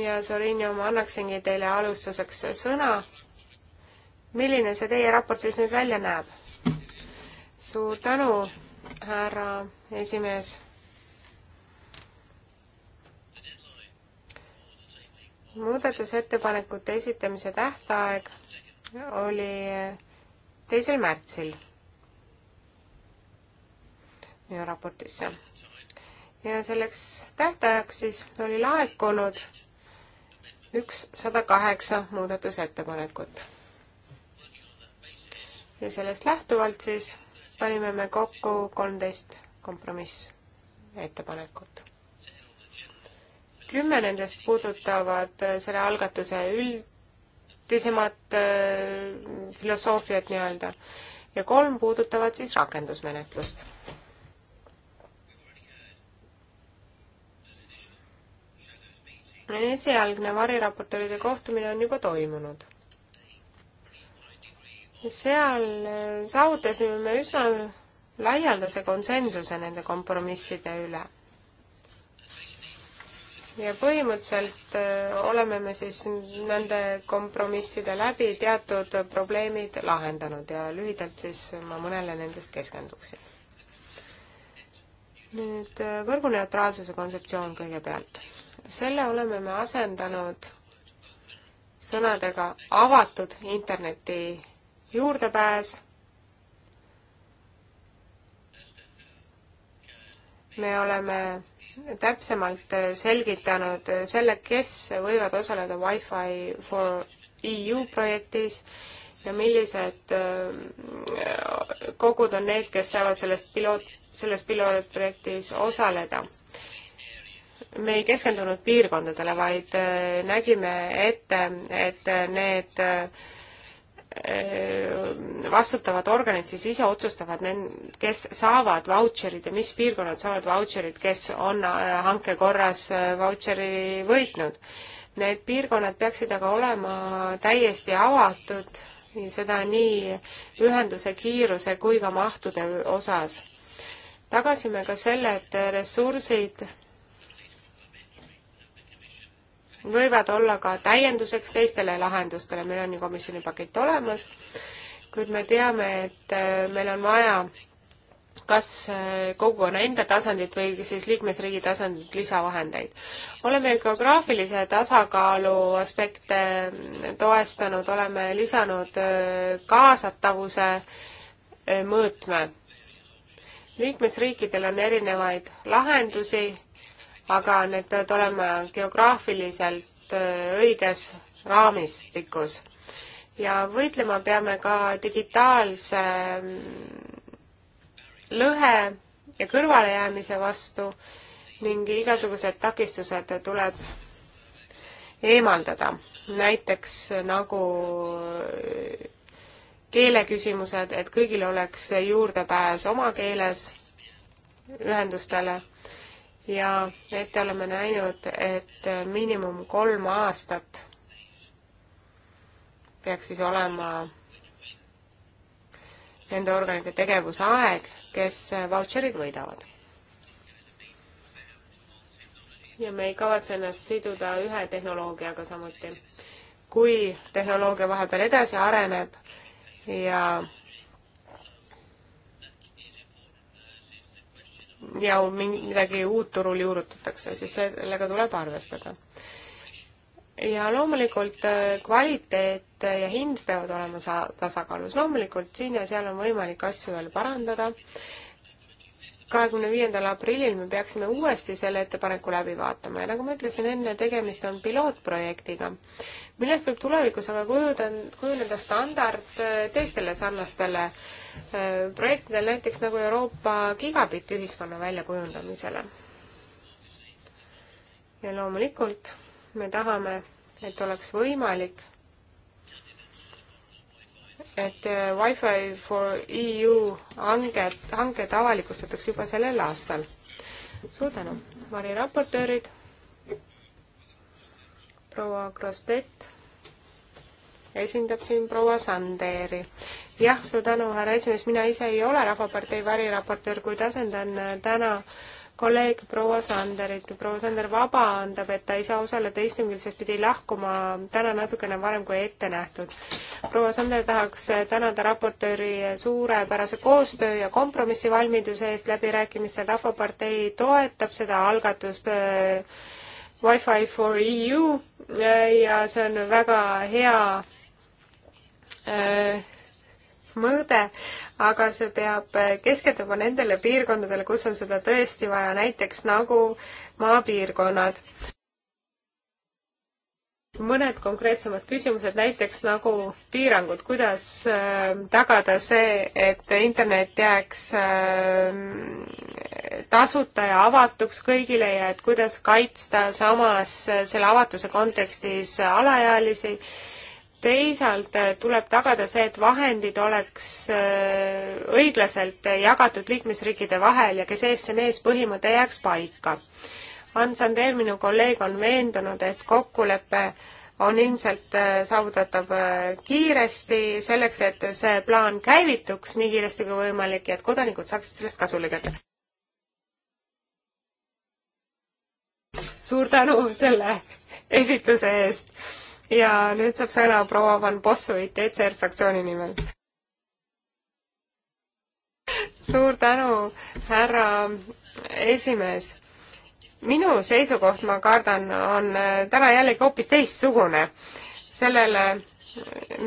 ja Sorinio, ma annaksingi teile alustuseks sõna. milline see teie raport siis nüüd välja näeb? suur tänu, härra esimees. muudatusettepanekute esitamise tähtaeg oli teisel märtsil minu raportisse. ja selleks tähtajaks siis oli laekunud üks sada kaheksa muudatusettepanekut. ja sellest lähtuvalt siis panime me kokku kolmteist kompromissettepanekut. kümme nendest puudutavad äh, selle algatuse üldisemat äh, filosoofiat nii-öelda ja kolm puudutavad siis rakendusmenetlust. esialgne variraportööride kohtumine on juba toimunud seal äh, saavutasime me üsna laialdase konsensuse nende kompromisside üle. ja põhimõtteliselt äh, oleme me siis nende kompromisside läbi teatud probleemid lahendanud ja lühidalt siis ma mõnele nendest keskenduksin. nüüd äh, võrguneutraalsuse kontseptsioon kõigepealt. selle oleme me asendanud sõnadega avatud interneti juurdepääs. me oleme täpsemalt selgitanud selle, kes võivad osaleda Wi-Fi for EU projektis ja millised äh, kogud on need, kes saavad sellest piloot, selles pilootprojektis osaleda. me ei keskendunud piirkondadele, vaid äh, nägime ette, et need äh, Äh, vastutavad organid siis ise otsustavad, kes saavad vautšerid ja mis piirkonnad saavad vautšerid, kes on äh, hanke korras äh, vautšeri võitnud. Need piirkonnad peaksid aga olema täiesti avatud, seda nii ühenduse kiiruse kui ka mahtude osas. tagasime ka selle, et ressursid võivad olla ka täienduseks teistele lahendustele, meil on ju komisjoni pakett olemas, kuid me teame, et äh, meil on vaja kas äh, kogukonna enda tasandit või siis liikmesriigi tasandit lisavahendeid. oleme geograafilise tasakaalu aspekte äh, toestanud, oleme lisanud kaasatavuse mõõtme. liikmesriikidel on erinevaid lahendusi aga need peavad olema geograafiliselt äh, õiges raamistikus. ja võitlema peame ka digitaalse mm, lõhe ja kõrvalejäämise vastu ning igasugused takistused tuleb eemaldada, näiteks nagu äh, keeleküsimused, et kõigil oleks juurdepääs oma keeles ühendustele ja ette oleme näinud, et miinimum kolm aastat peaks siis olema nende organite tegevusaeg, kes vautšerid võidavad. ja me ei kavatse ennast siduda ühe tehnoloogiaga samuti. kui tehnoloogia vahepeal edasi areneb ja ja midagi uut turul juurutatakse, siis sellega tuleb arvestada. ja loomulikult äh, kvaliteet ja hind peavad olema sa-, tasakaalus, loomulikult siin ja seal on võimalik asju veel parandada, kahekümne viiendal aprillil me peaksime uuesti selle ettepaneku läbi vaatama ja nagu ma ütlesin enne, tegemist on pilootprojektiga millest võib tulevikus aga kujuda, kujuneda standard äh, teistele sarnastele äh, projektidele, näiteks nagu Euroopa gigabitti ühiskonna väljakujundamisele. ja loomulikult me tahame, et oleks võimalik, et äh, Wi-Fi for EU hanged, hanked avalikustatakse juba sellel aastal. suur tänu, Mari raportöörid proua Krostet esindab siin proua Sanderi. jah, suur tänu, härra esimees, mina ise ei ole Rahvapartei variraportöör, kuid asendan äh, täna kolleeg proua Sanderit. proua Sander vabandab, et ta ei saa osaleda istungil, sest pidi lahkuma täna natukene varem kui ette nähtud. proua Sander tahaks äh, tänada raportööri äh, suurepärase koostöö ja kompromissivalmiduse eest läbirääkimistel. rahvapartei toetab seda algatust öö, Wi-Fi for EU äh, ja see on väga hea äh, mõõde, aga see peab äh, keskenduma nendele piirkondadele, kus on seda tõesti vaja, näiteks nagu maapiirkonnad mõned konkreetsemad küsimused, näiteks nagu piirangud, kuidas äh, tagada see, et internet jääks äh, tasuta ja avatuks kõigile ja et kuidas kaitsta samas äh, selle avatuse kontekstis alaealisi. teisalt tuleb tagada see, et vahendid oleks õiglaselt jagatud liikmesriikide vahel ja kes ees, see mees põhimõte jääks paika Ansander, minu kolleeg, on veendunud, et kokkulepe on ilmselt äh, saavutatav äh, kiiresti, selleks et see plaan käivituks nii kiiresti kui võimalik ja et kodanikud saaksid sellest kasu lõigata. suur tänu selle esitluse eest ja nüüd saab sõna proua Van Bossuit ECR fraktsiooni nimel. suur tänu, härra esimees minu seisukoht, ma kardan, on äh, täna jällegi hoopis teistsugune sellele,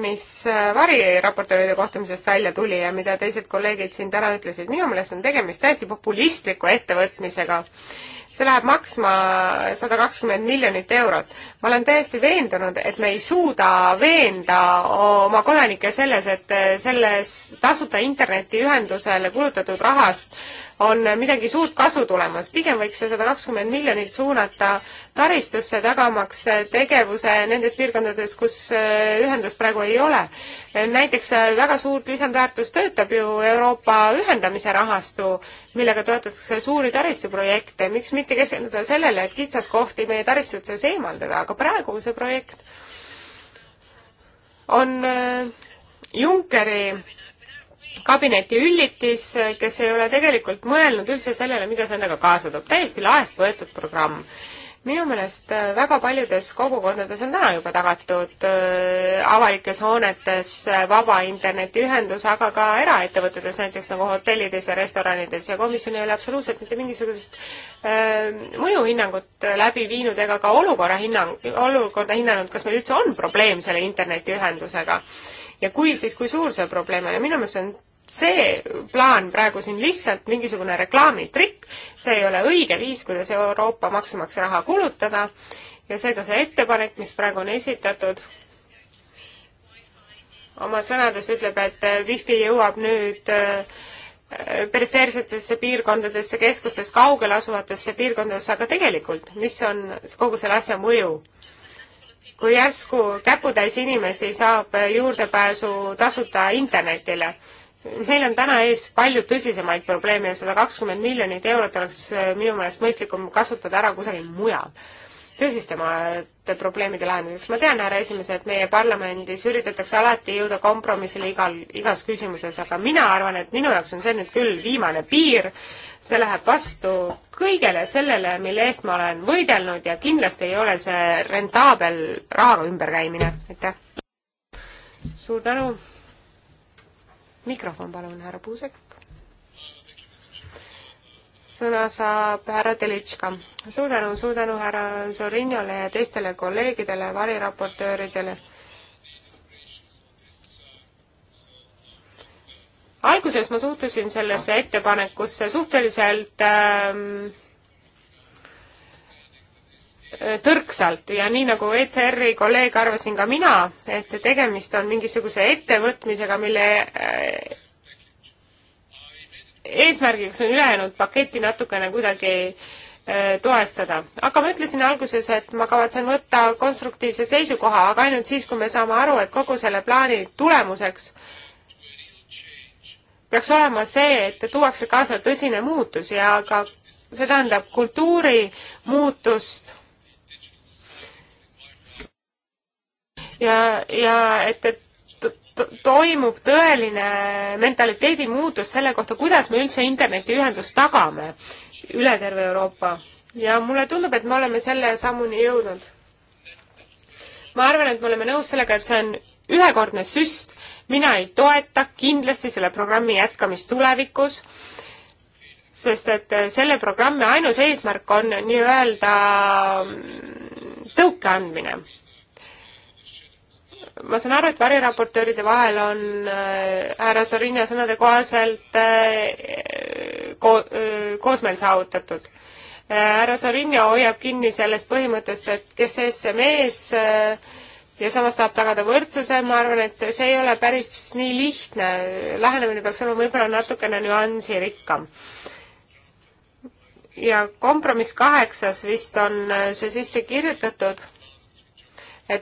mis äh, variraportööride kohtumisest välja tuli ja mida teised kolleegid siin täna ütlesid. minu meelest on tegemist täiesti populistliku ettevõtmisega. see läheb maksma sada kakskümmend miljonit eurot. ma olen täiesti veendunud, et me ei suuda veenda oma kodanikke selles, et äh, selles tasuta internetiühendusele kulutatud rahast on midagi suurt kasu tulemas. pigem võiks see sada kakskümmend miljonit suunata taristusse, tagamaks tegevuse nendes piirkondades, kus äh, ühendust praegu ei ole. näiteks äh, väga suurt lisandväärtust töötab ju Euroopa ühendamise rahastu, millega toetatakse suuri taristuprojekte, miks mitte keskenduda sellele, et kitsaskohti meie taristutes eemaldada, aga praegu see projekt on äh, Junckeri kabineti üllitis, kes ei ole tegelikult mõelnud üldse sellele, mida see endaga kaasa toob. täiesti laest võetud programm. minu meelest äh, väga paljudes kogukondades on täna juba tagatud äh, avalikes hoonetes äh, vaba internetiühendus, aga ka eraettevõtetes, näiteks nagu hotellides ja restoranides ja komisjon ei ole absoluutselt mitte mingisugust mõjuhinnangut läbi viinud ega ka olukorra hinnang, olukorda hinnanud, kas meil üldse on probleem selle internetiühendusega ja kui, siis kui suur see probleem on ja minu meelest see on see plaan praegu siin lihtsalt mingisugune reklaamitrikk, see ei ole õige viis, kuidas Euroopa maksumaksja raha kulutada ja seega see ettepanek, mis praegu on esitatud, oma sõnades ütleb, et wifi jõuab nüüd äh, perifeersetesse piirkondadesse, keskustes kaugel asuvatesse piirkondadesse, aga tegelikult, mis on kogu selle asja mõju? kui järsku käputäis inimesi saab juurdepääsu tasuta internetile. meil on täna ees palju tõsisemaid probleeme ja sada kakskümmend miljonit eurot oleks minu meelest mõistlikum kasutada ära kusagil mujal tõsisemate probleemide lahendamiseks. ma tean, härra esimees, et meie parlamendis üritatakse alati jõuda kompromissile igal, igas küsimuses, aga mina arvan, et minu jaoks on see nüüd küll viimane piir, see läheb vastu kõigele sellele, mille eest ma olen võidelnud ja kindlasti ei ole see rentaabel rahaga ümberkäimine, aitäh! suur tänu! mikrofon palun, härra Puusek sõna saab härra Telitška. suur tänu, suur tänu härra Zorinjole ja teistele kolleegidele, variraportööridele. alguses ma suhtusin sellesse ettepanekusse suhteliselt ähm, tõrksalt ja nii nagu ECR-i kolleeg arvasin ka mina, et tegemist on mingisuguse ettevõtmisega, mille äh, eesmärgiks on ülejäänud paketti natukene kuidagi äh, toestada. aga ma ütlesin alguses, et ma kavatsen võtta konstruktiivse seisukoha, aga ainult siis, kui me saame aru, et kogu selle plaani tulemuseks peaks olema see, et tuuakse kaasa tõsine muutus ja ka see tähendab kultuuri muutust. ja, ja et, et toimub tõeline mentaliteedi muutus selle kohta, kuidas me üldse internetiühendust tagame üle terve Euroopa. ja mulle tundub, et me oleme selle sammuni jõudnud. ma arvan, et me oleme nõus sellega, et see on ühekordne süst, mina ei toeta kindlasti selle programmi jätkamist tulevikus, sest et selle programmi ainus eesmärk on nii-öelda tõuke andmine ma saan aru, et variraportööride vahel on äh, härra äh, Sorinja sõnade kohaselt äh, ko- äh,, koosmeel saavutatud. Äh, härra Sorinja hoiab kinni sellest põhimõttest, et kes ees, see mees äh, ja samas tahab tagada võrdsuse, ma arvan, et see ei ole päris nii lihtne, lähenemine peaks olema võib-olla natukene nüansirikkam ja kompromiss kaheksas vist on see sisse kirjutatud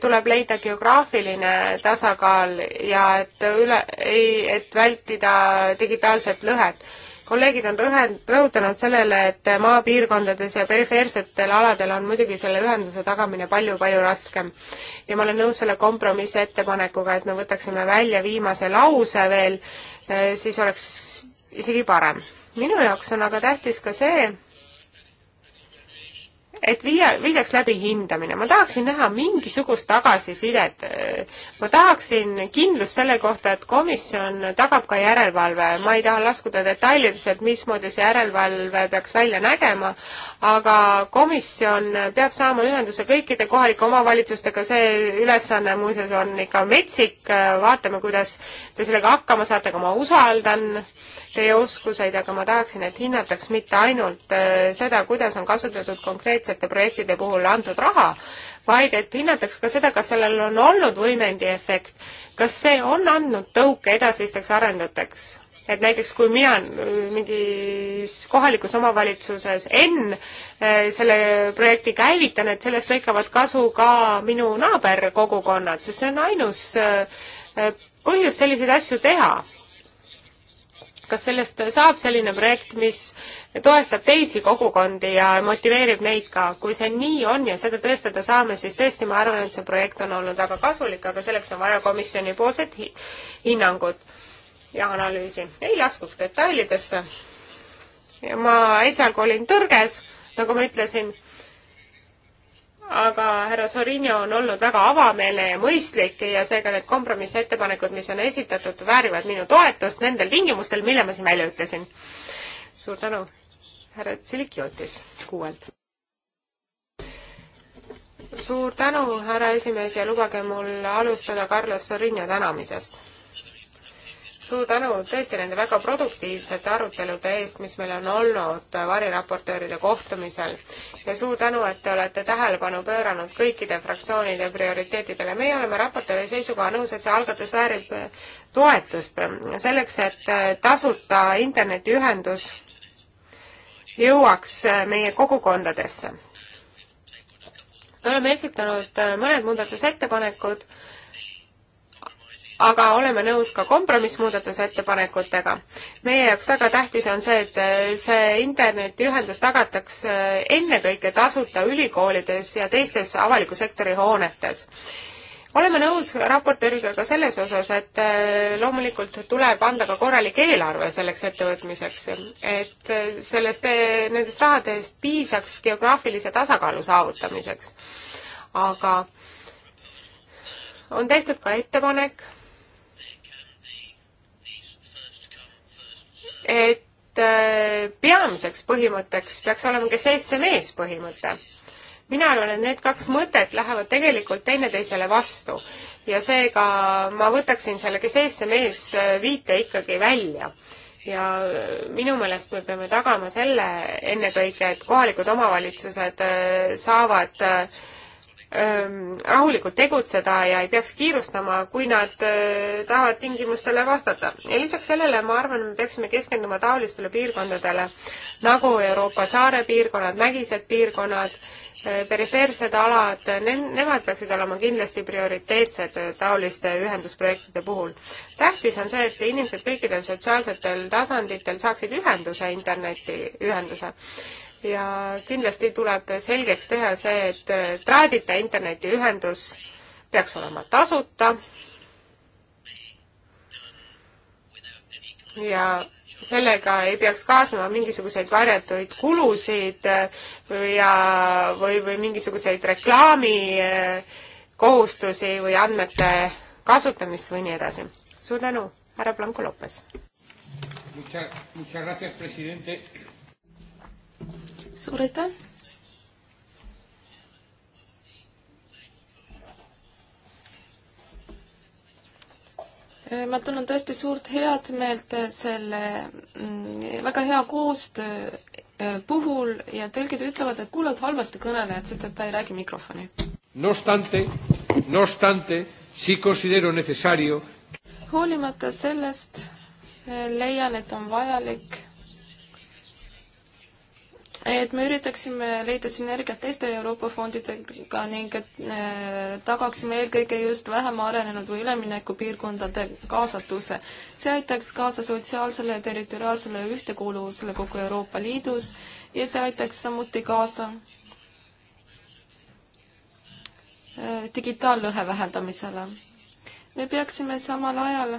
tuleb leida geograafiline tasakaal ja et üle, ei, et vältida digitaalset lõhet. kolleegid on rõhe, rõhutanud sellele, et maapiirkondades ja perifeersetel aladel on muidugi selle ühenduse tagamine palju-palju raskem. ja ma olen nõus selle kompromissi ettepanekuga, et me võtaksime välja viimase lause veel, eh, siis oleks isegi parem. minu jaoks on aga tähtis ka see, et viia, viidaks läbi hindamine, ma tahaksin näha mingisugust tagasisidet. ma tahaksin kindlust selle kohta, et komisjon tagab ka järelevalve, ma ei taha laskuda detailidesse, et mismoodi see järelevalve peaks välja nägema, aga komisjon peab saama ühenduse kõikide kohalike omavalitsustega, see ülesanne muuseas on ikka metsik, vaatame, kuidas te sellega hakkama saate, aga ma usaldan teie oskuseid, aga ma tahaksin, et hinnataks mitte ainult äh, seda, kuidas on kasutatud konkreetset konkreetsete projektide puhul antud raha, vaid et hinnataks ka seda, kas sellel on olnud võimendi efekt, kas see on andnud tõuke edasisteks arenduteks et näiteks kui mina äh, mingis kohalikus omavalitsuses N äh, selle projekti käivitan, et sellest lõikavad kasu ka minu naaberkogukonnad, sest see on ainus äh, põhjus selliseid asju teha kas sellest saab selline projekt, mis toestab teisi kogukondi ja motiveerib neid ka. kui see nii on ja seda tõestada saame, siis tõesti ma arvan, et see projekt on olnud väga kasulik, aga selleks on vaja komisjonipoolset hi hinnangut ja analüüsi. ei laskuks detailidesse. ma esialgu olin tõrges, nagu ma ütlesin aga härra Sorinio on olnud väga avameelne ja mõistlik ja seega need kompromissettepanekud, mis on esitatud, väärivad minu toetust nendel tingimustel, mille ma siin välja ütlesin. suur tänu, härra Tsilikiotis kuuelt. suur tänu, härra esimees ja lubage mul alustada Carlos Sorinio tänamisest suur tänu tõesti nende väga produktiivsete arutelude eest, mis meil on olnud variraportööride kohtumisel. ja suur tänu, et te olete tähelepanu pööranud kõikide fraktsioonide prioriteetidele. meie oleme raportööri seisukoha nõus, et see algatus väärib toetust selleks, et tasuta internetiühendus jõuaks meie kogukondadesse. me oleme esitanud mõned muudatusettepanekud aga oleme nõus ka kompromissmuudatuse ettepanekutega. meie jaoks väga tähtis on see, et eh, see internetiühendus tagatakse eh, ennekõike tasuta ülikoolides ja teistes avaliku sektori hoonetes oleme nõus raportööriga ka selles osas, et eh, loomulikult tuleb anda ka korralik eelarve selleks ettevõtmiseks, et sellest, nendest rahadest piisaks geograafilise tasakaalu saavutamiseks. aga on tehtud ka ettepanek et äh, peamiseks põhimõtteks peaks olema ka sees see mees põhimõte mina arvan, et need kaks mõtet lähevad tegelikult teineteisele vastu ja seega ma võtaksin selle, kes ees, see mees viite ikkagi välja. ja äh, minu meelest me peame tagama selle ennekõike, et kohalikud omavalitsused äh, saavad äh, ähm, rahulikult tegutseda ja ei peaks kiirustama, kui nad äh, tahavad tingimustele vastata. ja lisaks sellele ma arvan, me peaksime keskenduma taolistele piirkondadele nagu Euroopa saare piirkonnad, mägised piirkonnad äh,, perifeersed alad ne, nemad peaksid olema kindlasti prioriteetsed taoliste ühendusprojektide puhul. tähtis on see, et inimesed kõikidel sotsiaalsetel tasanditel saaksid ühenduse, internetiühenduse ja kindlasti tuleb selgeks teha see, et traadita internetiühendus peaks olema tasuta ja sellega ei peaks kaasnema mingisuguseid varjatuid kulusid ja, või, või mingisuguseid reklaamikohustusi eh, või andmete kasutamist või nii edasi. suur tänu, härra Blanco Lopes! Muchas, muchas gracias, presidente suur aitäh! ma tunnen tõesti suurt headmeelt selle mm, väga hea koostöö e, puhul ja tõlgid ütlevad, et kuulavad halvasti kõnelejat, sest et ta ei räägi mikrofoni. no obstante, no obstante, si considero necesario. hoolimata sellest e, leian, et on vajalik et me üritaksime leida sünergiat teiste Euroopa fondidega ning et äh, tagaksime eelkõige just vähem arenenud või üleminekupiirkondade kaasatuse. see aitaks kaasa sotsiaalsele ja territoriaalsele ühtekuuluvusele kogu Euroopa Liidus ja see aitaks samuti kaasa äh, digitaallõhe vähendamisele. me peaksime samal ajal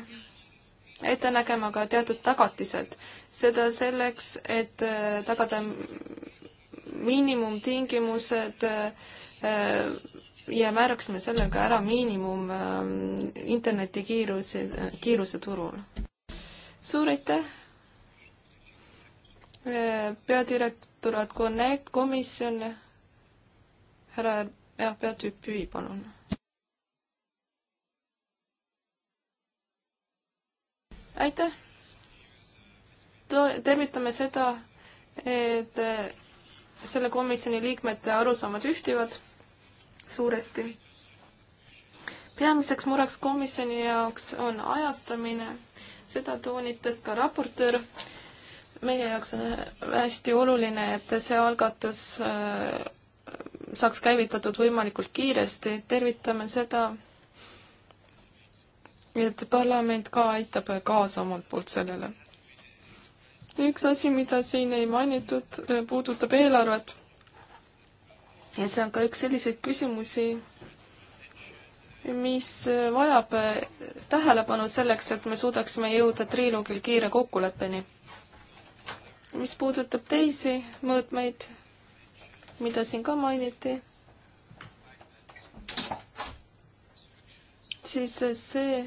ette nägema ka teatud tagatised. seda selleks, et äh, tagada miinimumtingimused äh, ja määraksime sellega ära miinimum ähm, internetikiiruse, kiiruse turul. suur aitäh! Äh, peadirektorat Connect komisjon, härra, jah, peatüüp Püü, palun aitäh! tervitame seda, et äh, selle komisjoni liikmete arusaamad ühtivad suuresti. peamiseks mureks komisjoni jaoks on ajastamine, seda toonitas ka raportöör. meie jaoks on äh, hästi oluline, et see algatus äh, saaks käivitatud võimalikult kiiresti, tervitame seda, et parlament ka aitab kaasa omalt poolt sellele. üks asi, mida siin ei mainitud, eh, puudutab eelarvet. ja see on ka üks selliseid küsimusi, mis vajab eh, tähelepanu selleks, et me suudaksime jõuda triilogil kiire kokkuleppeni. mis puudutab teisi mõõtmeid, mida siin ka mainiti, siis see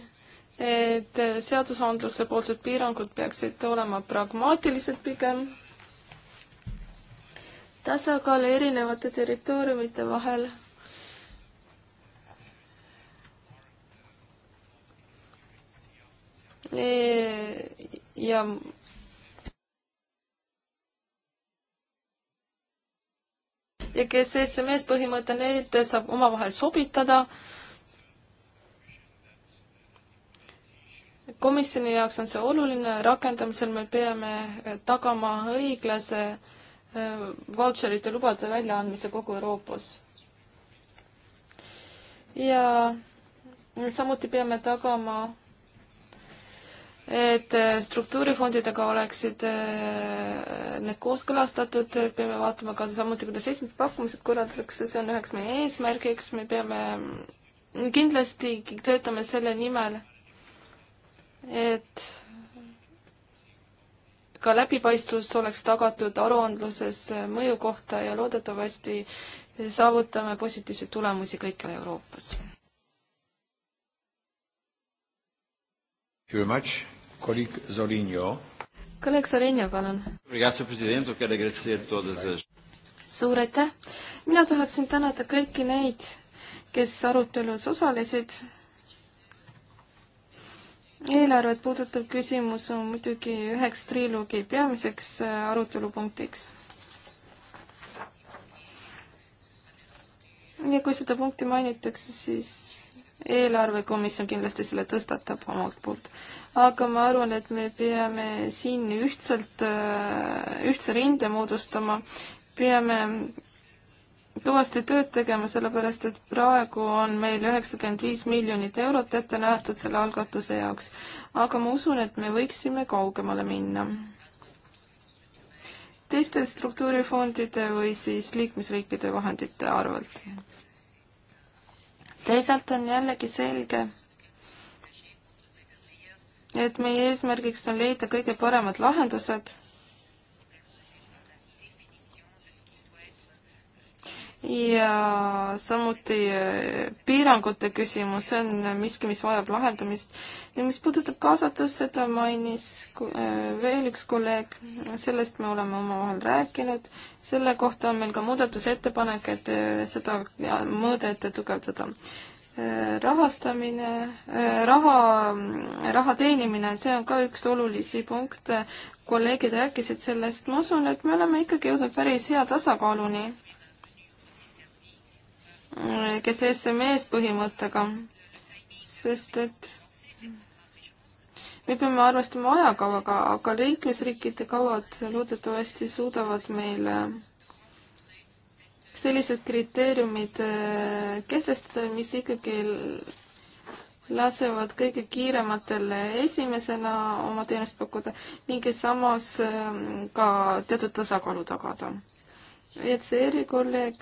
et seadusandluse poolsed piirangud peaksid olema pragmaatilised pigem, tasakaal erinevate territooriumite vahel e, ja ja kes SMS põhimõte, need saab omavahel sobitada komisjoni jaoks on see oluline, rakendamisel me peame eh, tagama õiglase eh, vautšerite lubade väljaandmise kogu Euroopas. ja samuti peame tagama, et eh, struktuurifondidega oleksid need kooskõlastatud, peame vaatama ka samuti, kuidas esimesed pakkumised korraldatakse, see on üheks meie eesmärgiks, me peame kindlasti töötame selle nimel et ka läbipaistvus oleks tagatud aruandluses mõju kohta ja loodetavasti saavutame positiivseid tulemusi kõikjal Euroopas. kolleeg Zorinjo, palun. suur aitäh! mina tahaksin tänada kõiki neid, kes arutelus osalesid eelarvet puudutav küsimus on muidugi üheks triilugi peamiseks äh, arutelupunktiks. ja kui seda punkti mainitakse, siis eelarvekomisjon kindlasti selle tõstatab omalt poolt. aga ma arvan, et me peame siin ühtselt, äh, ühtse rinde moodustama, peame kõvasti tööd tegema, sellepärast et praegu on meil üheksakümmend viis miljonit eurot ette nähtud selle algatuse jaoks. aga ma usun, et me võiksime kaugemale minna. teiste struktuurifondide või siis liikmesriikide vahendite arvelt. teisalt on jällegi selge, et meie eesmärgiks on leida kõige paremad lahendused ja samuti eh, piirangute küsimus, see on eh, miski, mis vajab lahendamist. ja mis puudutab kaasatust, seda mainis eh, veel üks kolleeg, sellest me oleme omavahel rääkinud, selle kohta on meil ka muudatusettepanek, et seda mõõdet tugevdada rahastamine, raha, mm, raha teenimine, see on ka üks olulisi punkte, kolleegid rääkisid sellest, ma usun, et me oleme ikkagi jõudnud päris hea tasakaaluni kes SMS põhimõttega, sest et me peame arvestama ajakavaga, aga liikmesriikide kavad loodetavasti suudavad meile sellised kriteeriumid äh, kehtestada, mis ikkagi lasevad kõige kiirematel esimesena oma teenust pakkuda ning samas äh, ka teatud tasakaalu tagada. et see erikolleeg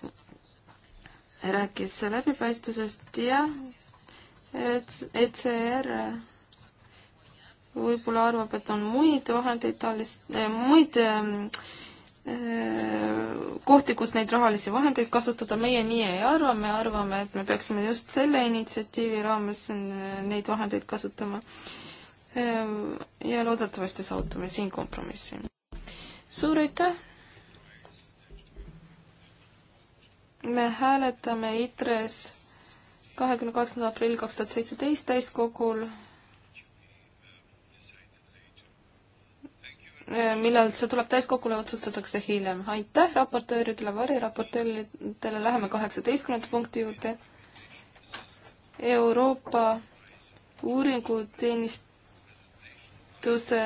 rääkis läbipaistvusest ja et, et ECR võib-olla arvab, et on muid vahendeid taolis-, äh, muid ähm, äh, kohti, kus neid rahalisi vahendeid kasutada, meie nii ei arva, me arvame, et me peaksime just selle initsiatiivi raames äh, neid vahendeid kasutama. Ähm, ja loodetavasti saavutame siin kompromissi. suur aitäh! me hääletame ITRE-s kahekümne kaheksanda aprill kaks tuhat seitseteist täiskogul. Äh, millal see tuleb täiskogule, otsustatakse hiljem. aitäh raportööridele, variraportööridele, läheme kaheksateistkümnenda punkti juurde. Euroopa uuringuteenistuse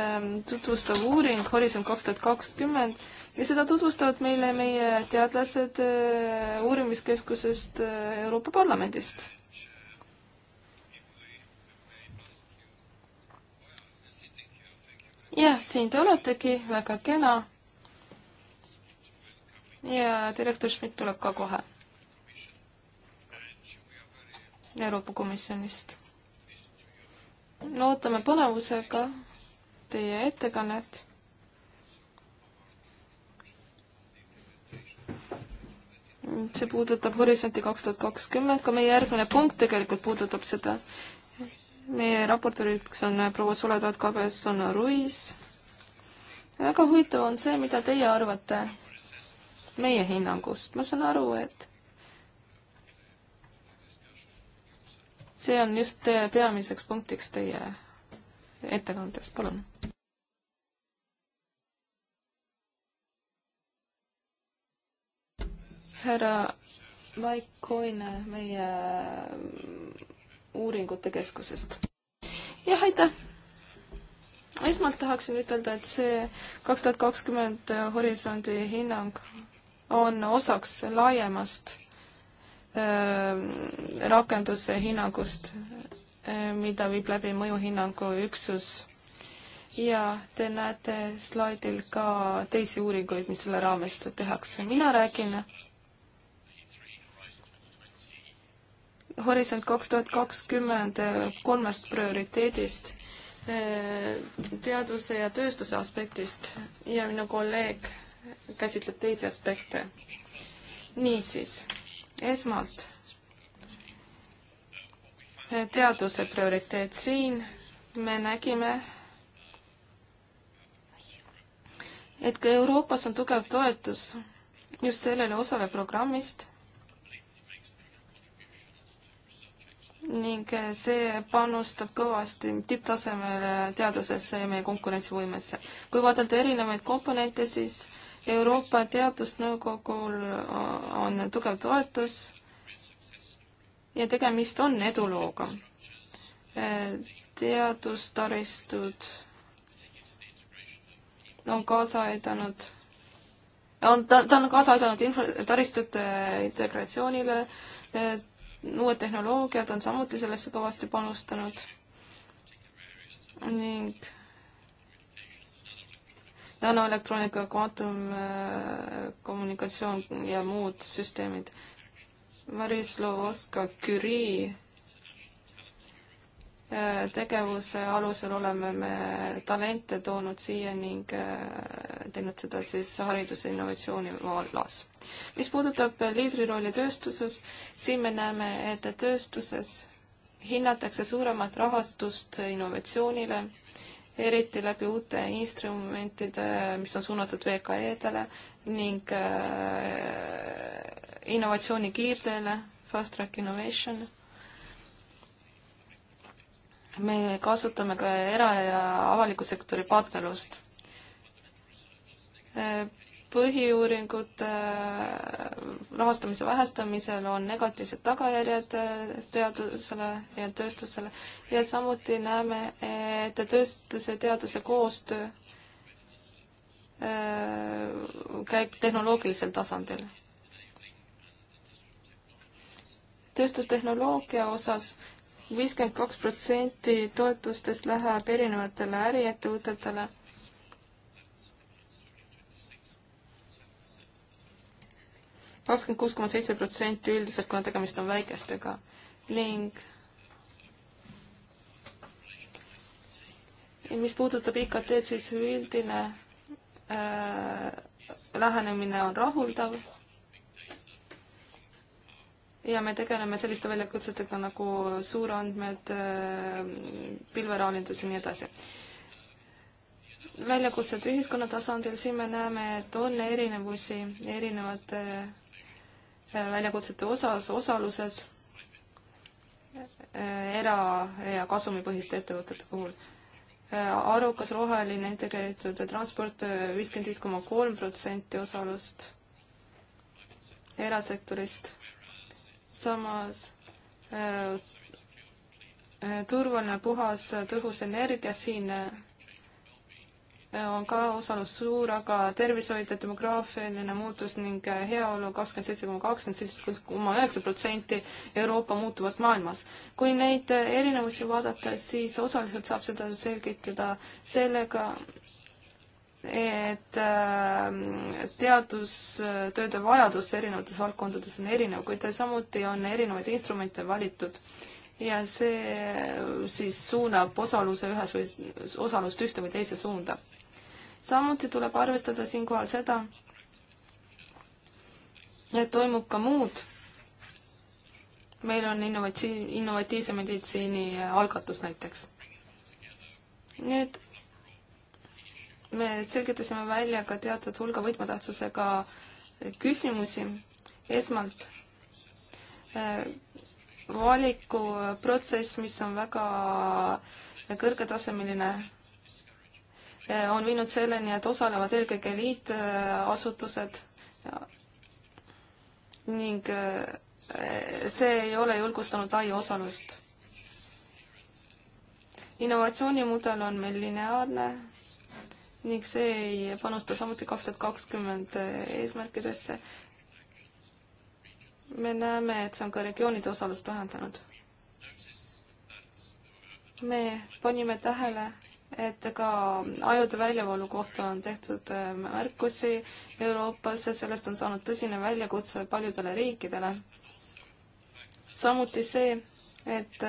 tutvustav uuring Horisont kaks tuhat kakskümmend ja seda tutvustavad meile meie teadlased äh, uurimiskeskusest äh, Euroopa Parlamendist. jah, siin te oletegi, väga kena. ja direktor Schmidt tuleb ka kohe Euroopa Komisjonist. no ootame põnevusega teie ettekannet see puudutab Horisonti kaks tuhat kakskümmend, ka meie järgmine punkt tegelikult puudutab seda. meie raportööriks on proua Soledad Kabelson-Ruiz. väga huvitav on see, mida teie arvate meie hinnangust. ma saan aru, et see on just peamiseks punktiks teie ettekandest, palun. härra Mike Coyne meie uuringute keskusest. jah, aitäh! esmalt tahaksin ütelda, et see kaks tuhat kakskümmend horisondi hinnang on osaks laiemast rakenduse hinnangust, mida viib läbi mõjuhinnangu üksus. ja te näete slaidil ka teisi uuringuid, mis selle raames tehakse. mina räägin Horisont kaks tuhat kakskümmend eh, kolmest prioriteedist, eh, teaduse ja tööstuse aspektist ja minu kolleeg käsitleb teisi aspekte. niisiis, esmalt eh, teaduse prioriteet siin, me nägime, et ka Euroopas on tugev toetus just sellele osale programmist ning see panustab kõvasti tipptasemele teadusesse ja meie konkurentsivõimesse. kui vaadata erinevaid komponente, siis Euroopa Teadusnõukogul on tugev toetus ja tegemist on edulooga. teadustaristud on kaasa aidanud on, ta, ta on kaasa aidanud infra-, taristute integratsioonile, uued tehnoloogiad on samuti sellesse kõvasti panustanud ning nanoelektroonika, kvantumkommunikatsioon äh, ja muud süsteemid. Maris Lovoska Curie Äh, tegevuse alusel oleme me talente toonud siia ning äh, teinud seda siis hariduse innovatsiooni vallas. mis puudutab liidrirolli tööstuses, siin me näeme, et tööstuses hinnatakse suuremat rahastust innovatsioonile, eriti läbi uute instrumentide, mis on suunatud VKE-dele ning äh, innovatsiooni kiirdele, fast track innovation me kasutame ka era- ja avaliku sektori partnerlust. Äh, põhiuuringute äh, rahastamise vähestamisel on negatiivsed tagajärjed äh, teadusele ja tööstusele ja samuti näeme, et tööstuse ja teaduse koostöö käib tehnoloogilisel tasandil. tööstustehnoloogia osas viiskümmend kaks protsenti toetustest läheb erinevatele äriettevõtetele. kakskümmend kuus koma seitse protsenti üldiselt, kuna tegemist on väikestega ning mis puudutab IKT-d, siis üldine äh, lähenemine on rahuldav ja me tegeleme selliste väljakutsetega nagu suurandmed, äh, pilveraalindus ja nii edasi. väljakutsed ühiskonna tasandil, siin me näeme, et on erinevusi erinevate äh, väljakutsete osas, osaluses äh, era- ja kasumipõhiste ettevõtete puhul. arukas roheline integreeritud transport viiskümmend viis koma kolm protsenti osalust erasektorist samas äh, äh, turvaline, puhas, tõhus energia siin äh, on ka osalus suur, aga tervishoid ja demograafiline muutus ning heaolu kakskümmend seitse koma kakskümmend seitse koma üheksa protsenti Euroopa muutuvas maailmas. kui neid erinevusi vaadata, siis osaliselt saab seda selgitada sellega, et ähm, teadustööde vajadus erinevates valdkondades on erinev, kuid samuti on erinevaid instrumente valitud ja see äh, siis suunab osaluse ühes või osalust ühte või teise suunda. samuti tuleb arvestada siinkohal seda, et toimub ka muud. meil on innovatsi-, innovatiivse meditsiini algatus näiteks. nüüd me selgitasime välja ka teatud hulga võtmetähtsusega küsimusi. esmalt äh, valikuprotsess, mis on väga kõrgetasemeline, äh, on viinud selleni, et osalevad eelkõige eliitasutused ning äh, see ei ole julgustanud laia osalust. innovatsioonimudel on meil lineaarne ning see ei panusta samuti kaks tuhat kakskümmend eesmärkidesse. me näeme, et see on ka regioonide osalust vähendanud. me panime tähele, et ka ajude väljavoolu kohta on tehtud äh, märkusi Euroopasse, sellest on saanud tõsine väljakutse paljudele riikidele. samuti see, et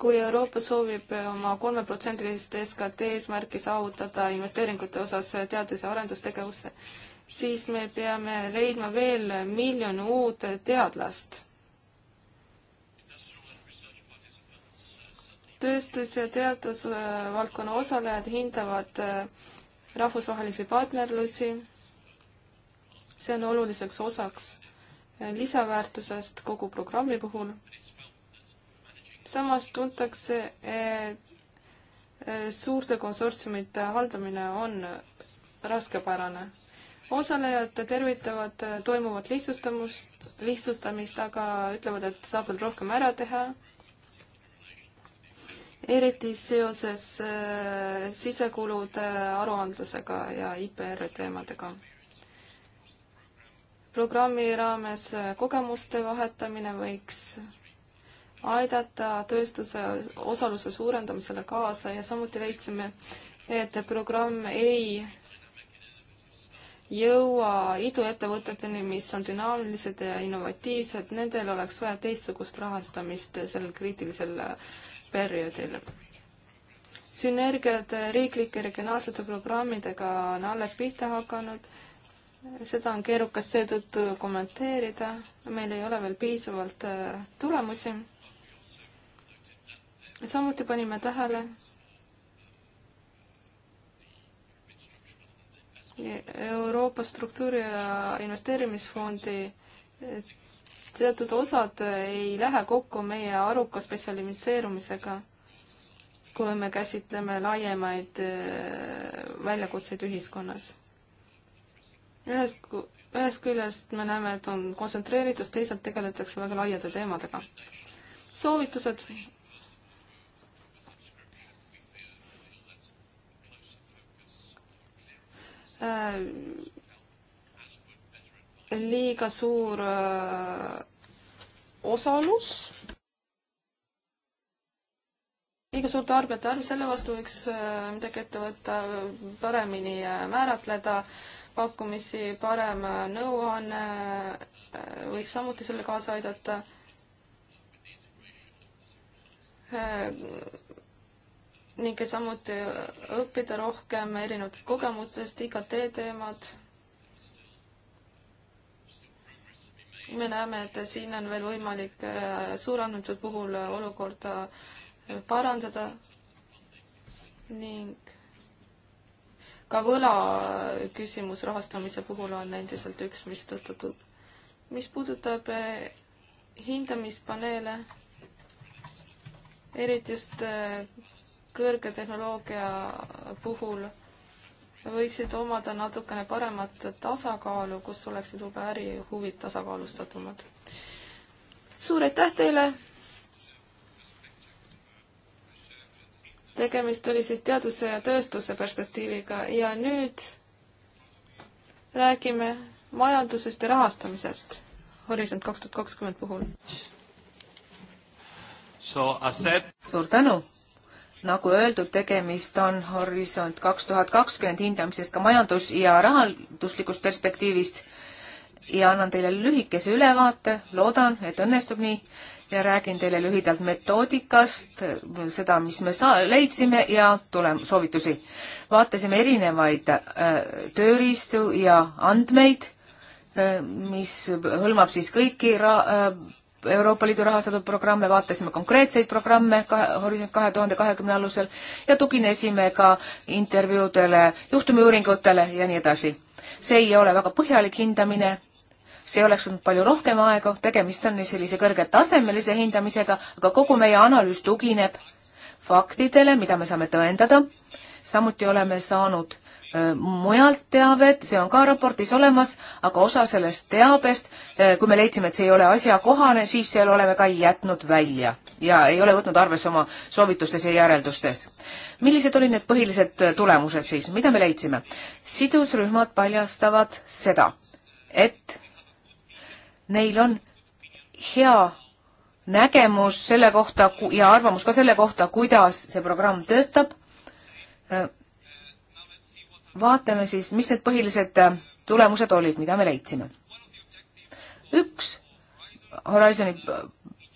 kui Euroopa soovib oma kolmeprotsendilist SKT eesmärki saavutada investeeringute osas teadus- ja arendustegevusse, siis me peame leidma veel miljon uut teadlast. tööstus- ja teadusvaldkonna osalejad hindavad äh, rahvusvahelisi partnerlusi. see on oluliseks osaks äh, lisaväärtusest kogu programmi puhul samas tuntakse, et eh, suurte konsortsiumite haldamine on raskepärane. osalejad tervitavad eh, toimuvat lihtsustamust, lihtsustamist, aga ütlevad, et saab veel rohkem ära teha eriti seoses äh, sisekulude aruandlusega ja IPR teemadega. programmi raames kogemuste vahetamine võiks aidata tööstuse osaluse suurendamisele kaasa ja samuti leidsime, et programm ei jõua iduettevõteteni, mis on dünaamilised ja innovatiivsed, nendel oleks vaja teistsugust rahastamist sellel kriitilisel perioodil. sünergiad riiklike regionaalsete programmidega on alles pihta hakanud seda on keerukas seetõttu kommenteerida, meil ei ole veel piisavalt äh, tulemusi samuti panime tähele Euroopa struktuuri ja investeerimisfondi teatud osad ei lähe kokku meie aruka spetsialiseerumisega, kui me käsitleme laiemaid äh, väljakutseid ühiskonnas. ühest, ühest küljest me näeme, et on kontsentreeritus, teisalt tegeletakse väga laiade teemadega. soovitused Äh, liiga suur äh, osalus, liiga suur tarbijate arv, selle vastu võiks äh, midagi ette võtta, paremini määratleda pakkumisi, parem nõuanne võiks samuti sellele kaasa aidata ning samuti õppida rohkem erinevatest kogemustest, IKT teemad. me näeme, et siin on veel võimalik äh, suurandmete puhul olukorda äh, parandada ning ka võla küsimus rahastamise puhul on endiselt üks, mis tõstatub. mis puudutab äh, hindamispaneele, eriti just kõrge tehnoloogia puhul võiksid omada natukene paremat tasakaalu, kus oleksid juba ärihuvid tasakaalustatumad. suur aitäh teile! tegemist oli siis teaduse ja tööstuse perspektiiviga ja nüüd räägime majandusest ja rahastamisest Horisont kaks tuhat kakskümmend puhul. suur tänu! nagu öeldud, tegemist on Horisont kaks tuhat kakskümmend hindamisest ka majandus- ja rahanduslikust perspektiivist ja annan teile lühikese ülevaate, loodan, et õnnestub nii, ja räägin teile lühidalt metoodikast, seda, mis me saa-, leidsime ja tulem-, soovitusi. vaatasime erinevaid äh, tööriistu ja andmeid äh, mis hõlmab siis kõiki ra-, äh, Euroopa Liidu rahastatud programme, vaatasime konkreetseid programme kahe, Horisont kahe tuhande kahekümne alusel ja tuginesime ka intervjuudele, juhtumiuuringutele ja nii edasi. see ei ole väga põhjalik hindamine, see oleks olnud palju rohkem aega, tegemist on sellise kõrgetasemelise hindamisega, aga kogu meie analüüs tugineb faktidele, mida me saame tõendada, samuti oleme saanud mujalt teavet, see on ka raportis olemas, aga osa sellest teabest, kui me leidsime, et see ei ole asjakohane, siis selle oleme ka jätnud välja ja ei ole võtnud arvesse oma soovitustes ja järeldustes. millised olid need põhilised tulemused siis, mida me leidsime? sidusrühmad paljastavad seda, et neil on hea nägemus selle kohta ja arvamus ka selle kohta, kuidas see programm töötab vaatame siis, mis need põhilised äh, tulemused olid, mida me leidsime. üks Horizoni äh,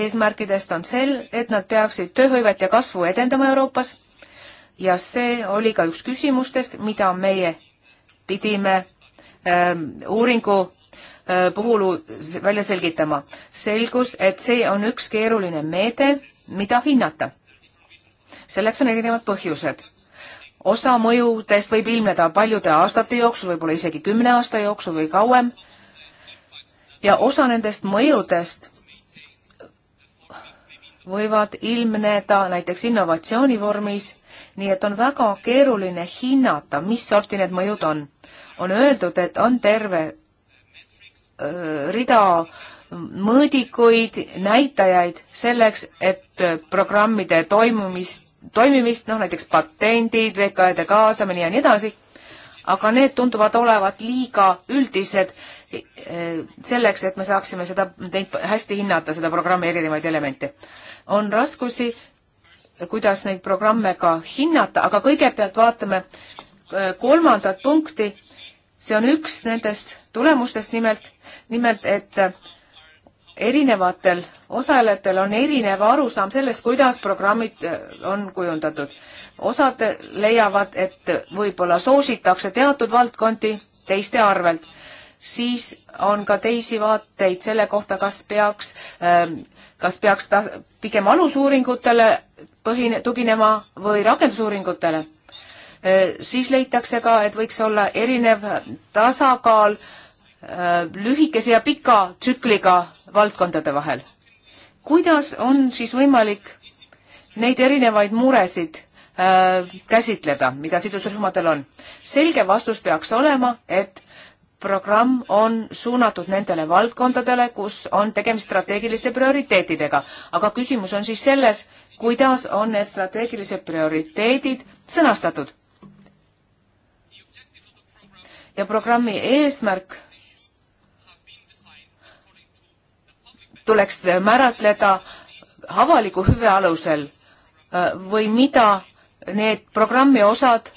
eesmärkidest on sel, et nad peaksid tööhõivet ja kasvu edendama Euroopas ja see oli ka üks küsimustest, mida meie pidime äh, uuringu äh, puhul välja selgitama. selgus, et see on üks keeruline meede, mida hinnata. selleks on erinevad põhjused osa mõjudest võib ilmneda paljude aastate jooksul, võib-olla isegi kümne aasta jooksul või kauem. ja osa nendest mõjudest võivad ilmneda näiteks innovatsiooni vormis, nii et on väga keeruline hinnata, mis sorti need mõjud on. on öeldud, et on terve öö, rida mõõdikuid, näitajaid selleks, et programmide toimumist toimimist, noh näiteks patendid, VKE-de kaasamine ja nii edasi, aga need tunduvad olevat liiga üldised eh, selleks, et me saaksime seda, neid hästi hinnata, seda programmi erinevaid elemente. on raskusi, kuidas neid programme ka hinnata, aga kõigepealt vaatame eh, kolmandat punkti, see on üks nendest tulemustest nimelt, nimelt et erinevatel osalejatel on erinev arusaam sellest, kuidas programmid äh, on kujundatud. osad leiavad, et võib-olla soositakse teatud valdkondi teiste arvelt, siis on ka teisi vaateid selle kohta, kas peaks, ähm, kas peaks ta pigem alusuuringutele põhine, tuginema või rakendusuuringutele. Äh, siis leitakse ka, et võiks olla erinev tasakaal äh, lühikese ja pika tsükliga valdkondade vahel. kuidas on siis võimalik neid erinevaid muresid äh, käsitleda, mida sidusrühmadel on? selge vastus peaks olema, et programm on suunatud nendele valdkondadele, kus on tegemist strateegiliste prioriteetidega, aga küsimus on siis selles, kuidas on need strateegilised prioriteedid sõnastatud. ja programmi eesmärk tuleks määratleda avaliku hüve alusel äh, või mida need programmi osad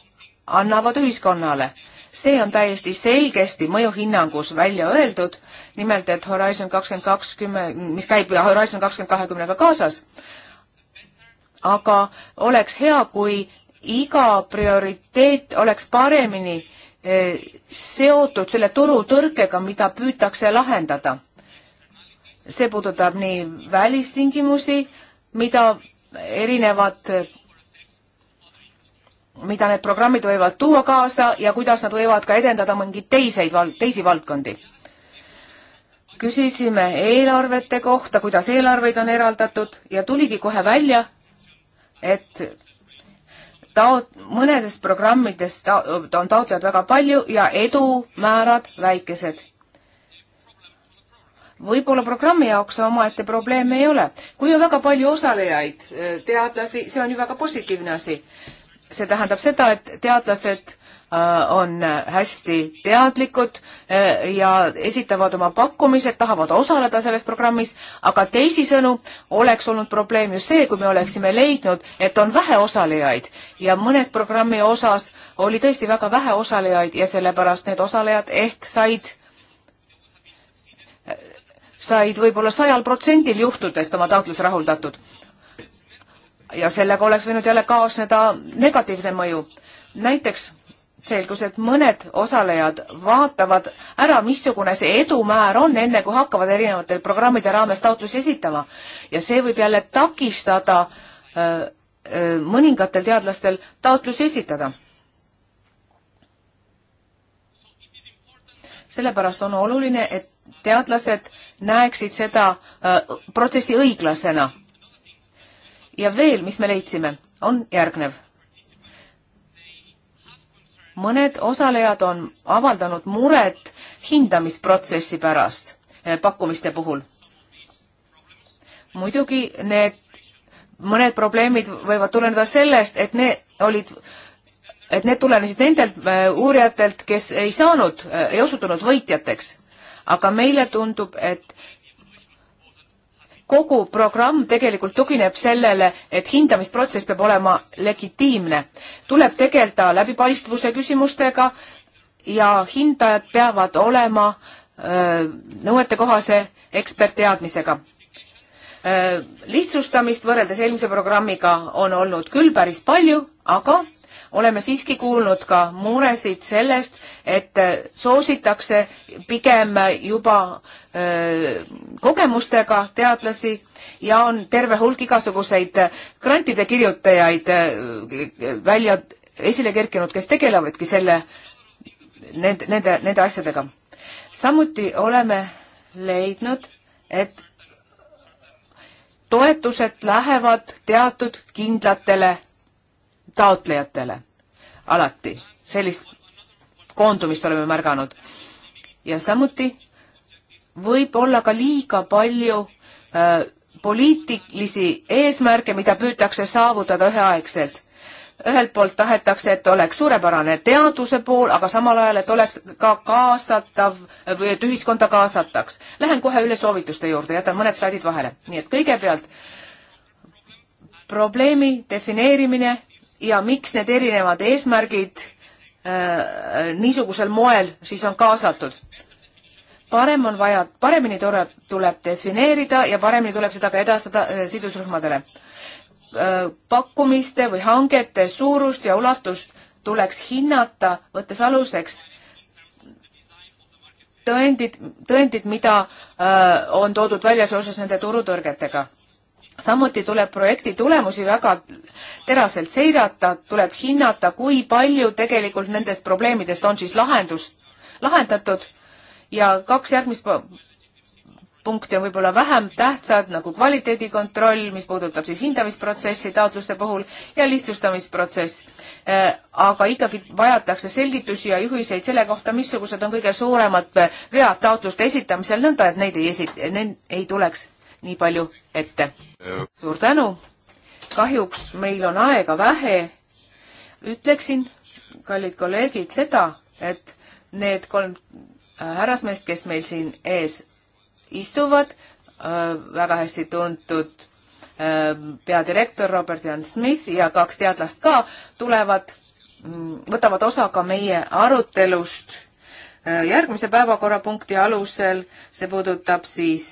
annavad ühiskonnale. see on täiesti selgesti mõjuhinnangus välja öeldud, nimelt et Horizon kakskümmend kakskümmend, mis käib Horizon kakskümmend kahekümnega kaasas, aga oleks hea, kui iga prioriteet oleks paremini äh, seotud selle turutõrkega, mida püütakse lahendada see puudutab nii välistingimusi, mida erinevad, mida need programmid võivad tuua kaasa ja kuidas nad võivad ka edendada mingeid teiseid, teisi valdkondi. küsisime eelarvete kohta, kuidas eelarveid on eraldatud ja tuligi kohe välja, et taot-, mõnedest programmidest ta-, on taotlejad väga palju ja edumäärad väikesed võib-olla programmi jaoks omaette probleeme ei ole. kui on väga palju osalejaid, eh, teadlasi, see on ju väga positiivne asi. see tähendab seda, et teadlased eh, on hästi teadlikud eh, ja esitavad oma pakkumised, tahavad osaleda selles programmis, aga teisisõnu oleks olnud probleem just see, kui me oleksime leidnud, et on vähe osalejaid ja mõnes programmi osas oli tõesti väga vähe osalejaid ja sellepärast need osalejad ehk said said võib-olla sajal protsendil juhtudest oma taotlus rahuldatud. ja sellega oleks võinud jälle kaasneda negatiivne mõju. näiteks selgus, et mõned osalejad vaatavad ära, missugune see edumäär on, enne kui hakkavad erinevatel programmide raames taotlusi esitama. ja see võib jälle takistada öö, äh, öö, äh, mõningatel teadlastel taotlusi esitada sellepärast on oluline, et teadlased näeksid seda äh, protsessi õiglasena. ja veel, mis me leidsime, on järgnev. mõned osalejad on avaldanud muret hindamisprotsessi pärast äh, pakkumiste puhul. muidugi need mõned probleemid võivad tuleneda sellest, et need olid et need tulenesid nendelt äh, uurijatelt, kes ei saanud, äh, ei osutunud võitjateks aga meile tundub, et kogu programm tegelikult tugineb sellele, et hindamisprotsess peab olema legitiimne. tuleb tegeleda läbipaistvuse küsimustega ja hindajad peavad olema öö, nõuetekohase ekspertteadmisega. lihtsustamist võrreldes eelmise programmiga on olnud küll päris palju, aga oleme siiski kuulnud ka muresid sellest, et soositakse pigem juba öö, kogemustega teadlasi ja on terve hulk igasuguseid grantide kirjutajaid öö, välja esile kerkinud, kes tegelevadki selle, nende, nende, nende asjadega. samuti oleme leidnud, et toetused lähevad teatud kindlatele taotlejatele alati. sellist koondumist oleme märganud. ja samuti võib olla ka liiga palju äh, poliitilisi eesmärke, mida püütakse saavutada üheaegselt. ühelt poolt tahetakse, et oleks suurepärane teaduse pool, aga samal ajal, et oleks ka kaasatav või et ühiskonda kaasataks. Lähen kohe üle soovituste juurde, jätan mõned slaidid vahele. nii et kõigepealt probleemi defineerimine ja miks need erinevad eesmärgid äh, niisugusel moel siis on kaasatud. parem on vaja, paremini tore, tuleb defineerida ja paremini tuleb seda ka edastada äh, sidusrühmadele äh,. pakkumiste või hangete suurust ja ulatust tuleks hinnata, võttes aluseks tõendid, tõendid, mida äh, on toodud välja seoses nende turutõrgetega samuti tuleb projekti tulemusi väga teraselt seirata, tuleb hinnata, kui palju tegelikult nendest probleemidest on siis lahendust, lahendatud ja kaks järgmist punkti on võib-olla vähem tähtsad, nagu kvaliteedikontroll, mis puudutab siis hindamisprotsessi taotluste puhul ja lihtsustamisprotsess. Äh, aga ikkagi vajatakse selgitusi ja juhiseid selle kohta, missugused on kõige suuremad vead taotluste esitamisel, nõnda et neid ei esi-, neid ei tuleks nii palju ette. suur tänu. kahjuks meil on aega vähe. ütleksin, kallid kolleegid, seda, et need kolm äh, härrasmeest, kes meil siin ees istuvad, äh, väga hästi tuntud äh, peadirektor Robert Jan Smith ja kaks teadlast ka tulevad, mm, võtavad osa ka meie arutelust järgmise päevakorrapunkti alusel. see puudutab siis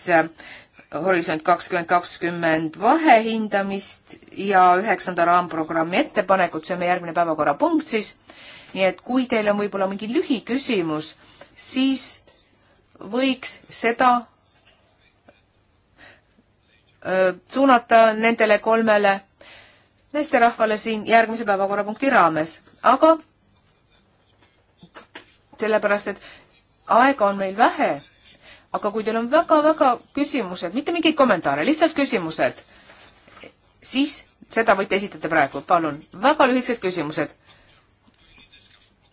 Horisont kakskümmend kakskümmend vahehindamist ja üheksanda raamprogrammi ettepanekut, see on meie järgmine päevakorrapunkt siis. nii et kui teil on võib-olla mingi lühiküsimus, siis võiks seda öö, suunata nendele kolmele meesterahvale siin järgmise päevakorrapunkti raames, aga sellepärast, et aega on meil vähe aga kui teil on väga-väga küsimused, mitte mingeid kommentaare, lihtsalt küsimused, siis seda võite esitada praegu, palun. väga lühikesed küsimused.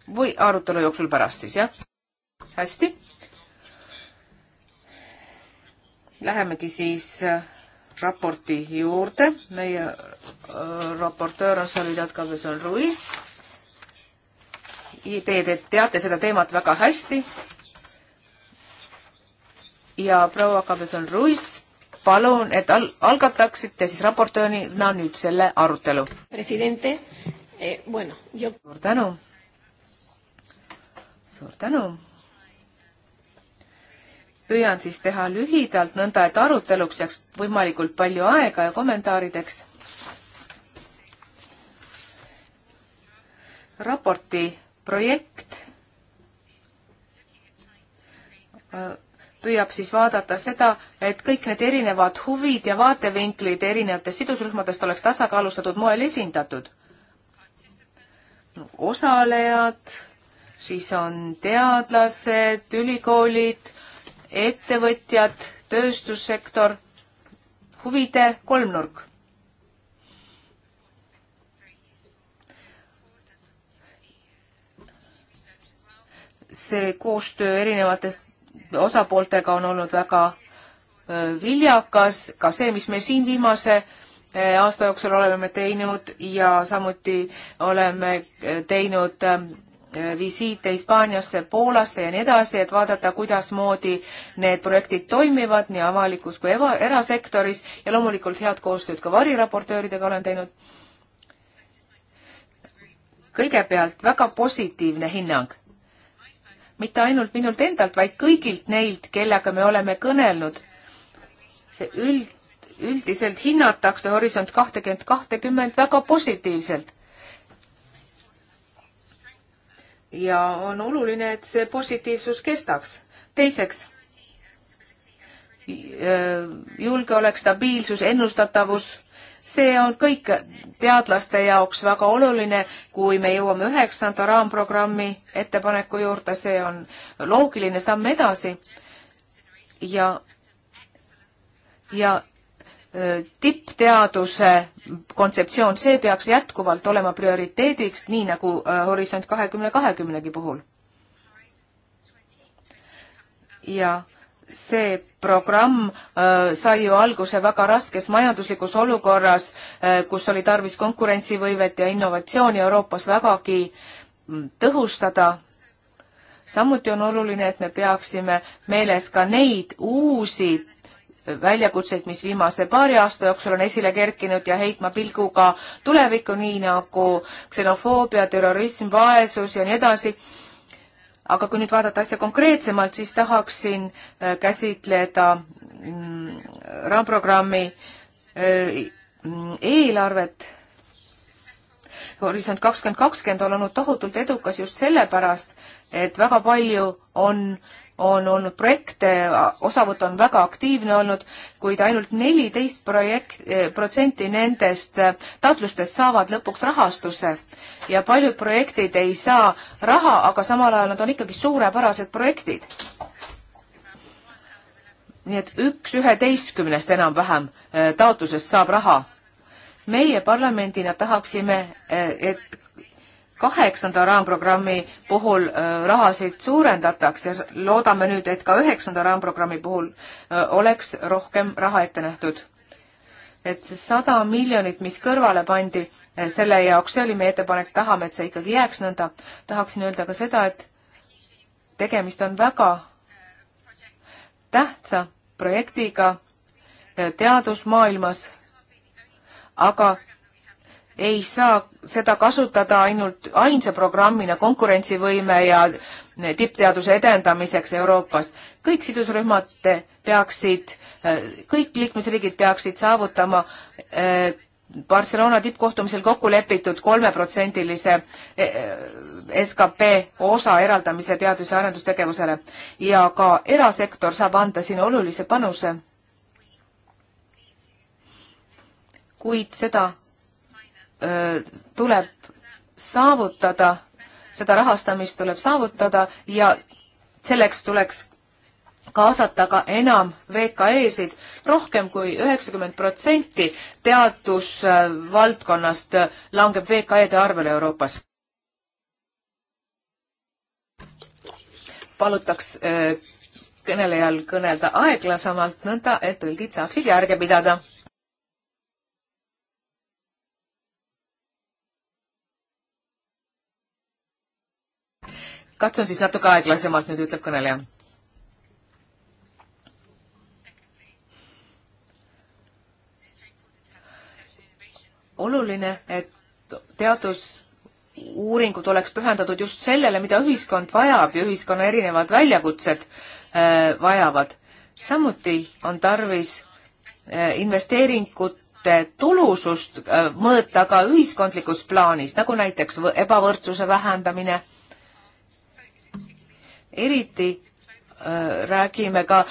või arutelu jooksul pärast siis, jah? hästi. Lähemegi siis äh, raporti juurde. meie äh, raportöör on Soledad Cabezon Ruiz. Teie teate seda teemat väga hästi ja proua Cabezon-Ruiz, palun, et al-, algataksite siis raportöörina nüüd selle arutelu. presidente eh,, bueno, yo. suur tänu. suur tänu. püüan siis teha lühidalt, nõnda et aruteluks jääks võimalikult palju aega ja kommentaarideks. raporti projekt äh, püüab siis vaadata seda, et kõik need erinevad huvid ja vaatevinklid erinevatest sidusrühmadest oleks tasakaalustatud moel esindatud. osalejad, siis on teadlased, ülikoolid, ettevõtjad, tööstussektor, huvide kolmnurk. see koostöö erinevatest osapooltega on olnud väga viljakas, ka see, mis me siin viimase aasta jooksul oleme teinud ja samuti oleme teinud visiite Hispaaniasse, Poolasse ja nii edasi, et vaadata, kuidasmoodi need projektid toimivad nii avalikus kui eva, erasektoris ja loomulikult head koostööd ka variraportööridega olen teinud. kõigepealt väga positiivne hinnang mitte ainult minult endalt, vaid kõigilt neilt, kellega me oleme kõnelnud. see üld, üldiselt hinnatakse Horisont kahtekümmend kahtekümmend väga positiivselt. ja on oluline, et see positiivsus kestaks. teiseks, julgeolek, stabiilsus, ennustatavus see on kõik teadlaste jaoks väga oluline, kui me jõuame üheksanda raamprogrammi ettepaneku juurde, see on loogiline samm edasi ja, ja tippteaduse kontseptsioon, see peaks jätkuvalt olema prioriteediks, nii nagu Horisont kahekümne kahekümnegi puhul. ja see programm äh, sai ju alguse väga raskes majanduslikus olukorras äh,, kus oli tarvis konkurentsivõimet ja innovatsiooni Euroopas vägagi mm, tõhustada. samuti on oluline, et me peaksime meeles ka neid uusi äh, väljakutseid, mis viimase paari aasta jooksul on esile kerkinud ja heitma pilguga tulevikku, nii nagu ksenofoobia, terrorism, vaesus ja nii edasi aga kui nüüd vaadata asja konkreetsemalt, siis tahaksin äh, käsitleda mm, raamprogrammi äh, eelarvet. Horisont kakskümmend kakskümmend on olnud tohutult edukas just sellepärast, et väga palju on on olnud projekte, osavõtt on väga aktiivne olnud, kuid ainult neliteist projekt, eh, protsenti nendest eh, taotlustest saavad lõpuks rahastuse. ja paljud projektid ei saa raha, aga samal ajal nad on ikkagi suurepärased projektid. nii et üks üheteistkümnest enam-vähem eh, taotlusest saab raha meie parlamendina tahaksime, et kaheksanda raamprogrammi puhul äh, rahasid suurendatakse ja loodame nüüd, et ka üheksanda raamprogrammi puhul äh, oleks rohkem raha ette nähtud. et see sada miljonit, mis kõrvale pandi äh, selle jaoks, see oli meie ettepanek, tahame, et see ikkagi jääks nõnda. tahaksin öelda ka seda, et tegemist on väga tähtsa projektiga teadusmaailmas, aga ei saa seda kasutada ainult ainsa programmina konkurentsivõime ja tippteaduse edendamiseks Euroopas. kõik sidusrühmad peaksid, kõik liikmesriigid peaksid saavutama eh, Barcelona tippkohtumisel kokku lepitud kolmeprotsendilise eh, eh, skp osa eraldamise teadus- ja arendustegevusele ja ka erasektor saab anda siin olulise panuse, kuid seda tuleb saavutada, seda rahastamist tuleb saavutada ja selleks tuleks kaasata ka enam VKE-sid, rohkem kui üheksakümmend protsenti teadusvaldkonnast langeb VKE-de arvele Euroopas. palutaks kõnelejal kõnelda aeglasemalt, nõnda et tõlgid saaksid järge pidada katsun siis natuke aeglasemalt nüüd, ütleb kõneleja. oluline, et teadusuuringud oleks pühendatud just sellele, mida ühiskond vajab ja ühiskonna erinevad väljakutsed äh, vajavad. samuti on tarvis äh, investeeringute tulusust äh, mõõta ka ühiskondlikus plaanis, nagu näiteks ebavõrdsuse vähendamine eriti äh, räägime ka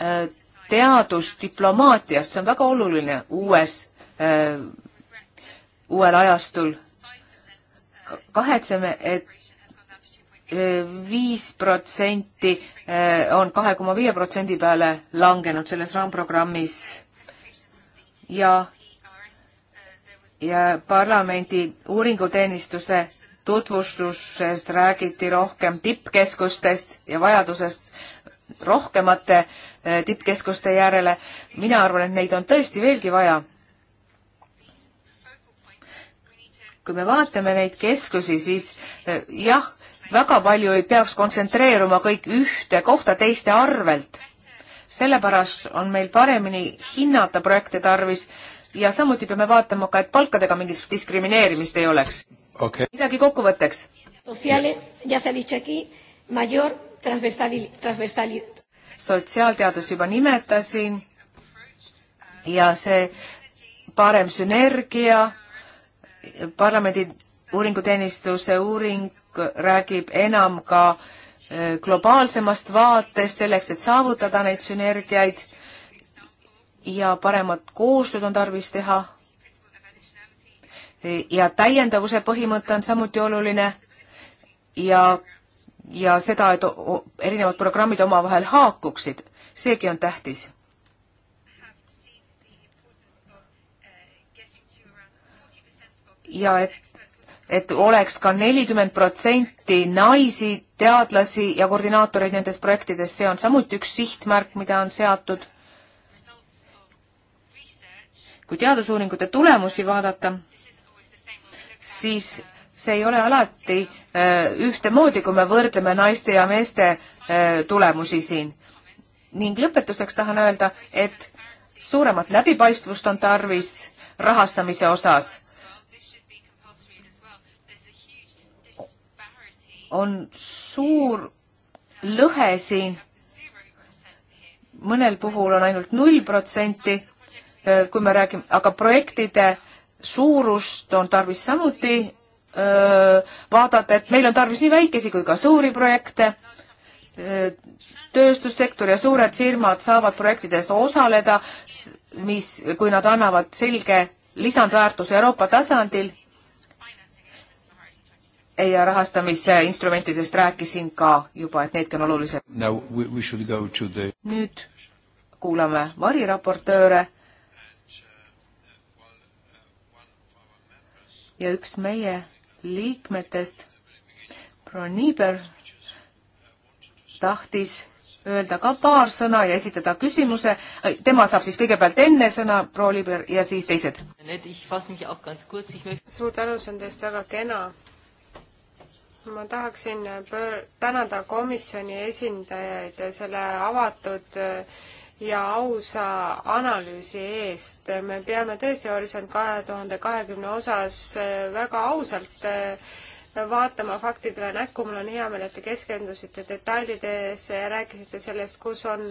äh, teadusdiplomaatiast, see on väga oluline uues, äh, uuel ajastul. kahetseme, et viis protsenti on kahe koma viie protsendi peale langenud selles raamprogrammis ja, ja parlamendi uuringuteenistuse tutvustuses räägiti rohkem tippkeskustest ja vajadusest rohkemate eh, tippkeskuste järele. mina arvan, et neid on tõesti veelgi vaja. kui me vaatame neid keskusi, siis eh, jah, väga palju ei peaks kontsentreeruma kõik ühte kohta teiste arvelt. sellepärast on meil paremini hinnata projekte tarvis ja samuti peame vaatama ka, et palkadega mingit diskrimineerimist ei oleks okay.. midagi kokkuvõtteks. sotsiaalteadus juba nimetasin ja see parem sünergia, parlamendi uuringuteenistuse uuring räägib enam ka eh, globaalsemast vaatest selleks, et saavutada neid sünergiaid ja paremat koostööd on tarvis teha ja täiendavuse põhimõte on samuti oluline ja, ja seda, et erinevad programmid omavahel haakuksid, seegi on tähtis. ja et, et oleks ka nelikümmend protsenti naisi, teadlasi ja koordinaatoreid nendes projektides, see on samuti üks sihtmärk, mida on seatud. kui teadusuuringute tulemusi vaadata siis see ei ole alati äh, ühtemoodi, kui me võrdleme naiste ja meeste äh, tulemusi siin. ning lõpetuseks tahan öelda, et suuremat läbipaistvust on tarvis rahastamise osas. on suur lõhe siin, mõnel puhul on ainult null protsenti, äh, kui me räägime, aga projektide äh, suurust on tarvis samuti öö, vaadata, et meil on tarvis nii väikesi kui ka suuri projekte. tööstussektor ja suured firmad saavad projektides osaleda, mis, kui nad annavad selge lisandväärtuse Euroopa tasandil ja rahastamisinstrumentidest rääkisin ka juba, et needki on olulised. The... nüüd kuulame variraportööre ja üks meie liikmetest, proua Niiber, tahtis öelda ka paar sõna ja esitada küsimuse. tema saab siis kõigepealt enne sõna, proua Liiber, ja siis teised. suur tänu, see on tõesti väga kena. ma tahaksin pöör-, tänada komisjoni esindajaid selle avatud äh, ja ausa analüüsi eest. me peame tõesti Horisont kahe tuhande kahekümne osas eh, väga ausalt eh, vaatama faktidele näkku, mul on hea meel, et te keskendusite detailidesse ja rääkisite sellest, kus on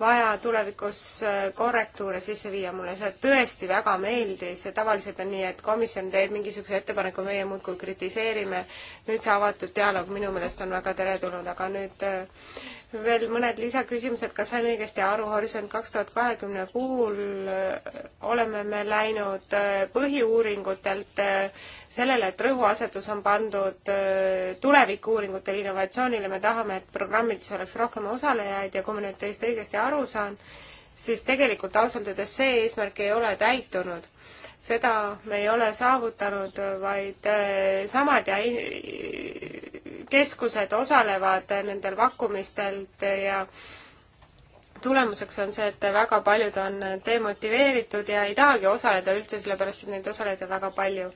vaja tulevikus eh, korrektuure sisse viia. mulle see tõesti väga meeldis ja tavaliselt on nii, et komisjon teeb mingisuguse ettepaneku, meie muudkui kritiseerime. nüüd see avatud dialoog minu meelest on väga teretulnud, aga nüüd äh, veel mõned lisaküsimused, kas sain õigesti aru, Horisont kaks tuhat kahekümne puhul äh, oleme me läinud äh, põhiuuringutelt äh, sellele, et rõhuasetus on pandud tulevikuuuringutele, innovatsioonile, me tahame, et programmides oleks rohkem osalejaid ja kui ma nüüd teist õigesti aru saan, siis tegelikult ausalt öeldes see eesmärk ei ole täitunud seda me ei ole saavutanud, vaid äh, samad ja keskused osalevad nendel pakkumistelt ja tulemuseks on see, et väga paljud on demotiveeritud ja ei tahagi osaleda üldse, sellepärast et neid osalejaid on väga palju.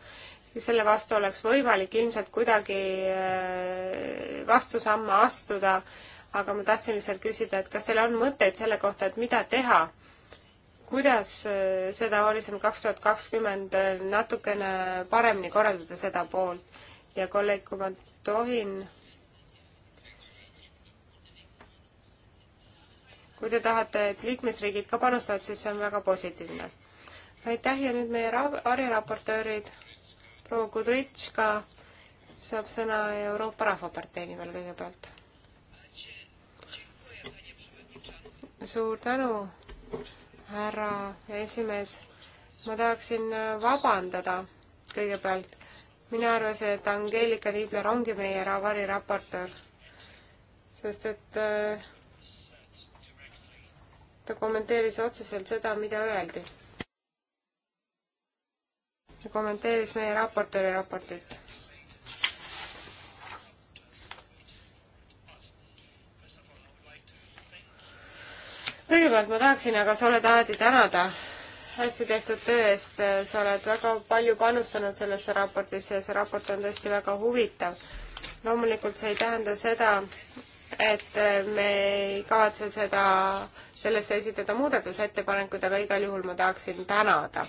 ja selle vastu oleks võimalik ilmselt kuidagi äh, vastusamme astuda, aga ma tahtsin lihtsalt küsida, et kas teil on mõtteid selle kohta, et mida teha kuidas äh, seda Horisont kaks tuhat kakskümmend äh, natukene paremini korraldada, seda poolt ja kolleeg, kui ma tohin kui te tahate, et liikmesriigid ka panustavad, siis see on väga positiivne. aitäh ja nüüd meie variraportöörid, proua Kudritška saab sõna Euroopa Rahvapartei nimel kõigepealt. suur tänu, härra esimees. ma tahaksin äh, vabandada kõigepealt. mina arvasin, et Angeelika Niibler ongi meie variraportöör, sest et äh, ta kommenteeris otseselt seda, mida öeldi. ta kommenteeris meie raportööri raportit kõigepealt ma tahaksin aga Soledadi tänada hästi tehtud töö eest, sa oled väga palju panustanud sellesse raportisse ja see raport on tõesti väga huvitav. loomulikult see ei tähenda seda, et me ei kavatse seda, sellesse esitada muudatusettepanekuid, aga igal juhul ma tahaksin tänada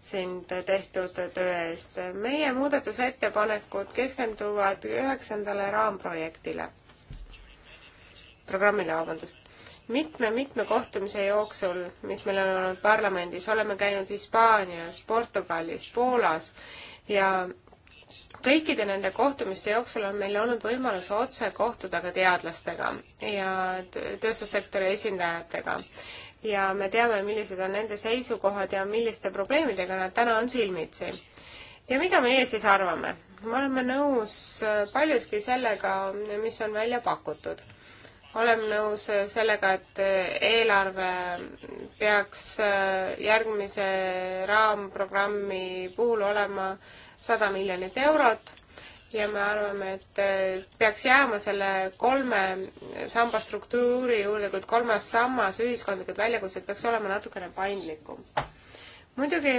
sind tehtud töö eest. meie muudatusettepanekud keskenduvad üheksandale raamprojektile, programmile, vabandust mitme-mitme kohtumise jooksul, mis meil on olnud parlamendis, oleme käinud Hispaanias, Portugalis, Poolas ja kõikide nende kohtumiste jooksul on meil olnud võimalus otse kohtuda ka teadlastega ja tööstussektori esindajatega. ja me teame, millised on nende seisukohad ja milliste probleemidega nad täna on silmitsi. ja mida meie siis arvame? me oleme nõus paljuski sellega, mis on välja pakutud oleme nõus äh, sellega, et äh, eelarve peaks äh, järgmise raamprogrammi puhul olema sada miljonit eurot ja me arvame, et peaks jääma selle kolme samba struktuuri juurde, kuid kolmas sammas, ühiskondlikud väljakutsed, peaks olema natukene paindlikum. muidugi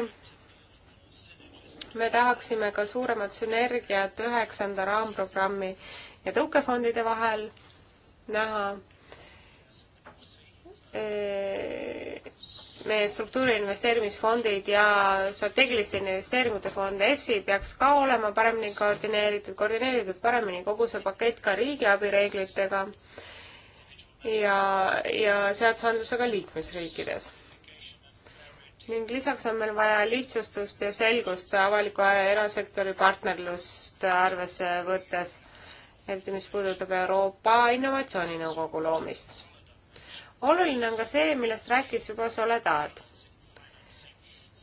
me tahaksime ka suuremat sünergiat üheksanda raamprogrammi ja tõukefondide vahel näha eh, meie struktuuriinvesteerimisfondid ja strateegiliste investeeringute fond EFSI peaks ka olema paremini koordineeritud, koordineeritud paremini kogu see pakett ka riigiabi reeglitega ja, ja seadusandlusega liikmesriikides. ning lisaks on meil vaja lihtsustust ja selgust avaliku ja erasektori partnerlust arvesse võttes eriti mis puudutab Euroopa Innovatsiooninõukogu loomist. oluline on ka see, millest rääkis juba Soledad.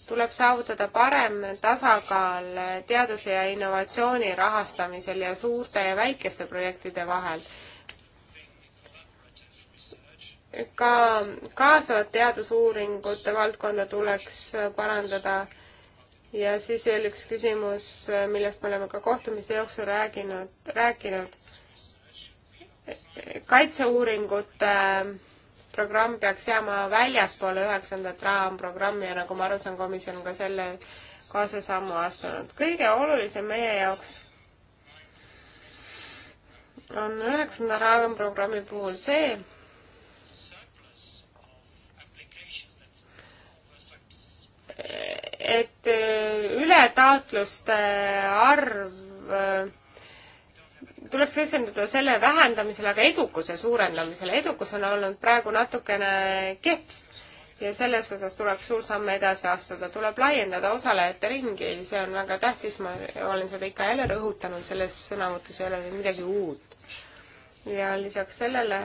tuleb saavutada parem tasakaal teaduse ja innovatsiooni rahastamisel ja suurte ja väikeste projektide vahel ka kaasavat teadusuuringute valdkonda tuleks parandada ja siis veel üks küsimus, millest me oleme ka kohtumise jooksul rääginud, rääkinud. kaitseuuringute äh, programm peaks jääma väljaspoole üheksandat raamprogrammi ja nagu ma aru saan, komisjon on ka selle kaasa sammu astunud. kõige olulisem meie jaoks on üheksanda raamprogrammi puhul see, et äh, ületaotluste arv äh, tuleks keskenduda selle vähendamisele, aga edukuse suurendamisele. edukus on olnud praegu natukene kehv ja selles osas tuleks suur samm edasi astuda, tuleb laiendada osalejate ringi, see on väga tähtis, ma olen seda ikka jälle rõhutanud, selles sõnavõtus ei ole midagi uut. ja lisaks sellele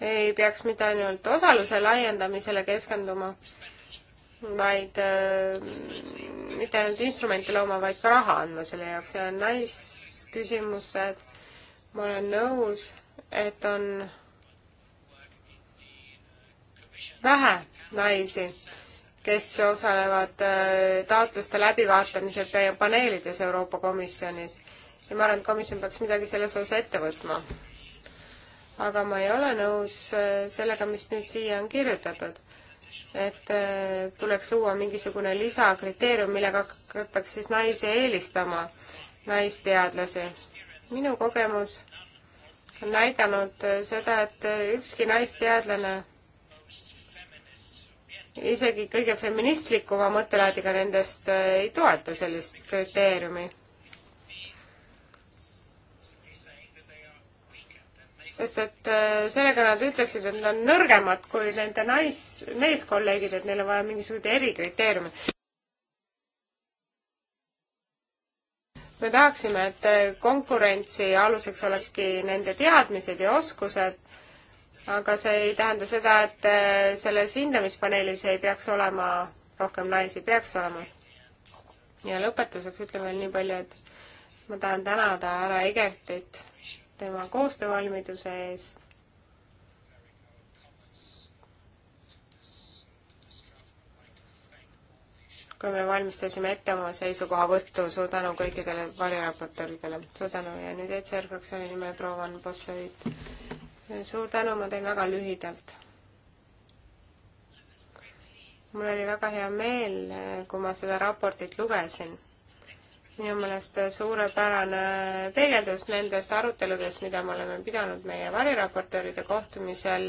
ei peaks mitte ainult osaluse laiendamisele keskenduma, vaid äh, mitte ainult instrumente looma, vaid ka raha andma selle jaoks ja naisküsimused, ma olen nõus, et on vähe naisi, kes osalevad äh, taotluste läbivaatamise paneelides Euroopa Komisjonis ja ma arvan, et komisjon peaks midagi selles osas ette võtma aga ma ei ole nõus äh, sellega, mis nüüd siia on kirjutatud. et äh, tuleks luua mingisugune lisakriteerium, millega hakatakse siis naisi eelistama, naisteadlasi. minu kogemus on näidanud äh, seda, et ükski naisteadlane isegi kõige feministlikuma mõttelaadiga nendest ei toeta sellist kriteeriumi sest et äh, sellega nad ütleksid, et nad on nõrgemad kui nende nais, meeskolleegid, et neil on vaja mingisuguseid erikriteeriume. me tahaksime, et äh, konkurentsi aluseks olekski nende teadmised ja oskused, aga see ei tähenda seda, et äh, selles hindamispaneelis ei peaks olema rohkem naisi, peaks olema. ja lõpetuseks ütlen veel nii palju, et ma tahan tänada härra Egertit tema koostöövalmiduse eest. kui me valmistasime ette oma seisukohavõttu, suur tänu kõikidele variraportööridele, suur tänu ja nüüd ECR fraktsiooni nimel proua Ann Bossovit. suur tänu, ma teen väga lühidalt mul oli väga hea meel, kui ma seda raportit lugesin minu meelest suurepärane peegeldus nendest aruteludest, mida me oleme pidanud meie variraportööride kohtumisel,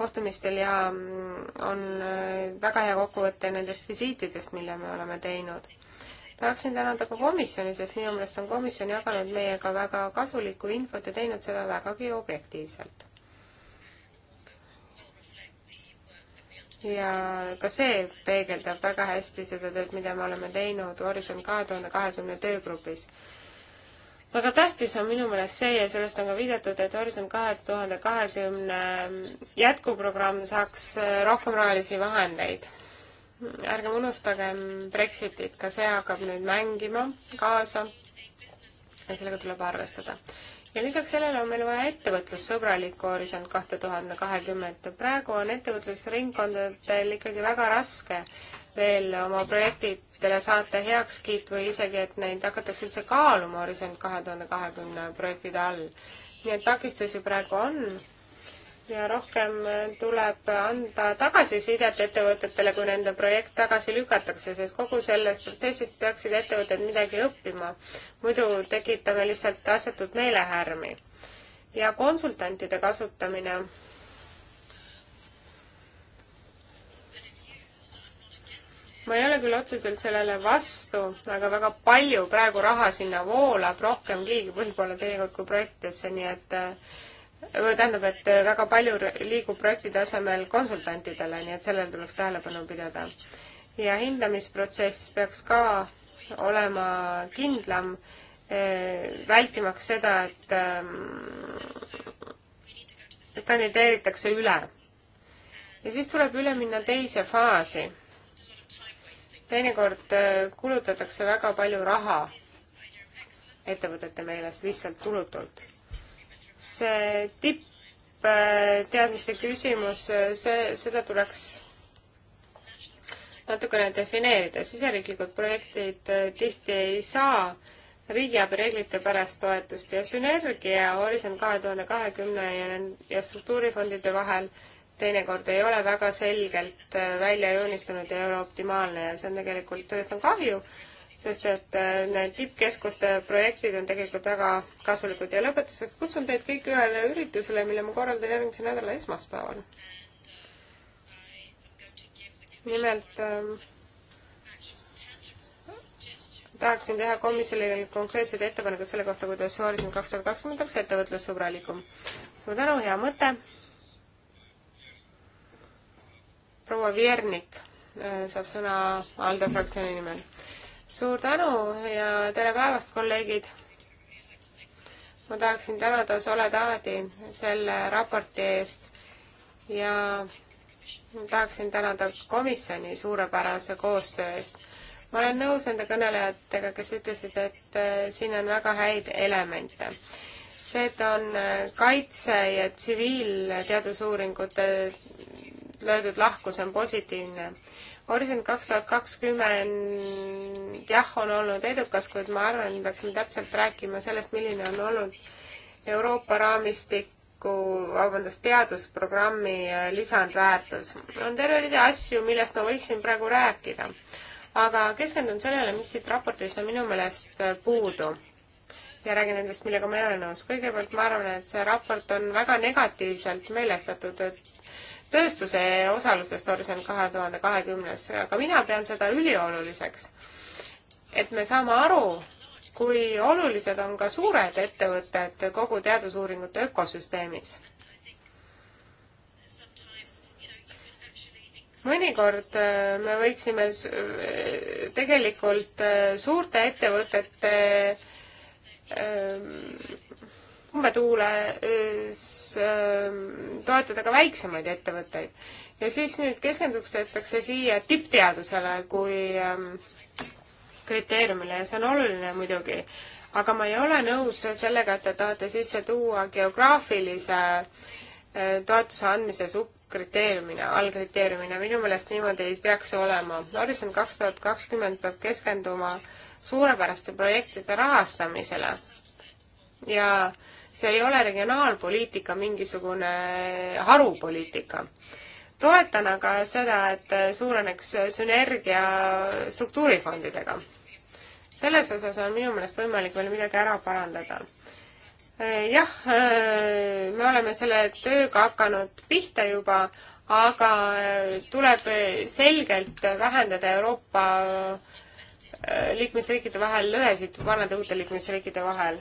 kohtumistel ja mm, on äh, väga hea kokkuvõte nendest visiitidest, mille me oleme teinud. tahaksin tänada ka komisjoni, sest minu meelest on komisjon jaganud meiega väga kasulikku infot ja teinud seda vägagi objektiivselt ja ka see peegeldab väga hästi seda tööd, mida me oleme teinud Horisont kahe tuhande kahekümne töögrupis. väga tähtis on minu meelest see ja sellest on ka viidatud, et Horisont kahe tuhande kahekümne jätkuprogramm saaks rohkem rahalisi vahendeid. ärgem unustagem Brexitit, ka see hakkab nüüd mängima kaasa ja sellega tuleb arvestada ja lisaks sellele on meil vaja ettevõtlussõbralikku Horisont kahte tuhande kahekümmet. praegu on ettevõtlusringkondadel ikkagi väga raske veel oma projektidele saata heakskiit või isegi, et neid hakatakse üldse kaaluma Horisont kahe tuhande kahekümne projektide all. nii et takistusi praegu on ja rohkem tuleb anda tagasisidet ettevõtetele, kui nende projekt tagasi lükatakse, sest kogu sellest protsessist peaksid ettevõtted midagi õppima. muidu tekitame lihtsalt asjatut meelehärmi. ja konsultantide kasutamine ma ei ole küll otseselt sellele vastu, aga väga palju praegu raha sinna voolab, rohkem keegi võib-olla teinekord kui projektidesse, nii et tähendab, et väga palju liigub projekti tasemel konsultantidele, nii et sellele tuleks tähelepanu pidada. ja hindamisprotsess peaks ka olema kindlam, eh, vältimaks seda, ehm, et kandideeritakse üle. ja siis tuleb üle minna teise faasi. teinekord eh, kulutatakse väga palju raha ettevõtete meelest lihtsalt tulutult see tippteadmiste äh, küsimus, äh, see, seda tuleks natukene defineerida, siseriiklikud projektid äh, tihti ei saa riigiabi reeglite pärast toetust ja sünergia Horisont kahe tuhande kahekümne ja, ja struktuurifondide vahel teinekord ei ole väga selgelt välja joonistunud ja ei ole optimaalne ja see on tegelikult, sellest on kahju, sest et äh, need tippkeskuste projektid on tegelikult väga kasulikud ja lõpetuseks kutsun teid kõiki ühele üritusele, mille ma korraldan järgmise nädala esmaspäeval. nimelt ähm, tahaksin teha komisjonile konkreetsed ettepanekud selle kohta, kuidas Horizon kaks tuhat kakskümmend oleks ettevõtlussõbralikum. suur tänu, hea mõte. proua Viernik äh, saab sõna Aldo fraktsiooni nimel suur tänu ja tere päevast, kolleegid! ma tahaksin tänada Soledadi selle raporti eest ja tahaksin tänada komisjoni suurepärase koostöö eest. ma olen nõus nende kõnelejatega, kes ütlesid, et äh, siin on väga häid elemente. see, et on äh, kaitse ja tsiviilteadusuuringute löödud lahku, see on positiivne Horisont kaks tuhat kakskümmend jah, on olnud edukas, kuid ma arvan, me peaksime täpselt rääkima sellest, milline on olnud Euroopa raamistiku, vabandust, teadusprogrammi äh, lisandväärtus. on terve rida asju, millest ma võiksin praegu rääkida, aga keskendun sellele, mis siit raportist on minu meelest äh, puudu ja räägin nendest, millega ma ei ole nõus. kõigepealt ma arvan, et see raport on väga negatiivselt meelestatud, et tööstuse osalusest Horisont kahe tuhande kahekümnes, aga mina pean seda ülioluliseks. et me saame aru, kui olulised on ka suured ettevõtted kogu teadusuuringute ökosüsteemis. mõnikord äh, me võiksime äh, tegelikult äh, suurte ettevõtete kombetuules ähm, toetada ka väiksemaid ettevõtteid. ja siis nüüd keskendutakse siia tippteadusele kui ähm, kriteeriumile ja see on oluline muidugi, aga ma ei ole nõus sellega, et te tahate sisse tuua geograafilise äh, toetuse andmise subkriteeriumina, allkriteeriumina, minu meelest niimoodi ei peaks olema. Horisont kaks tuhat kakskümmend peab keskenduma suurepäraste projektide rahastamisele ja äh, see ei ole regionaalpoliitika mingisugune harupoliitika. toetan aga seda, et suureneks sünergia struktuurifondidega. selles osas on minu meelest võimalik veel midagi ära parandada jah, me oleme selle tööga hakanud pihta juba, aga tuleb selgelt vähendada Euroopa liikmesriikide vahel lõhesid vanade uute liikmesriikide vahel.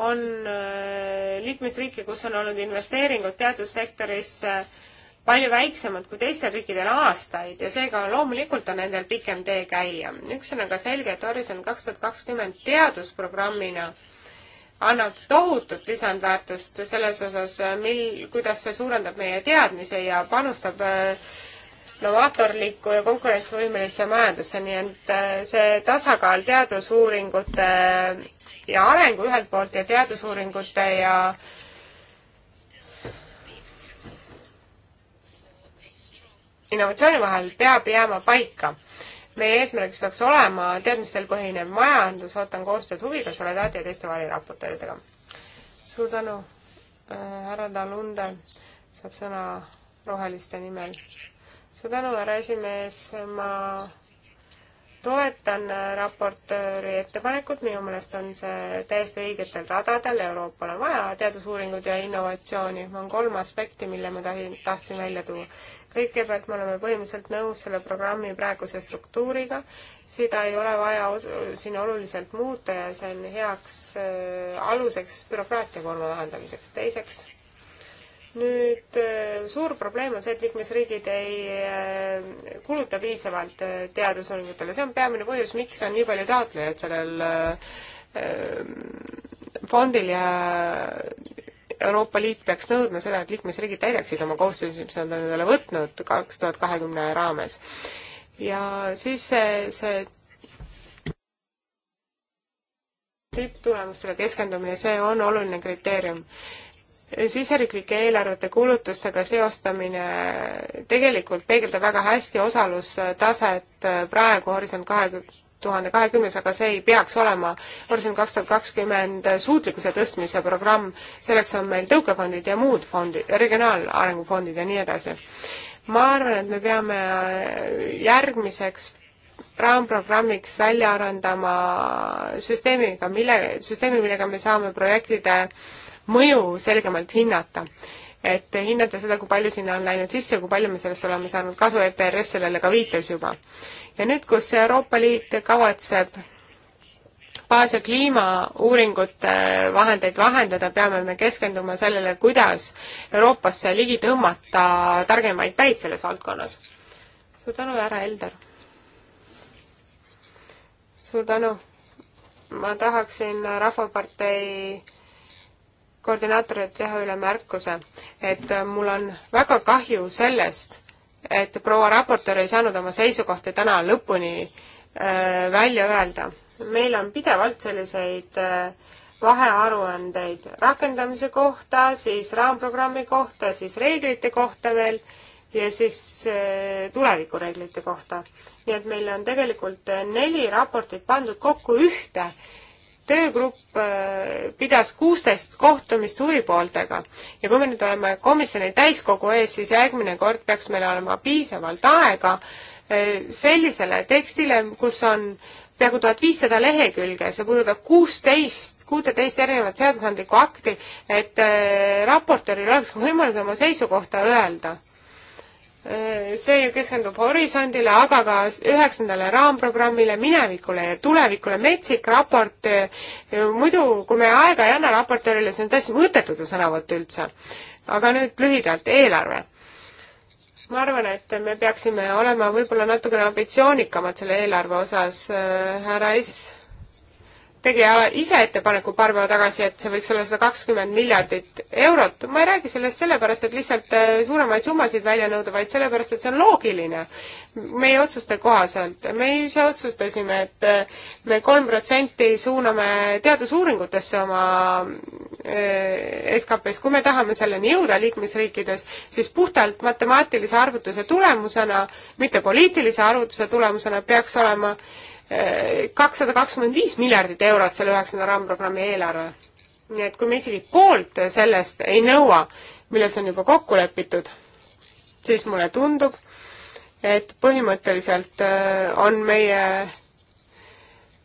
on äh, liikmesriike, kus on olnud investeeringud teadussektorisse äh, palju väiksemad kui teistel riikidel aastaid ja seega loomulikult on nendel pikem tee käia. üks on aga selge, et Horisont kaks tuhat kakskümmend teadusprogrammina annab tohutut lisandväärtust selles osas, äh, mil, kuidas see suurendab meie teadmisi ja panustab novaatorlikku ja konkurentsivõimelisse majandusse, nii et see tasakaal teadusuuringute ja arengu ühelt poolt ja teadusuuringute ja innovatsiooni vahel peab jääma paika. meie eesmärgiks peaks olema teadmistel põhinev majandus, ootan koostööd huviga Soledad ja teiste variraportööridega. suur tänu, äh, härra Talunde saab sõna roheliste nimel. suur tänu, härra esimees, ma toetan äh, raportööri ettepanekut, minu meelest on see täiesti õigetel radadel, Euroopal on vaja teadusuuringuid ja innovatsiooni. on kolm aspekti, mille ma tahin, tahtsin välja tuua. kõigepealt me oleme põhimõtteliselt nõus selle programmi praeguse struktuuriga, seda ei ole vaja siin oluliselt muuta ja see on heaks äh, aluseks bürokraatia koorma vähendamiseks. teiseks nüüd äh, suur probleem on see, et liikmesriigid ei äh, kuluta piisavalt äh, teadusuuringutele, see on peamine põhjus, miks on nii palju taotlejaid sellel fondil ja Euroopa Liit peaks nõudma seda, et liikmesriigid täidaksid oma kohustusi, mis nad on endale võtnud kaks tuhat kahekümne raames. ja siis see, see tipptulemustele keskendumine, see on oluline kriteerium siseriiklike eelarvete kulutustega seostamine tegelikult peegeldab väga hästi osalustaset äh, praegu Horisont kahe tuhande kahekümnes, aga see ei peaks olema Horisont kaks tuhat kakskümmend suutlikkuse tõstmise programm, selleks on meil tõukefondid ja muud fondid, regionaalarengufondid ja nii edasi. ma arvan, et me peame äh, järgmiseks raamprogrammiks välja arendama süsteemiga, mille, süsteemi, millega me saame projektide äh, mõju selgemalt hinnata. et hinnata seda, kui palju sinna on läinud sisse ja kui palju me sellest oleme saanud kasu, et ERS sellele ka viitas juba. ja nüüd, kus Euroopa Liit kavatseb baas- ja kliimauuringute vahendeid vahendada, peame me keskenduma sellele, kuidas Euroopasse ligi tõmmata targemaid päid selles valdkonnas. suur tänu, härra Elder! suur tänu! ma tahaksin Rahvapartei koordinaatorile teha üle märkuse, et mul on väga kahju sellest, et proua raportöör ei saanud oma seisukohti täna lõpuni äh, välja öelda. meil on pidevalt selliseid äh, vahearuandeid rakendamise kohta, siis raamprogrammi kohta, siis reeglite kohta veel ja siis äh, tulevikureeglite kohta. nii et meil on tegelikult äh, neli raportit pandud kokku ühte töögrupp äh, pidas kuusteist kohtumist huvipooltega ja kui me nüüd oleme komisjoni täiskogu ees, siis järgmine kord peaks meil olema piisavalt aega äh, sellisele tekstile, kus on peaaegu tuhat viissada lehekülge, see puudutab kuusteist, kuuteteist erinevat seadusandlikku akti, et äh, raportööril oleks võimalus oma seisukohta öelda Äh, see keskendub horisondile, aga ka üheksandale raamprogrammile, minevikule ja tulevikule, metsik raport, äh, muidu kui me aega ei anna raportöörile, see on täiesti mõttetu sõnavõtt üldse. aga nüüd lühidalt, eelarve. ma arvan, et me peaksime olema võib-olla natukene ambitsioonikamad selle eelarve osas, äh, härra S tegi ise ettepaneku paar päeva tagasi, et see võiks olla sada kakskümmend miljardit eurot. ma ei räägi sellest sellepärast, et lihtsalt äh, suuremaid summasid välja nõuda, vaid sellepärast, et see on loogiline meie otsuste kohaselt. me ise otsustasime, et äh, me kolm protsenti suuname teadusuuringutesse oma äh, SKP-s. kui me tahame selleni jõuda liikmesriikides, siis puhtalt matemaatilise arvutuse tulemusena, mitte poliitilise arvutuse tulemusena, peaks olema äh, kakssada kakskümmend viis miljardit eurot selle üheksanda raamprogrammi eelarve. nii et kui me isegi poolt sellest ei nõua, milles on juba kokku lepitud, siis mulle tundub, et põhimõtteliselt äh, on meie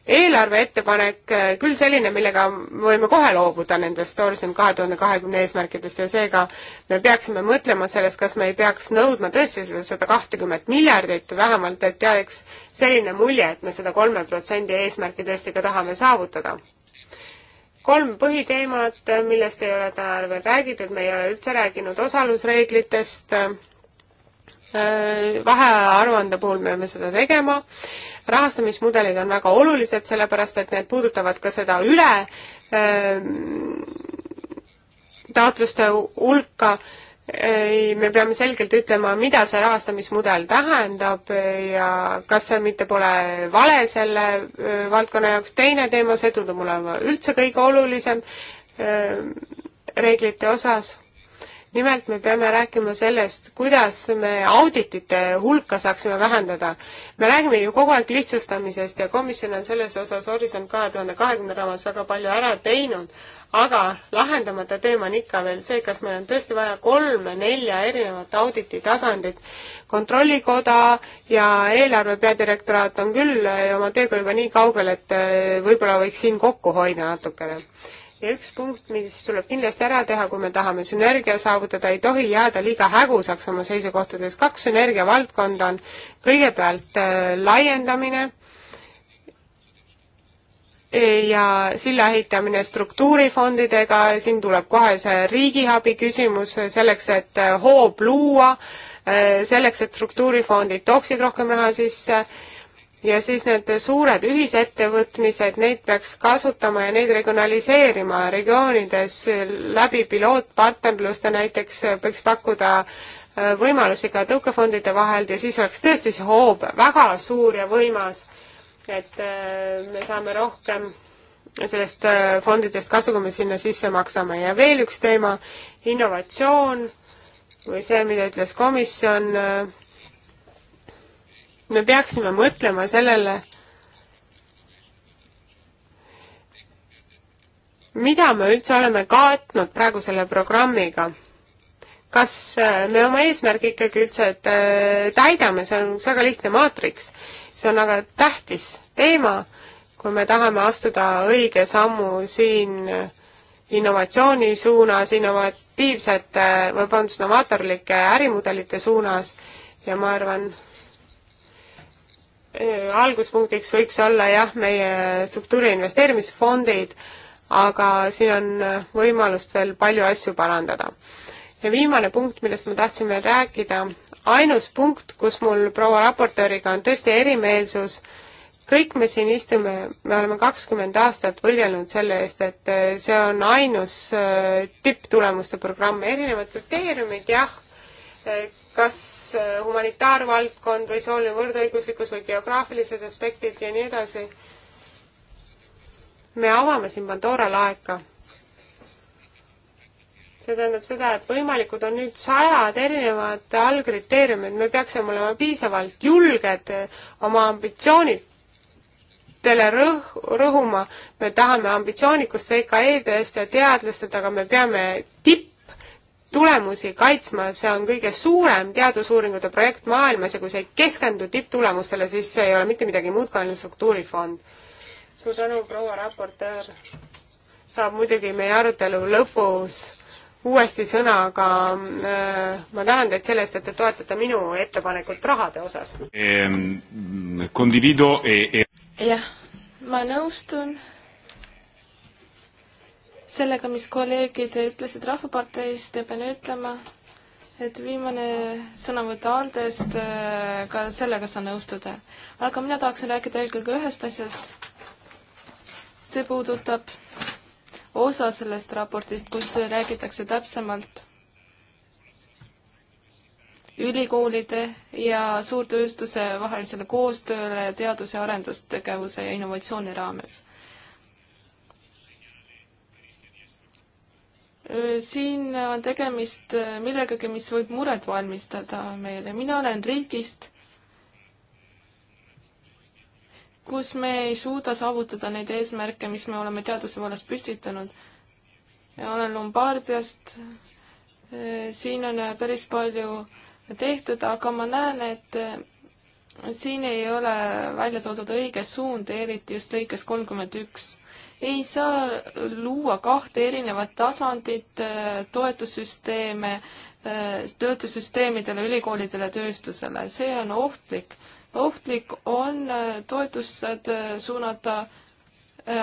eelarveettepanek äh, küll selline, millega võime kohe loobuda nendest Horizon kahe tuhande kahekümne eesmärkidest ja seega me peaksime mõtlema sellest, kas me ei peaks nõudma tõesti seda sada kahtekümmet miljardit vähemalt, et jääks selline mulje, et me seda kolme protsendi eesmärki tõesti ka tahame saavutada. kolm põhiteemat, millest ei ole täna veel räägitud, me ei ole üldse rääkinud osalusreeglitest Äh, vahearuande puhul me peame seda tegema. rahastamismudelid on väga olulised, sellepärast et need puudutavad ka seda üle ähm, taotluste hulka me peame selgelt ütlema, mida see rahastamismudel tähendab ja kas see mitte pole vale selle äh, valdkonna jaoks. teine teema, see tundub mulle üldse kõige olulisem ähm, reeglite osas nimelt me peame rääkima sellest, kuidas me auditite hulka saaksime vähendada. me räägime ju kogu aeg lihtsustamisest ja komisjon on selles osas Horisont kahe tuhande kahekümne raames väga palju ära teinud, aga lahendamata teema on ikka veel see, kas meil on tõesti vaja kolme-nelja erinevat auditi tasandit. kontrollikoda ja eelarve peadirektoraat on küll oma tööga juba nii kaugel, et eh, võib-olla võiks siin kokku hoida natukene ja üks punkt, mis tuleb kindlasti ära teha, kui me tahame sünergia saavutada, ei tohi jääda liiga hägusaks oma seisukohtades. kaks sünergiavaldkonda on kõigepealt äh, laiendamine ja silla ehitamine struktuurifondidega, siin tuleb kohe see riigiabi küsimus äh, selleks, et äh, hoob luua, selleks, et struktuurifondid tooksid rohkem raha sisse ja siis need suured ühisettevõtmised, neid peaks kasutama ja neid regionaliseerima regioonides läbi pilootpartnerluste näiteks võiks pakkuda äh, võimalusi ka tõukefondide vahel ja siis oleks tõesti see hoob väga suur ja võimas, et äh, me saame rohkem sellest äh, fondidest kasu, kui me sinna sisse maksame ja veel üks teema, innovatsioon või see, mida ütles komisjon me peaksime mõtlema sellele, mida me üldse oleme kaotnud praegu selle programmiga. kas äh, me oma eesmärgi ikkagi üldse äh, täidame, see on üks väga lihtne maatriks, see on aga tähtis teema, kui me tahame astuda õige sammu siin äh, innovatsiooni suunas, innovatiivsete, vabandust, novaatorlike ärimudelite suunas ja ma arvan, Äh, alguspunktiks võiks olla jah, meie struktuuri investeerimisfondid, aga siin on äh, võimalust veel palju asju parandada. ja viimane punkt, millest ma tahtsin veel rääkida, ainus punkt, kus mul proua raportööriga on tõesti erimeelsus, kõik me siin istume, me oleme kakskümmend aastat võidelnud selle eest, et äh, see on ainus tipptulemuste programm, erinevad kriteeriumid jah, kas äh, humanitaarvaldkond või sooline võrdõiguslikkus või geograafilised aspektid ja nii edasi. me avame siin Pandora laeka. see tähendab seda, et võimalikud on nüüd sajad erinevad allkriteeriumid, me peaksime olema piisavalt julged äh, oma ambitsioonidele rõh-, rõhuma, me tahame ambitsioonikust VKE-de eest ja teadlastelt, aga me peame tipp-, tulemusi kaitsma, see on kõige suurem teadusuuringute projekt maailmas ja kui sa ei keskendu tipptulemustele, siis see ei ole mitte midagi muud kui ainult struktuurifond. suur tänu, proua raportöör! saab muidugi meie arutelu lõpus uuesti sõna, aga äh, ma tänan teid selle eest, et te toetate minu ettepanekut rahade osas. E, e jah, ma nõustun sellega, mis kolleegid ütlesid Rahvaparteist ja pean ütlema, et viimane sõnavõtt Aldest, äh, ka sellega saan nõustuda. aga mina tahaksin rääkida eelkõige ühest asjast. see puudutab osa sellest raportist, kus räägitakse täpsemalt ülikoolide ja suurtööstuse vahelisele koostööle teadus- ja arendustegevuse ja innovatsiooni raames. siin on tegemist millegagi, mis võib muret valmistada meile. mina olen riigist, kus me ei suuda saavutada neid eesmärke, mis me oleme teaduse vallas püstitanud. olen Lombardiast, siin on päris palju tehtud, aga ma näen, et siin ei ole välja toodud õige suund, eriti just lõikes kolmkümmend üks ei saa luua kahte erinevat tasandit, äh, toetussüsteeme, äh, toetussüsteemidele, ülikoolidele, tööstusele, see on ohtlik. ohtlik on äh, toetused suunata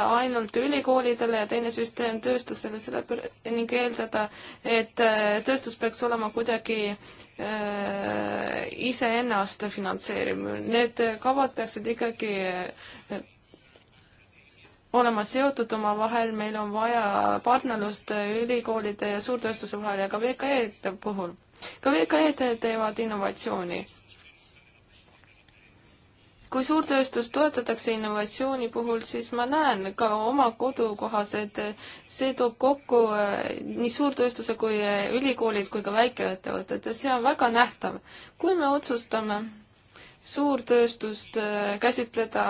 ainult ülikoolidele ja teine süsteem tööstusele, selle pär-, ning eeldada, et tööstus peaks olema kuidagi iseennast finantseerima. Need kavad peaksid ikkagi olema seotud omavahel, meil on vaja partnerlust ülikoolide ja suurtööstuse vahel ja ka VKE-de puhul. ka VKE-d teevad innovatsiooni. kui suurtööstust toetatakse innovatsiooni puhul, siis ma näen ka oma kodukohas, et see toob kokku äh, nii suurtööstuse kui äh, ülikoolid kui ka väikeettevõtted ja see on väga nähtav. kui me otsustame suurtööstust äh, käsitleda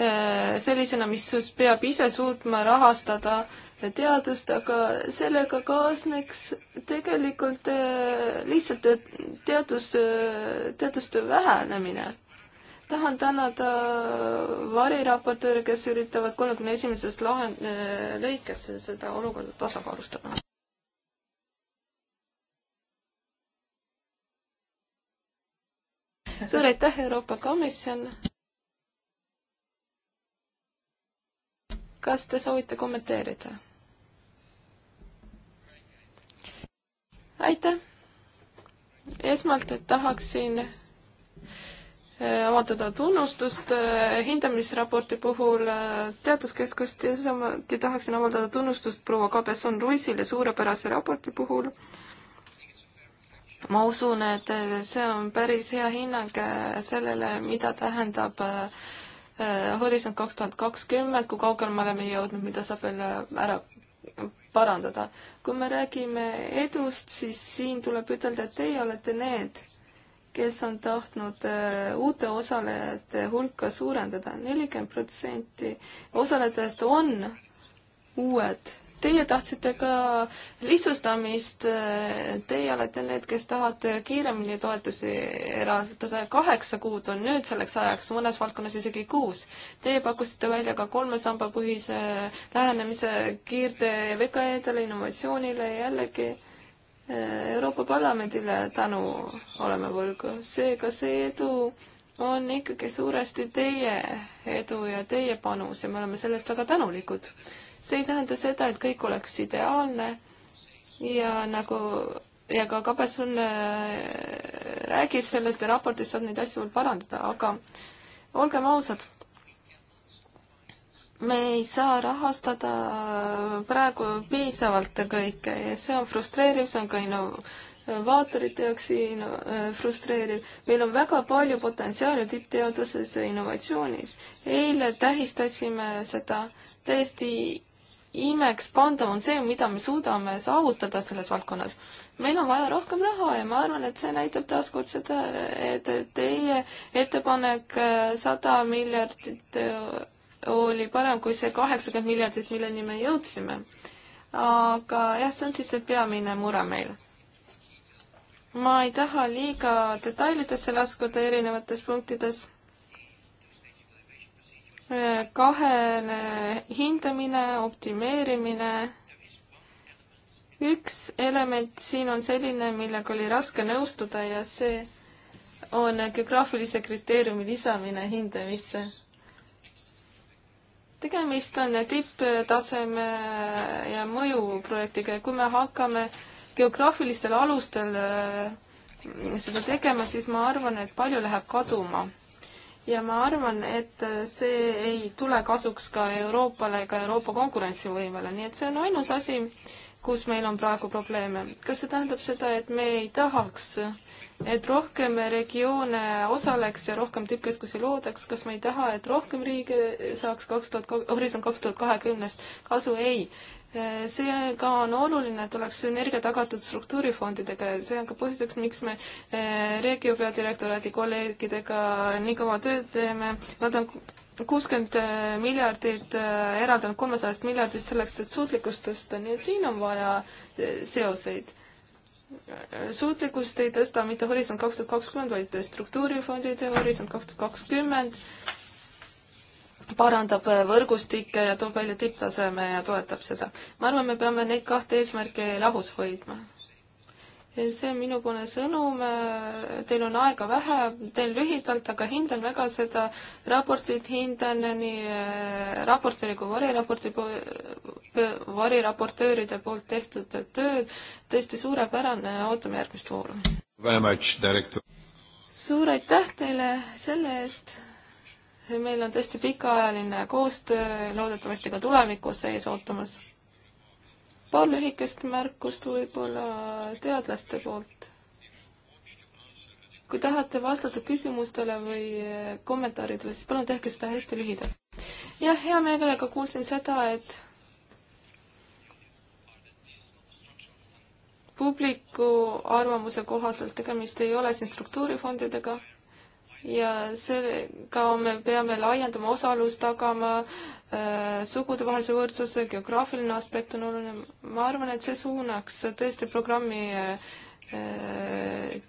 Äh, sellisena, mis peab ise suutma rahastada teadust, aga sellega kaasneks tegelikult äh, lihtsalt äh, teadus, teadustöö vähenemine. tahan tänada variraportööre, kes üritavad kolmekümne esimeses lahend-, lõikes seda olukorda tasakaalustada. suur aitäh, Euroopa Komisjon! kas te soovite kommenteerida? aitäh! esmalt tahaksin äh, avaldada tunnustust äh, hindamisraporti puhul äh, Teaduskeskust ja samuti tahaksin avaldada tunnustust proua Kabeson-Ruisile suurepärase raporti puhul. ma usun, et see on päris hea hinnang sellele, mida tähendab Äh, Horisont kaks tuhat kakskümmend, kui kaugele me oleme jõudnud, mida saab veel äh, ära parandada. kui me räägime edust, siis siin tuleb ütelda, et teie olete need, kes on tahtnud äh, uute osalejate hulka suurendada. nelikümmend protsenti osalejatest on uued Teie tahtsite ka lihtsustamist, teie olete need, kes tahate kiiremini toetusi eraldada, kaheksa kuud on nüüd selleks ajaks, mõnes valdkonnas isegi kuus. Teie pakkusite välja ka kolme samba põhise lähenemise kiirte VKE-dele, innovatsioonile jällegi eh, Euroopa Parlamendile tänu oleme võlgu, seega see edu on ikkagi suuresti teie edu ja teie panus ja me oleme sellest väga tänulikud see ei tähenda seda, et kõik oleks ideaalne ja nagu ja ka Kabesun äh, räägib sellest ja raportis saab neid asju veel parandada, aga olgem ausad, me ei saa rahastada äh, praegu piisavalt kõike ja see on frustreeriv, see on ka innovaatorite jaoks inno, äh, frustreeriv. meil on väga palju potentsiaali tippteaduses ja innovatsioonis. eile tähistasime seda täiesti imekspandav on see, mida me suudame saavutada selles valdkonnas. meil on vaja rohkem raha ja ma arvan, et see näitab taaskord seda, et teie ettepanek äh, sada miljardit äh, oli parem kui see kaheksakümmend miljardit, milleni me jõudsime. aga jah, see on siis see peamine mure meil ma ei taha liiga detailidesse laskuda erinevates punktides kahene hindamine, optimeerimine. üks element siin on selline, millega oli raske nõustuda ja see on geograafilise kriteeriumi lisamine hindamisse. tegemist on tipptaseme ja mõjuprojektiga ja kui me hakkame geograafilistel alustel äh, seda tegema, siis ma arvan, et palju läheb kaduma ja ma arvan, et see ei tule kasuks ka Euroopale ega Euroopa konkurentsivõimele, nii et see on ainus asi, kus meil on praegu probleeme. kas see tähendab seda, et me ei tahaks, et rohkem regioone osaleks ja rohkem tippkeskusi loodaks, kas me ei taha, et rohkem riike saaks kaks tuhat, Horisont kaks tuhat kahekümnest kasu? ei. Äh, seega on oluline, et oleks sünergia tagatud struktuurifondidega ja see on ka põhjuseks, miks me äh, Regio peadirektoraadi kolleegidega nii kõva tööd teeme, nad on kuuskümmend äh, miljardit eraldanud kolmesajast miljardist selleks, et suutlikkust tõsta, nii et siin on vaja seoseid. suutlikkust ei tõsta mitte Horisont kaks tuhat kakskümmend, vaid struktuurifondid ja Horisont kaks tuhat kakskümmend parandab äh, võrgustikke ja toob välja tipptaseme ja toetab seda. ma arvan, me peame neid kahte eesmärki lahus hoidma. see on minupoolne sõnum, äh, teil on aega vähe, teen lühidalt, aga hindan väga seda raportit, hindan nii äh, raportööri kui variraporti, variraportööride poolt tehtud tööd, tõesti suurepärane, ootame järgmist vooru. suur aitäh teile selle eest meil on tõesti pikaajaline koostöö loodetavasti ka tulevikus ees ootamas. paar lühikest märkust võib-olla teadlaste poolt. kui tahate vastata küsimustele või kommentaaridele, siis palun tehke seda hästi lühidalt. jah, hea meelega kuulsin seda, et publiku arvamuse kohaselt tegemist ei ole siin struktuurifondidega ja sellega me peame laiendama osalust, tagama äh, sugudevahelise võrdsuse, geograafiline aspekt on oluline. ma arvan, et see suunaks tõesti programmi äh, äh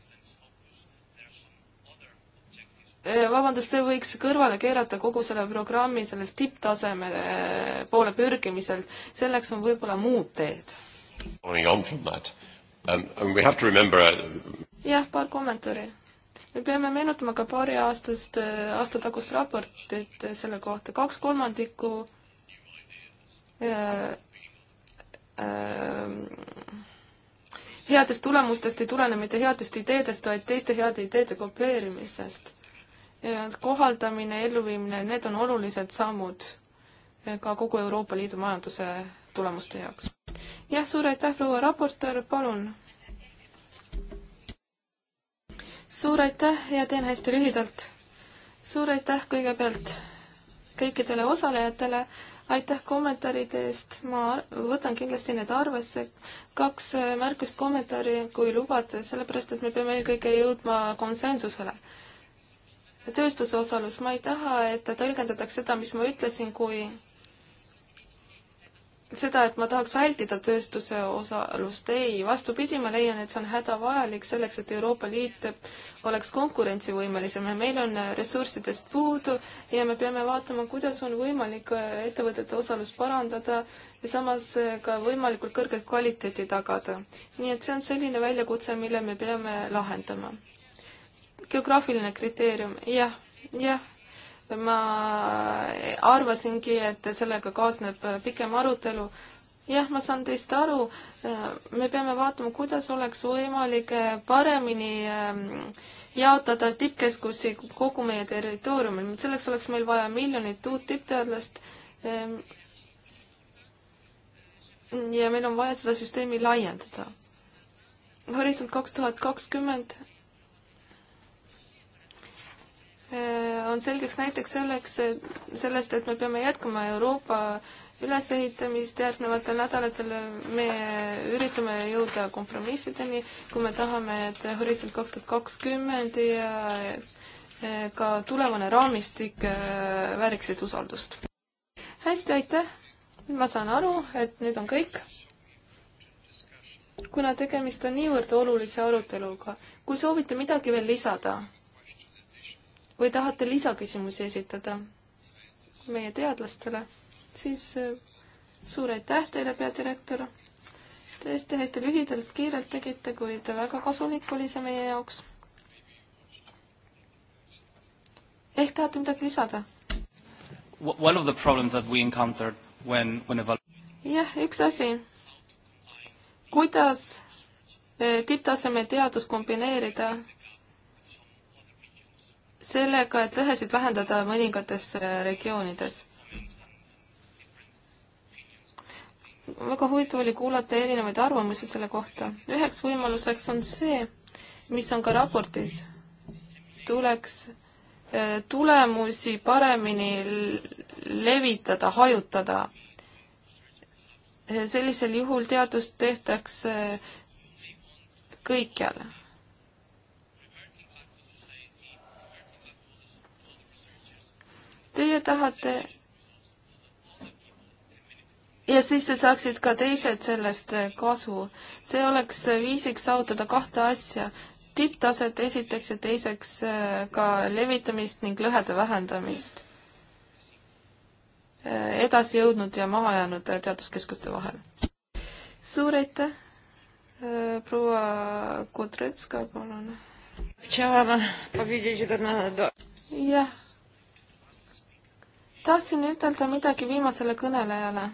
vabandust, see võiks kõrvale keerata kogu selle programmi sellelt tipptasemele äh, poole pürgimiselt, selleks on võib-olla muud teed. Um, uh, jah, paar kommentaari me peame meenutama ka paari aastast, äh, aasta tagust raportit selle kohta, kaks kolmandikku äh, äh, headest tulemustest ei tulene mitte headest ideedest, vaid teiste heade ideede kopeerimisest. kohaldamine, elluviimine, need on olulised sammud ka kogu Euroopa Liidu majanduse tulemuste jaoks. jah, suur aitäh, proua raportöör, palun suur aitäh ja teen hästi lühidalt. suur aitäh kõigepealt kõikidele osalejatele, aitäh kommentaaride eest, ma võtan kindlasti need arvesse. kaks äh, märkust kommentaari, kui lubate, sellepärast et me peame eelkõige jõudma konsensusele tööstuse osalus, ma ei taha, et tõlgendataks seda, mis ma ütlesin, kui seda, et ma tahaks vältida tööstuse osalust, ei, vastupidi, ma leian, et see on hädavajalik selleks, et Euroopa Liit oleks konkurentsivõimelisem ja meil on ressurssidest puudu ja me peame vaatama, kuidas on võimalik ettevõtete osalust parandada ja samas ka võimalikult kõrget kvaliteeti tagada. nii et see on selline väljakutse, mille me peame lahendama. geograafiline kriteerium, jah, jah ma arvasingi, et sellega kaasneb pikem arutelu. jah, ma saan teist aru, me peame vaatama, kuidas oleks võimalik paremini ehm, jaotada tippkeskusi kogu meie territooriumil, selleks oleks meil vaja miljonit uut tippteadlast. Ehm, ja meil on vaja seda süsteemi laiendada. Horisont kaks tuhat kakskümmend Äh, on selgeks näiteks selleks, sellest, et me peame jätkama Euroopa ülesehitamist järgnevatel nädalatel me üritame jõuda kompromissideni, kui me tahame, et Horisont kaks tuhat kakskümmend ja äh, ka tulevane raamistik äh, vääriksid usaldust. hästi, aitäh! ma saan aru, et nüüd on kõik. kuna tegemist on niivõrd olulise aruteluga, kui soovite midagi veel lisada või tahate lisaküsimusi esitada meie teadlastele, siis äh, suur aitäh teile, peadirektor. tõesti hästi lühidalt, kiirelt tegite, kuid väga kasulik oli see meie jaoks. ehk tahate midagi lisada? One of the problems that we encountered when, when eval-. jah, üks asi. kuidas äh, tipptaseme teadus kombineerida sellega, et lõhesid vähendada mõningates äh, regioonides. väga huvitav oli kuulata erinevaid arvamusi selle kohta. üheks võimaluseks on see, mis on ka raportis, tuleks äh, tulemusi paremini levitada, hajutada. sellisel juhul teadust tehtakse äh, kõikjal Teie tahate ja siis saaksid ka teised sellest kasu. see oleks viisiks saavutada kahte asja, tipptaset esiteks ja teiseks äh, ka levitamist ning lõhede vähendamist äh, edasi jõudnud ja mahajäänud teaduskeskuste vahel. suur aitäh, äh, proua Kudretska, palun. jah tahtsin ütelda midagi viimasele kõnelejale.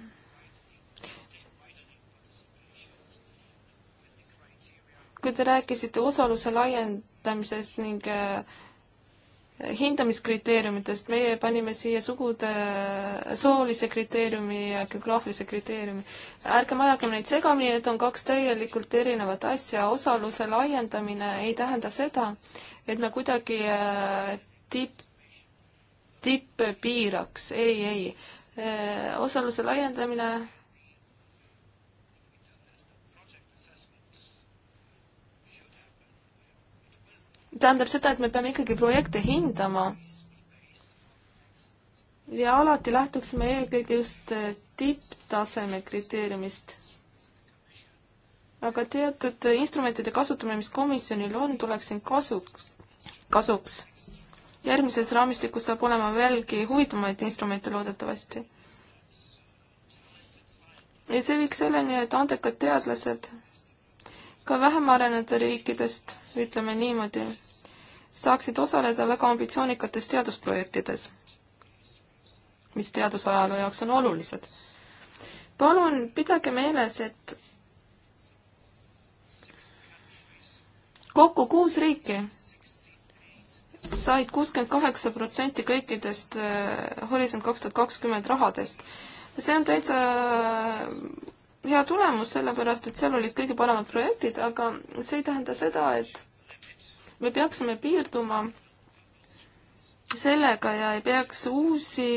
kui te rääkisite osaluse laiendamisest ning äh, hindamiskriteeriumitest, meie panime siia sugude, äh, soolise kriteeriumi ja geograafilise kriteeriumi. ärgem ajagem neid segamini, need on kaks täielikult erinevat asja, osaluse laiendamine ei tähenda seda, et me kuidagi äh, tipp tippe piiraks, ei, ei. Äh, osaluse laiendamine tähendab seda, et me peame ikkagi projekte hindama. ja alati lähtuksime eelkõige just äh, tipptaseme kriteeriumist. aga teatud instrumentide kasutamine, mis komisjonil on, tuleks siin kasuks, kasuks järgmises raamistikus saab olema veelgi huvitavaid instrumente loodetavasti. ja see viiks selleni, et andekad teadlased ka vähem arenenud riikidest, ütleme niimoodi, saaksid osaleda väga ambitsioonikates teadusprojektides, mis teadusajaloo jaoks on olulised. palun pidage meeles, et kokku kuus riiki said kuuskümmend kaheksa protsenti kõikidest äh, Horisont kaks tuhat kakskümmend rahadest. see on täitsa äh, hea tulemus, sellepärast et seal olid kõige paremad projektid, aga see ei tähenda seda, et me peaksime piirduma sellega ja ei peaks uusi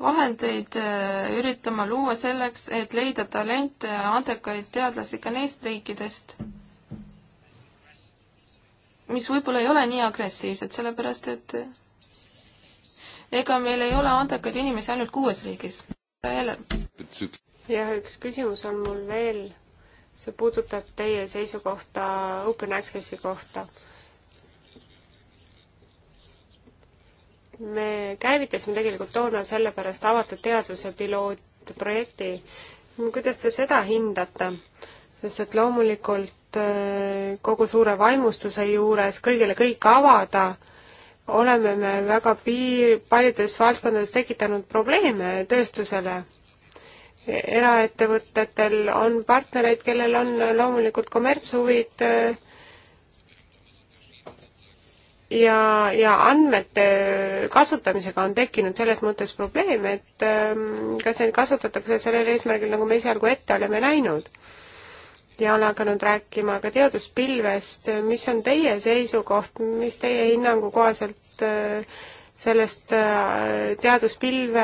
vahendeid äh, üritama luua selleks, et leida talente ja andekaid teadlasi ka neist riikidest mis võib-olla ei ole nii agressiivsed, sellepärast et ega meil ei ole andekaid inimesi ainult kuues riigis. jah, üks küsimus on mul veel. see puudutab teie seisukohta open access'i kohta. me käivitasime tegelikult toona sellepärast avatud teaduse pilootprojekti. kuidas te seda hindate? sest et loomulikult äh, kogu suure vaimustuse juures kõigile kõik avada, oleme me väga piir, paljudes valdkondades tekitanud probleeme tööstusele. eraettevõtetel on partnereid, kellel on loomulikult kommertshuvid äh, ja, ja andmete kasutamisega on tekkinud selles mõttes probleem, et ähm, kas neid kasutatakse sellel eesmärgil, nagu me esialgu ette oleme näinud ja on hakanud rääkima ka teaduspilvest. mis on teie seisukoht, mis teie hinnangu kohaselt äh, sellest äh, teaduspilve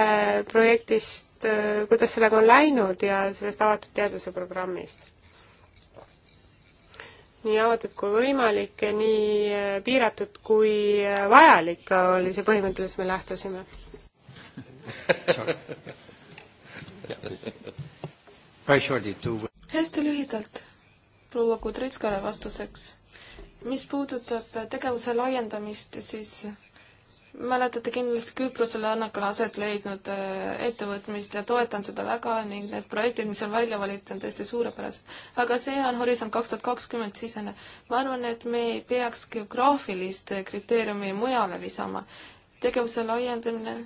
projektist, äh, kuidas sellega on läinud ja sellest avatud teaduse programmist? nii avatud kui võimalik ja nii piiratud kui vajalik oli see põhimõte, millest me lähtusime (laughs) Very shortly, two hästi lühidalt proua Kudritskale vastuseks. mis puudutab tegevuse laiendamist, siis mäletate kindlasti Küprosele annakale aset leidnud äh, ettevõtmist ja toetan seda väga ning need projektid, mis on välja valitud, on tõesti suurepärased. aga see on Horisont kaks tuhat kakskümmend sisene. ma arvan, et me ei peaks geograafilist kriteeriumi mujale lisama. tegevuse laiendamine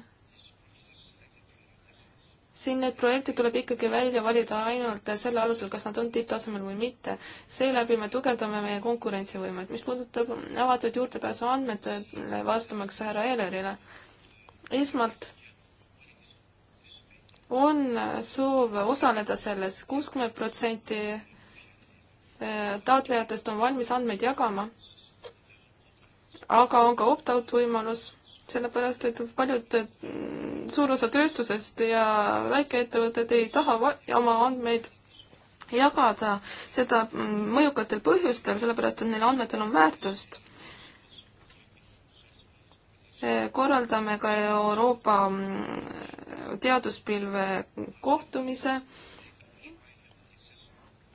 siin neid projekte tuleb ikkagi välja valida ainult selle alusel, kas nad on tipptasemel või mitte. seeläbi me tugevdame meie konkurentsivõimet. mis puudutab avatud juurdepääsu andmetele, vastamaks härra Ehlerile, esmalt on soov osaleda selles, kuuskümmend protsenti eh, taotlejatest on valmis andmeid jagama, aga on ka opt-out võimalus sellepärast et paljud, mm, suur osa tööstusest ja väikeettevõtted ei taha oma andmeid jagada seda mm, mõjukatel põhjustel, sellepärast et neil andmetel on väärtust. korraldame ka Euroopa mm, teaduspilve kohtumise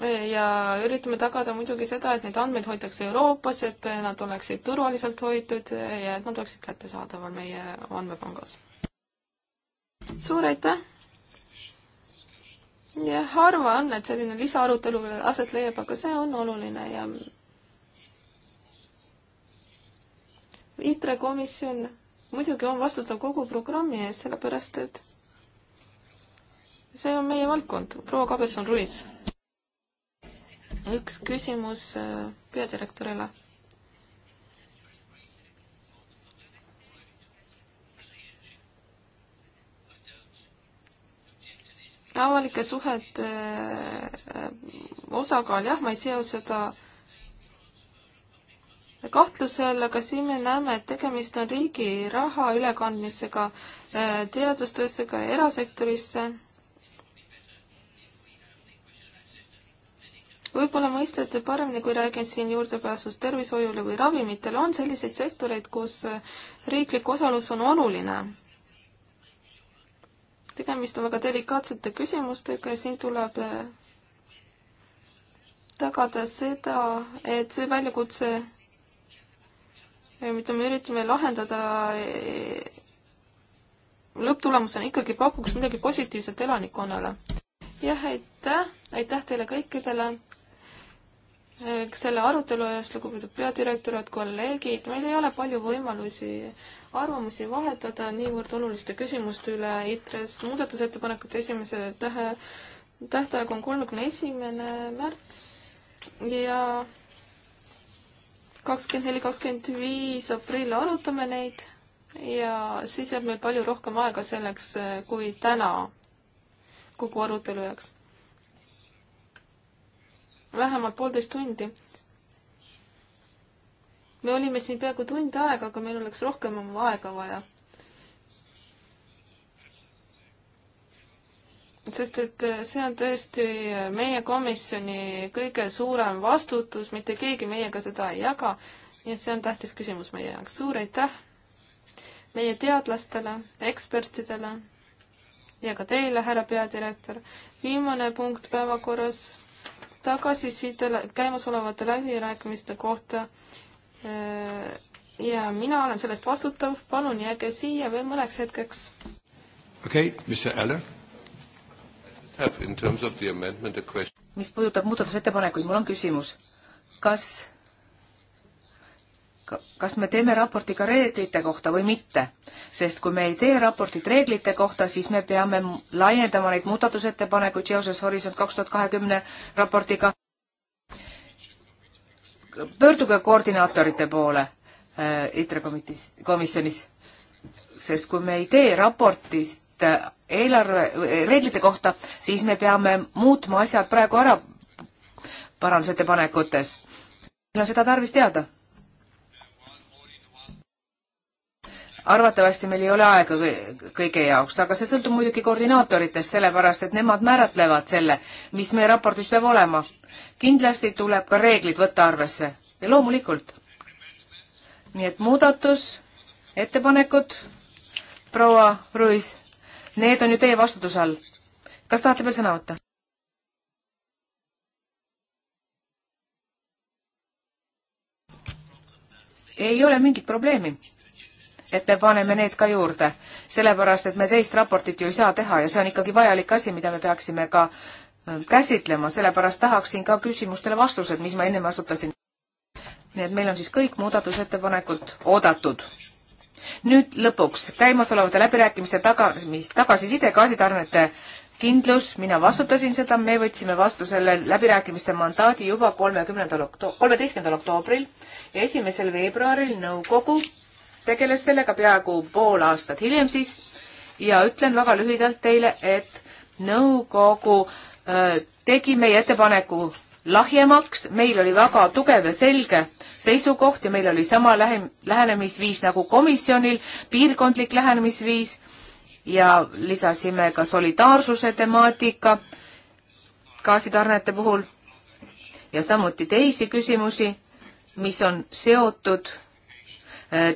ja üritame tagada muidugi seda, et neid andmeid hoitakse Euroopas, et nad oleksid turvaliselt hoitud ja et nad oleksid kättesaadaval meie andmepangas. suur aitäh! ja harva on, et selline lisaarutelu aset leiab, aga see on oluline ja ITRE komisjon muidugi on vastutav kogu programmi ees, sellepärast et see on meie valdkond. proua Kabelson-Ruiz üks küsimus äh, peadirektorile. avalike suhete äh, osakaal, jah, ma ei seo seda kahtluse alla, aga siin me näeme, et tegemist on riigi raha ülekandmisega äh, teadustöösse, ka erasektorisse võib-olla mõistate paremini, kui räägin siin juurdepääsust tervishoiule või ravimitele, on selliseid sektoreid, kus riiklik osalus on oluline. tegemist on väga delikaatsete küsimustega ja siin tuleb eh, tagada seda, et see väljakutse, mida me üritame lahendada, eh, lõpptulemusena ikkagi pakuks midagi positiivset elanikkonnale. jah, aitäh, aitäh teile kõikidele, selle arutelu eest, lugupeetud peadirektorid, kolleegid, meil ei ole palju võimalusi arvamusi vahetada niivõrd oluliste küsimuste üle ITRES. muudatusettepanekute esimese tähe, tähtaeg on kolmekümne esimene märts ja kakskümmend neli, kakskümmend viis aprill arutame neid ja siis jääb meil palju rohkem aega selleks eh, kui täna kogu arutelu jaoks vähemalt poolteist tundi. me olime siin peaaegu tund aega, aga meil oleks rohkem aega vaja. sest et äh, see on tõesti äh, meie komisjoni kõige suurem vastutus, mitte keegi meiega seda ei jaga. nii et see on tähtis küsimus meie jaoks. suur aitäh meie teadlastele, ekspertidele ja ka teile, härra peadirektor. viimane punkt päevakorras tagasiside käimasolevate läbirääkimiste kohta äh, ja mina olen sellest vastutav, palun jääge siia veel mõneks hetkeks. okei okay,, mis see hääl on? mis puudutab muudatusettepanekuid, mul on küsimus. kas kas me teeme raporti ka reeglite kohta või mitte. sest kui me ei tee raportit reeglite kohta, siis me peame laiendama neid muudatusettepanekuid seoses Horisont kaks tuhat kahekümne raportiga. pöörduge koordinaatorite poole äh, ITRE komitis, komisjonis, sest kui me ei tee raportist äh, eelarve, äh, reeglite kohta, siis me peame muutma asjad praegu ära parandusettepanekutes. meil on seda tarvis teada arvatavasti meil ei ole aega kõige jaoks, aga see sõltub muidugi koordinaatoritest, sellepärast et nemad määratlevad selle, mis meie raportis peab olema. kindlasti tuleb ka reeglid võtta arvesse ja loomulikult. nii et muudatus, ettepanekud, proua Ruiz, need on ju teie vastutuse all. kas tahate veel sõna võtta? ei ole mingit probleemi et me paneme need ka juurde, sellepärast et me teist raportit ju ei saa teha ja see on ikkagi vajalik asi, mida me peaksime ka ähm, käsitlema, sellepärast tahaksin ka küsimustele vastused, mis ma ennem asutasin. nii et meil on siis kõik muudatusettepanekud oodatud. nüüd lõpuks käimasolevate läbirääkimiste taga, mis tagasiside gaasitarnete kindlus, mina vastutasin seda, me võtsime vastu selle läbirääkimiste mandaadi juba kolmekümnendal okto-, kolmeteistkümnendal oktoobril ja esimesel veebruaril nõukogu tegeles sellega peaaegu pool aastat hiljem siis ja ütlen väga lühidalt teile, et nõukogu äh, tegi meie ettepaneku lahjemaks, meil oli väga tugev ja selge seisukoht ja meil oli sama lähe-, lähenemisviis nagu komisjonil, piirkondlik lähenemisviis ja lisasime ka solidaarsuse temaatika gaasitarnete puhul ja samuti teisi küsimusi, mis on seotud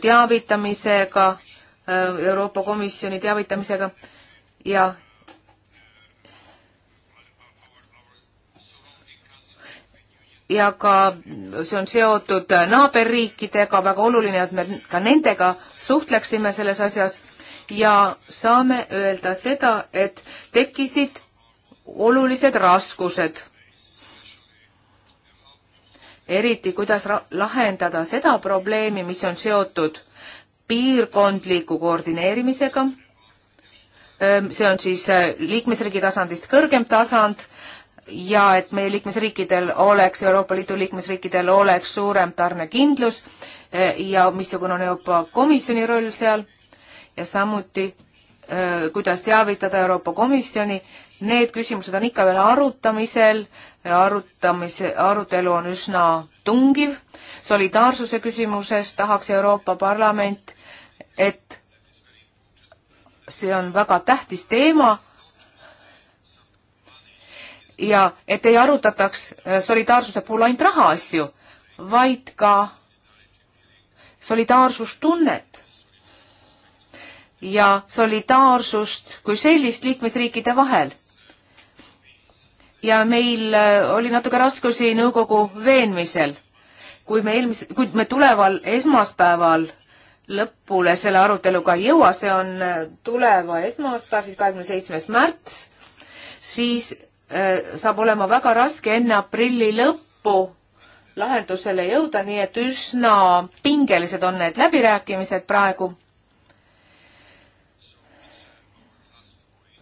teavitamisega, Euroopa Komisjoni teavitamisega ja ja ka see on seotud naaberriikidega, väga oluline, et me ka nendega suhtleksime selles asjas ja saame öelda seda, et tekkisid olulised raskused eriti kuidas lahendada seda probleemi, mis on seotud piirkondliku koordineerimisega. see on siis liikmesriigi tasandist kõrgem tasand ja et meie liikmesriikidel oleks, Euroopa Liidu liikmesriikidel oleks suurem tarnekindlus ja missugune on Euroopa Komisjoni roll seal ja samuti kuidas teavitada Euroopa Komisjoni Need küsimused on ikka veel arutamisel, arutamise, arutelu on üsna tungiv. solidaarsuse küsimuses tahaks Euroopa Parlament, et see on väga tähtis teema ja et ei arutataks äh, solidaarsuse puhul ainult rahaasju, vaid ka solidaarsustunnet ja solidaarsust kui sellist liikmesriikide vahel ja meil äh, oli natuke raskusi nõukogu veenmisel. kui me eelmise, kuid me tuleval esmaspäeval lõpule selle aruteluga ei jõua, see on äh, tuleva esmaspäev, siis kahekümne seitsmes märts, siis äh, saab olema väga raske enne aprilli lõppu lahendusele jõuda, nii et üsna pingelised on need läbirääkimised praegu.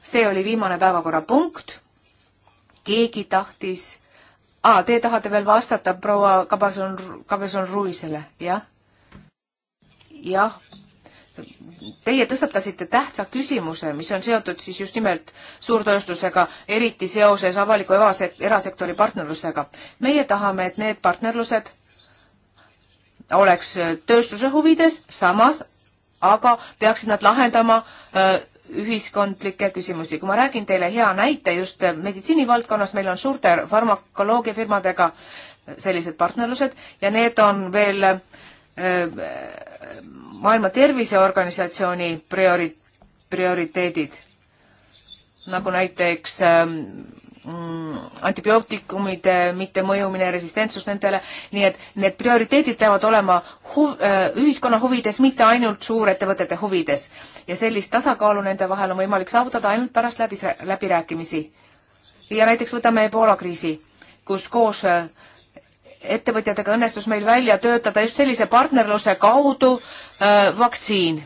see oli viimane päevakorrapunkt keegi tahtis ah,, te tahate veel vastata proua Kabason, Kabason-Ruisele, jah? jah. Teie tõstatasite tähtsa küsimuse, mis on seotud siis just nimelt suurtööstusega, eriti seoses avaliku ja erasektori partnerlusega. meie tahame, et need partnerlused oleks tööstuse huvides, samas aga peaksid nad lahendama öö, äh, ühiskondlikke küsimusi. kui ma räägin teile hea näite just meditsiinivaldkonnas, meil on suurte farmakoloogiafirmadega sellised partnerlused ja need on veel äh, Maailma Terviseorganisatsiooni priori-, prioriteedid, nagu näiteks äh, Mm, antibiootikumide mittemõjumine, resistentsus nendele, nii et need prioriteedid peavad olema hu-, äh, ühiskonna huvides, mitte ainult suurettevõtete huvides. ja sellist tasakaalu nende vahel on võimalik saavutada ainult pärast läbi, läbirääkimisi. ja näiteks võtame Poola kriisi, kus koos äh, ettevõtjatega õnnestus meil välja töötada just sellise partnerluse kaudu äh, vaktsiin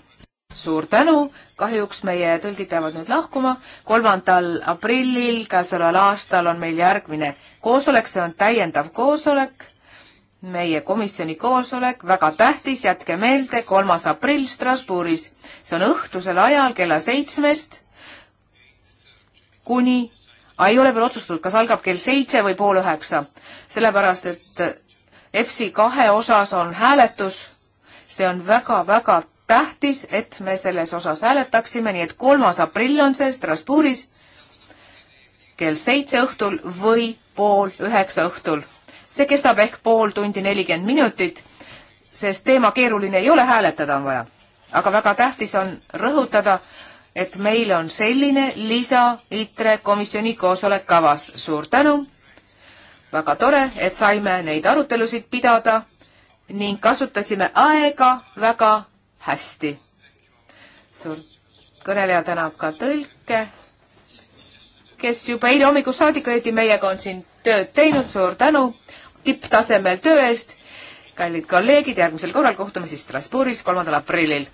suur tänu, kahjuks meie tõlgid peavad nüüd lahkuma. kolmandal aprillil käesoleval aastal on meil järgmine koosolek, see on täiendav koosolek, meie komisjoni koosolek, väga tähtis, jätke meelde, kolmas aprill Strasbourgis. see on õhtusel ajal kella seitsmest kuni, ei ole veel otsustatud, kas algab kell seitse või pool üheksa, sellepärast et EFSI kahe osas on hääletus see on väga-väga tähtis, et me selles osas hääletaksime, nii et kolmas aprill on see Strasbourgis kell seitse õhtul või pool üheksa õhtul. see kestab ehk pool tundi nelikümmend minutit, sest teema keeruline ei ole, hääletada on vaja. aga väga tähtis on rõhutada, et meil on selline lisa ITRE komisjoni koosolek kavas. suur tänu, väga tore, et saime neid arutelusid pidada ning kasutasime aega väga hästi. suur kõneleja tänab ka tõlke, kes juba eile hommikust saadik õieti meiega on siin tööd teinud, suur tänu tipptasemel töö eest. kallid kolleegid, järgmisel korral kohtume siis Strasbourgis kolmandal aprillil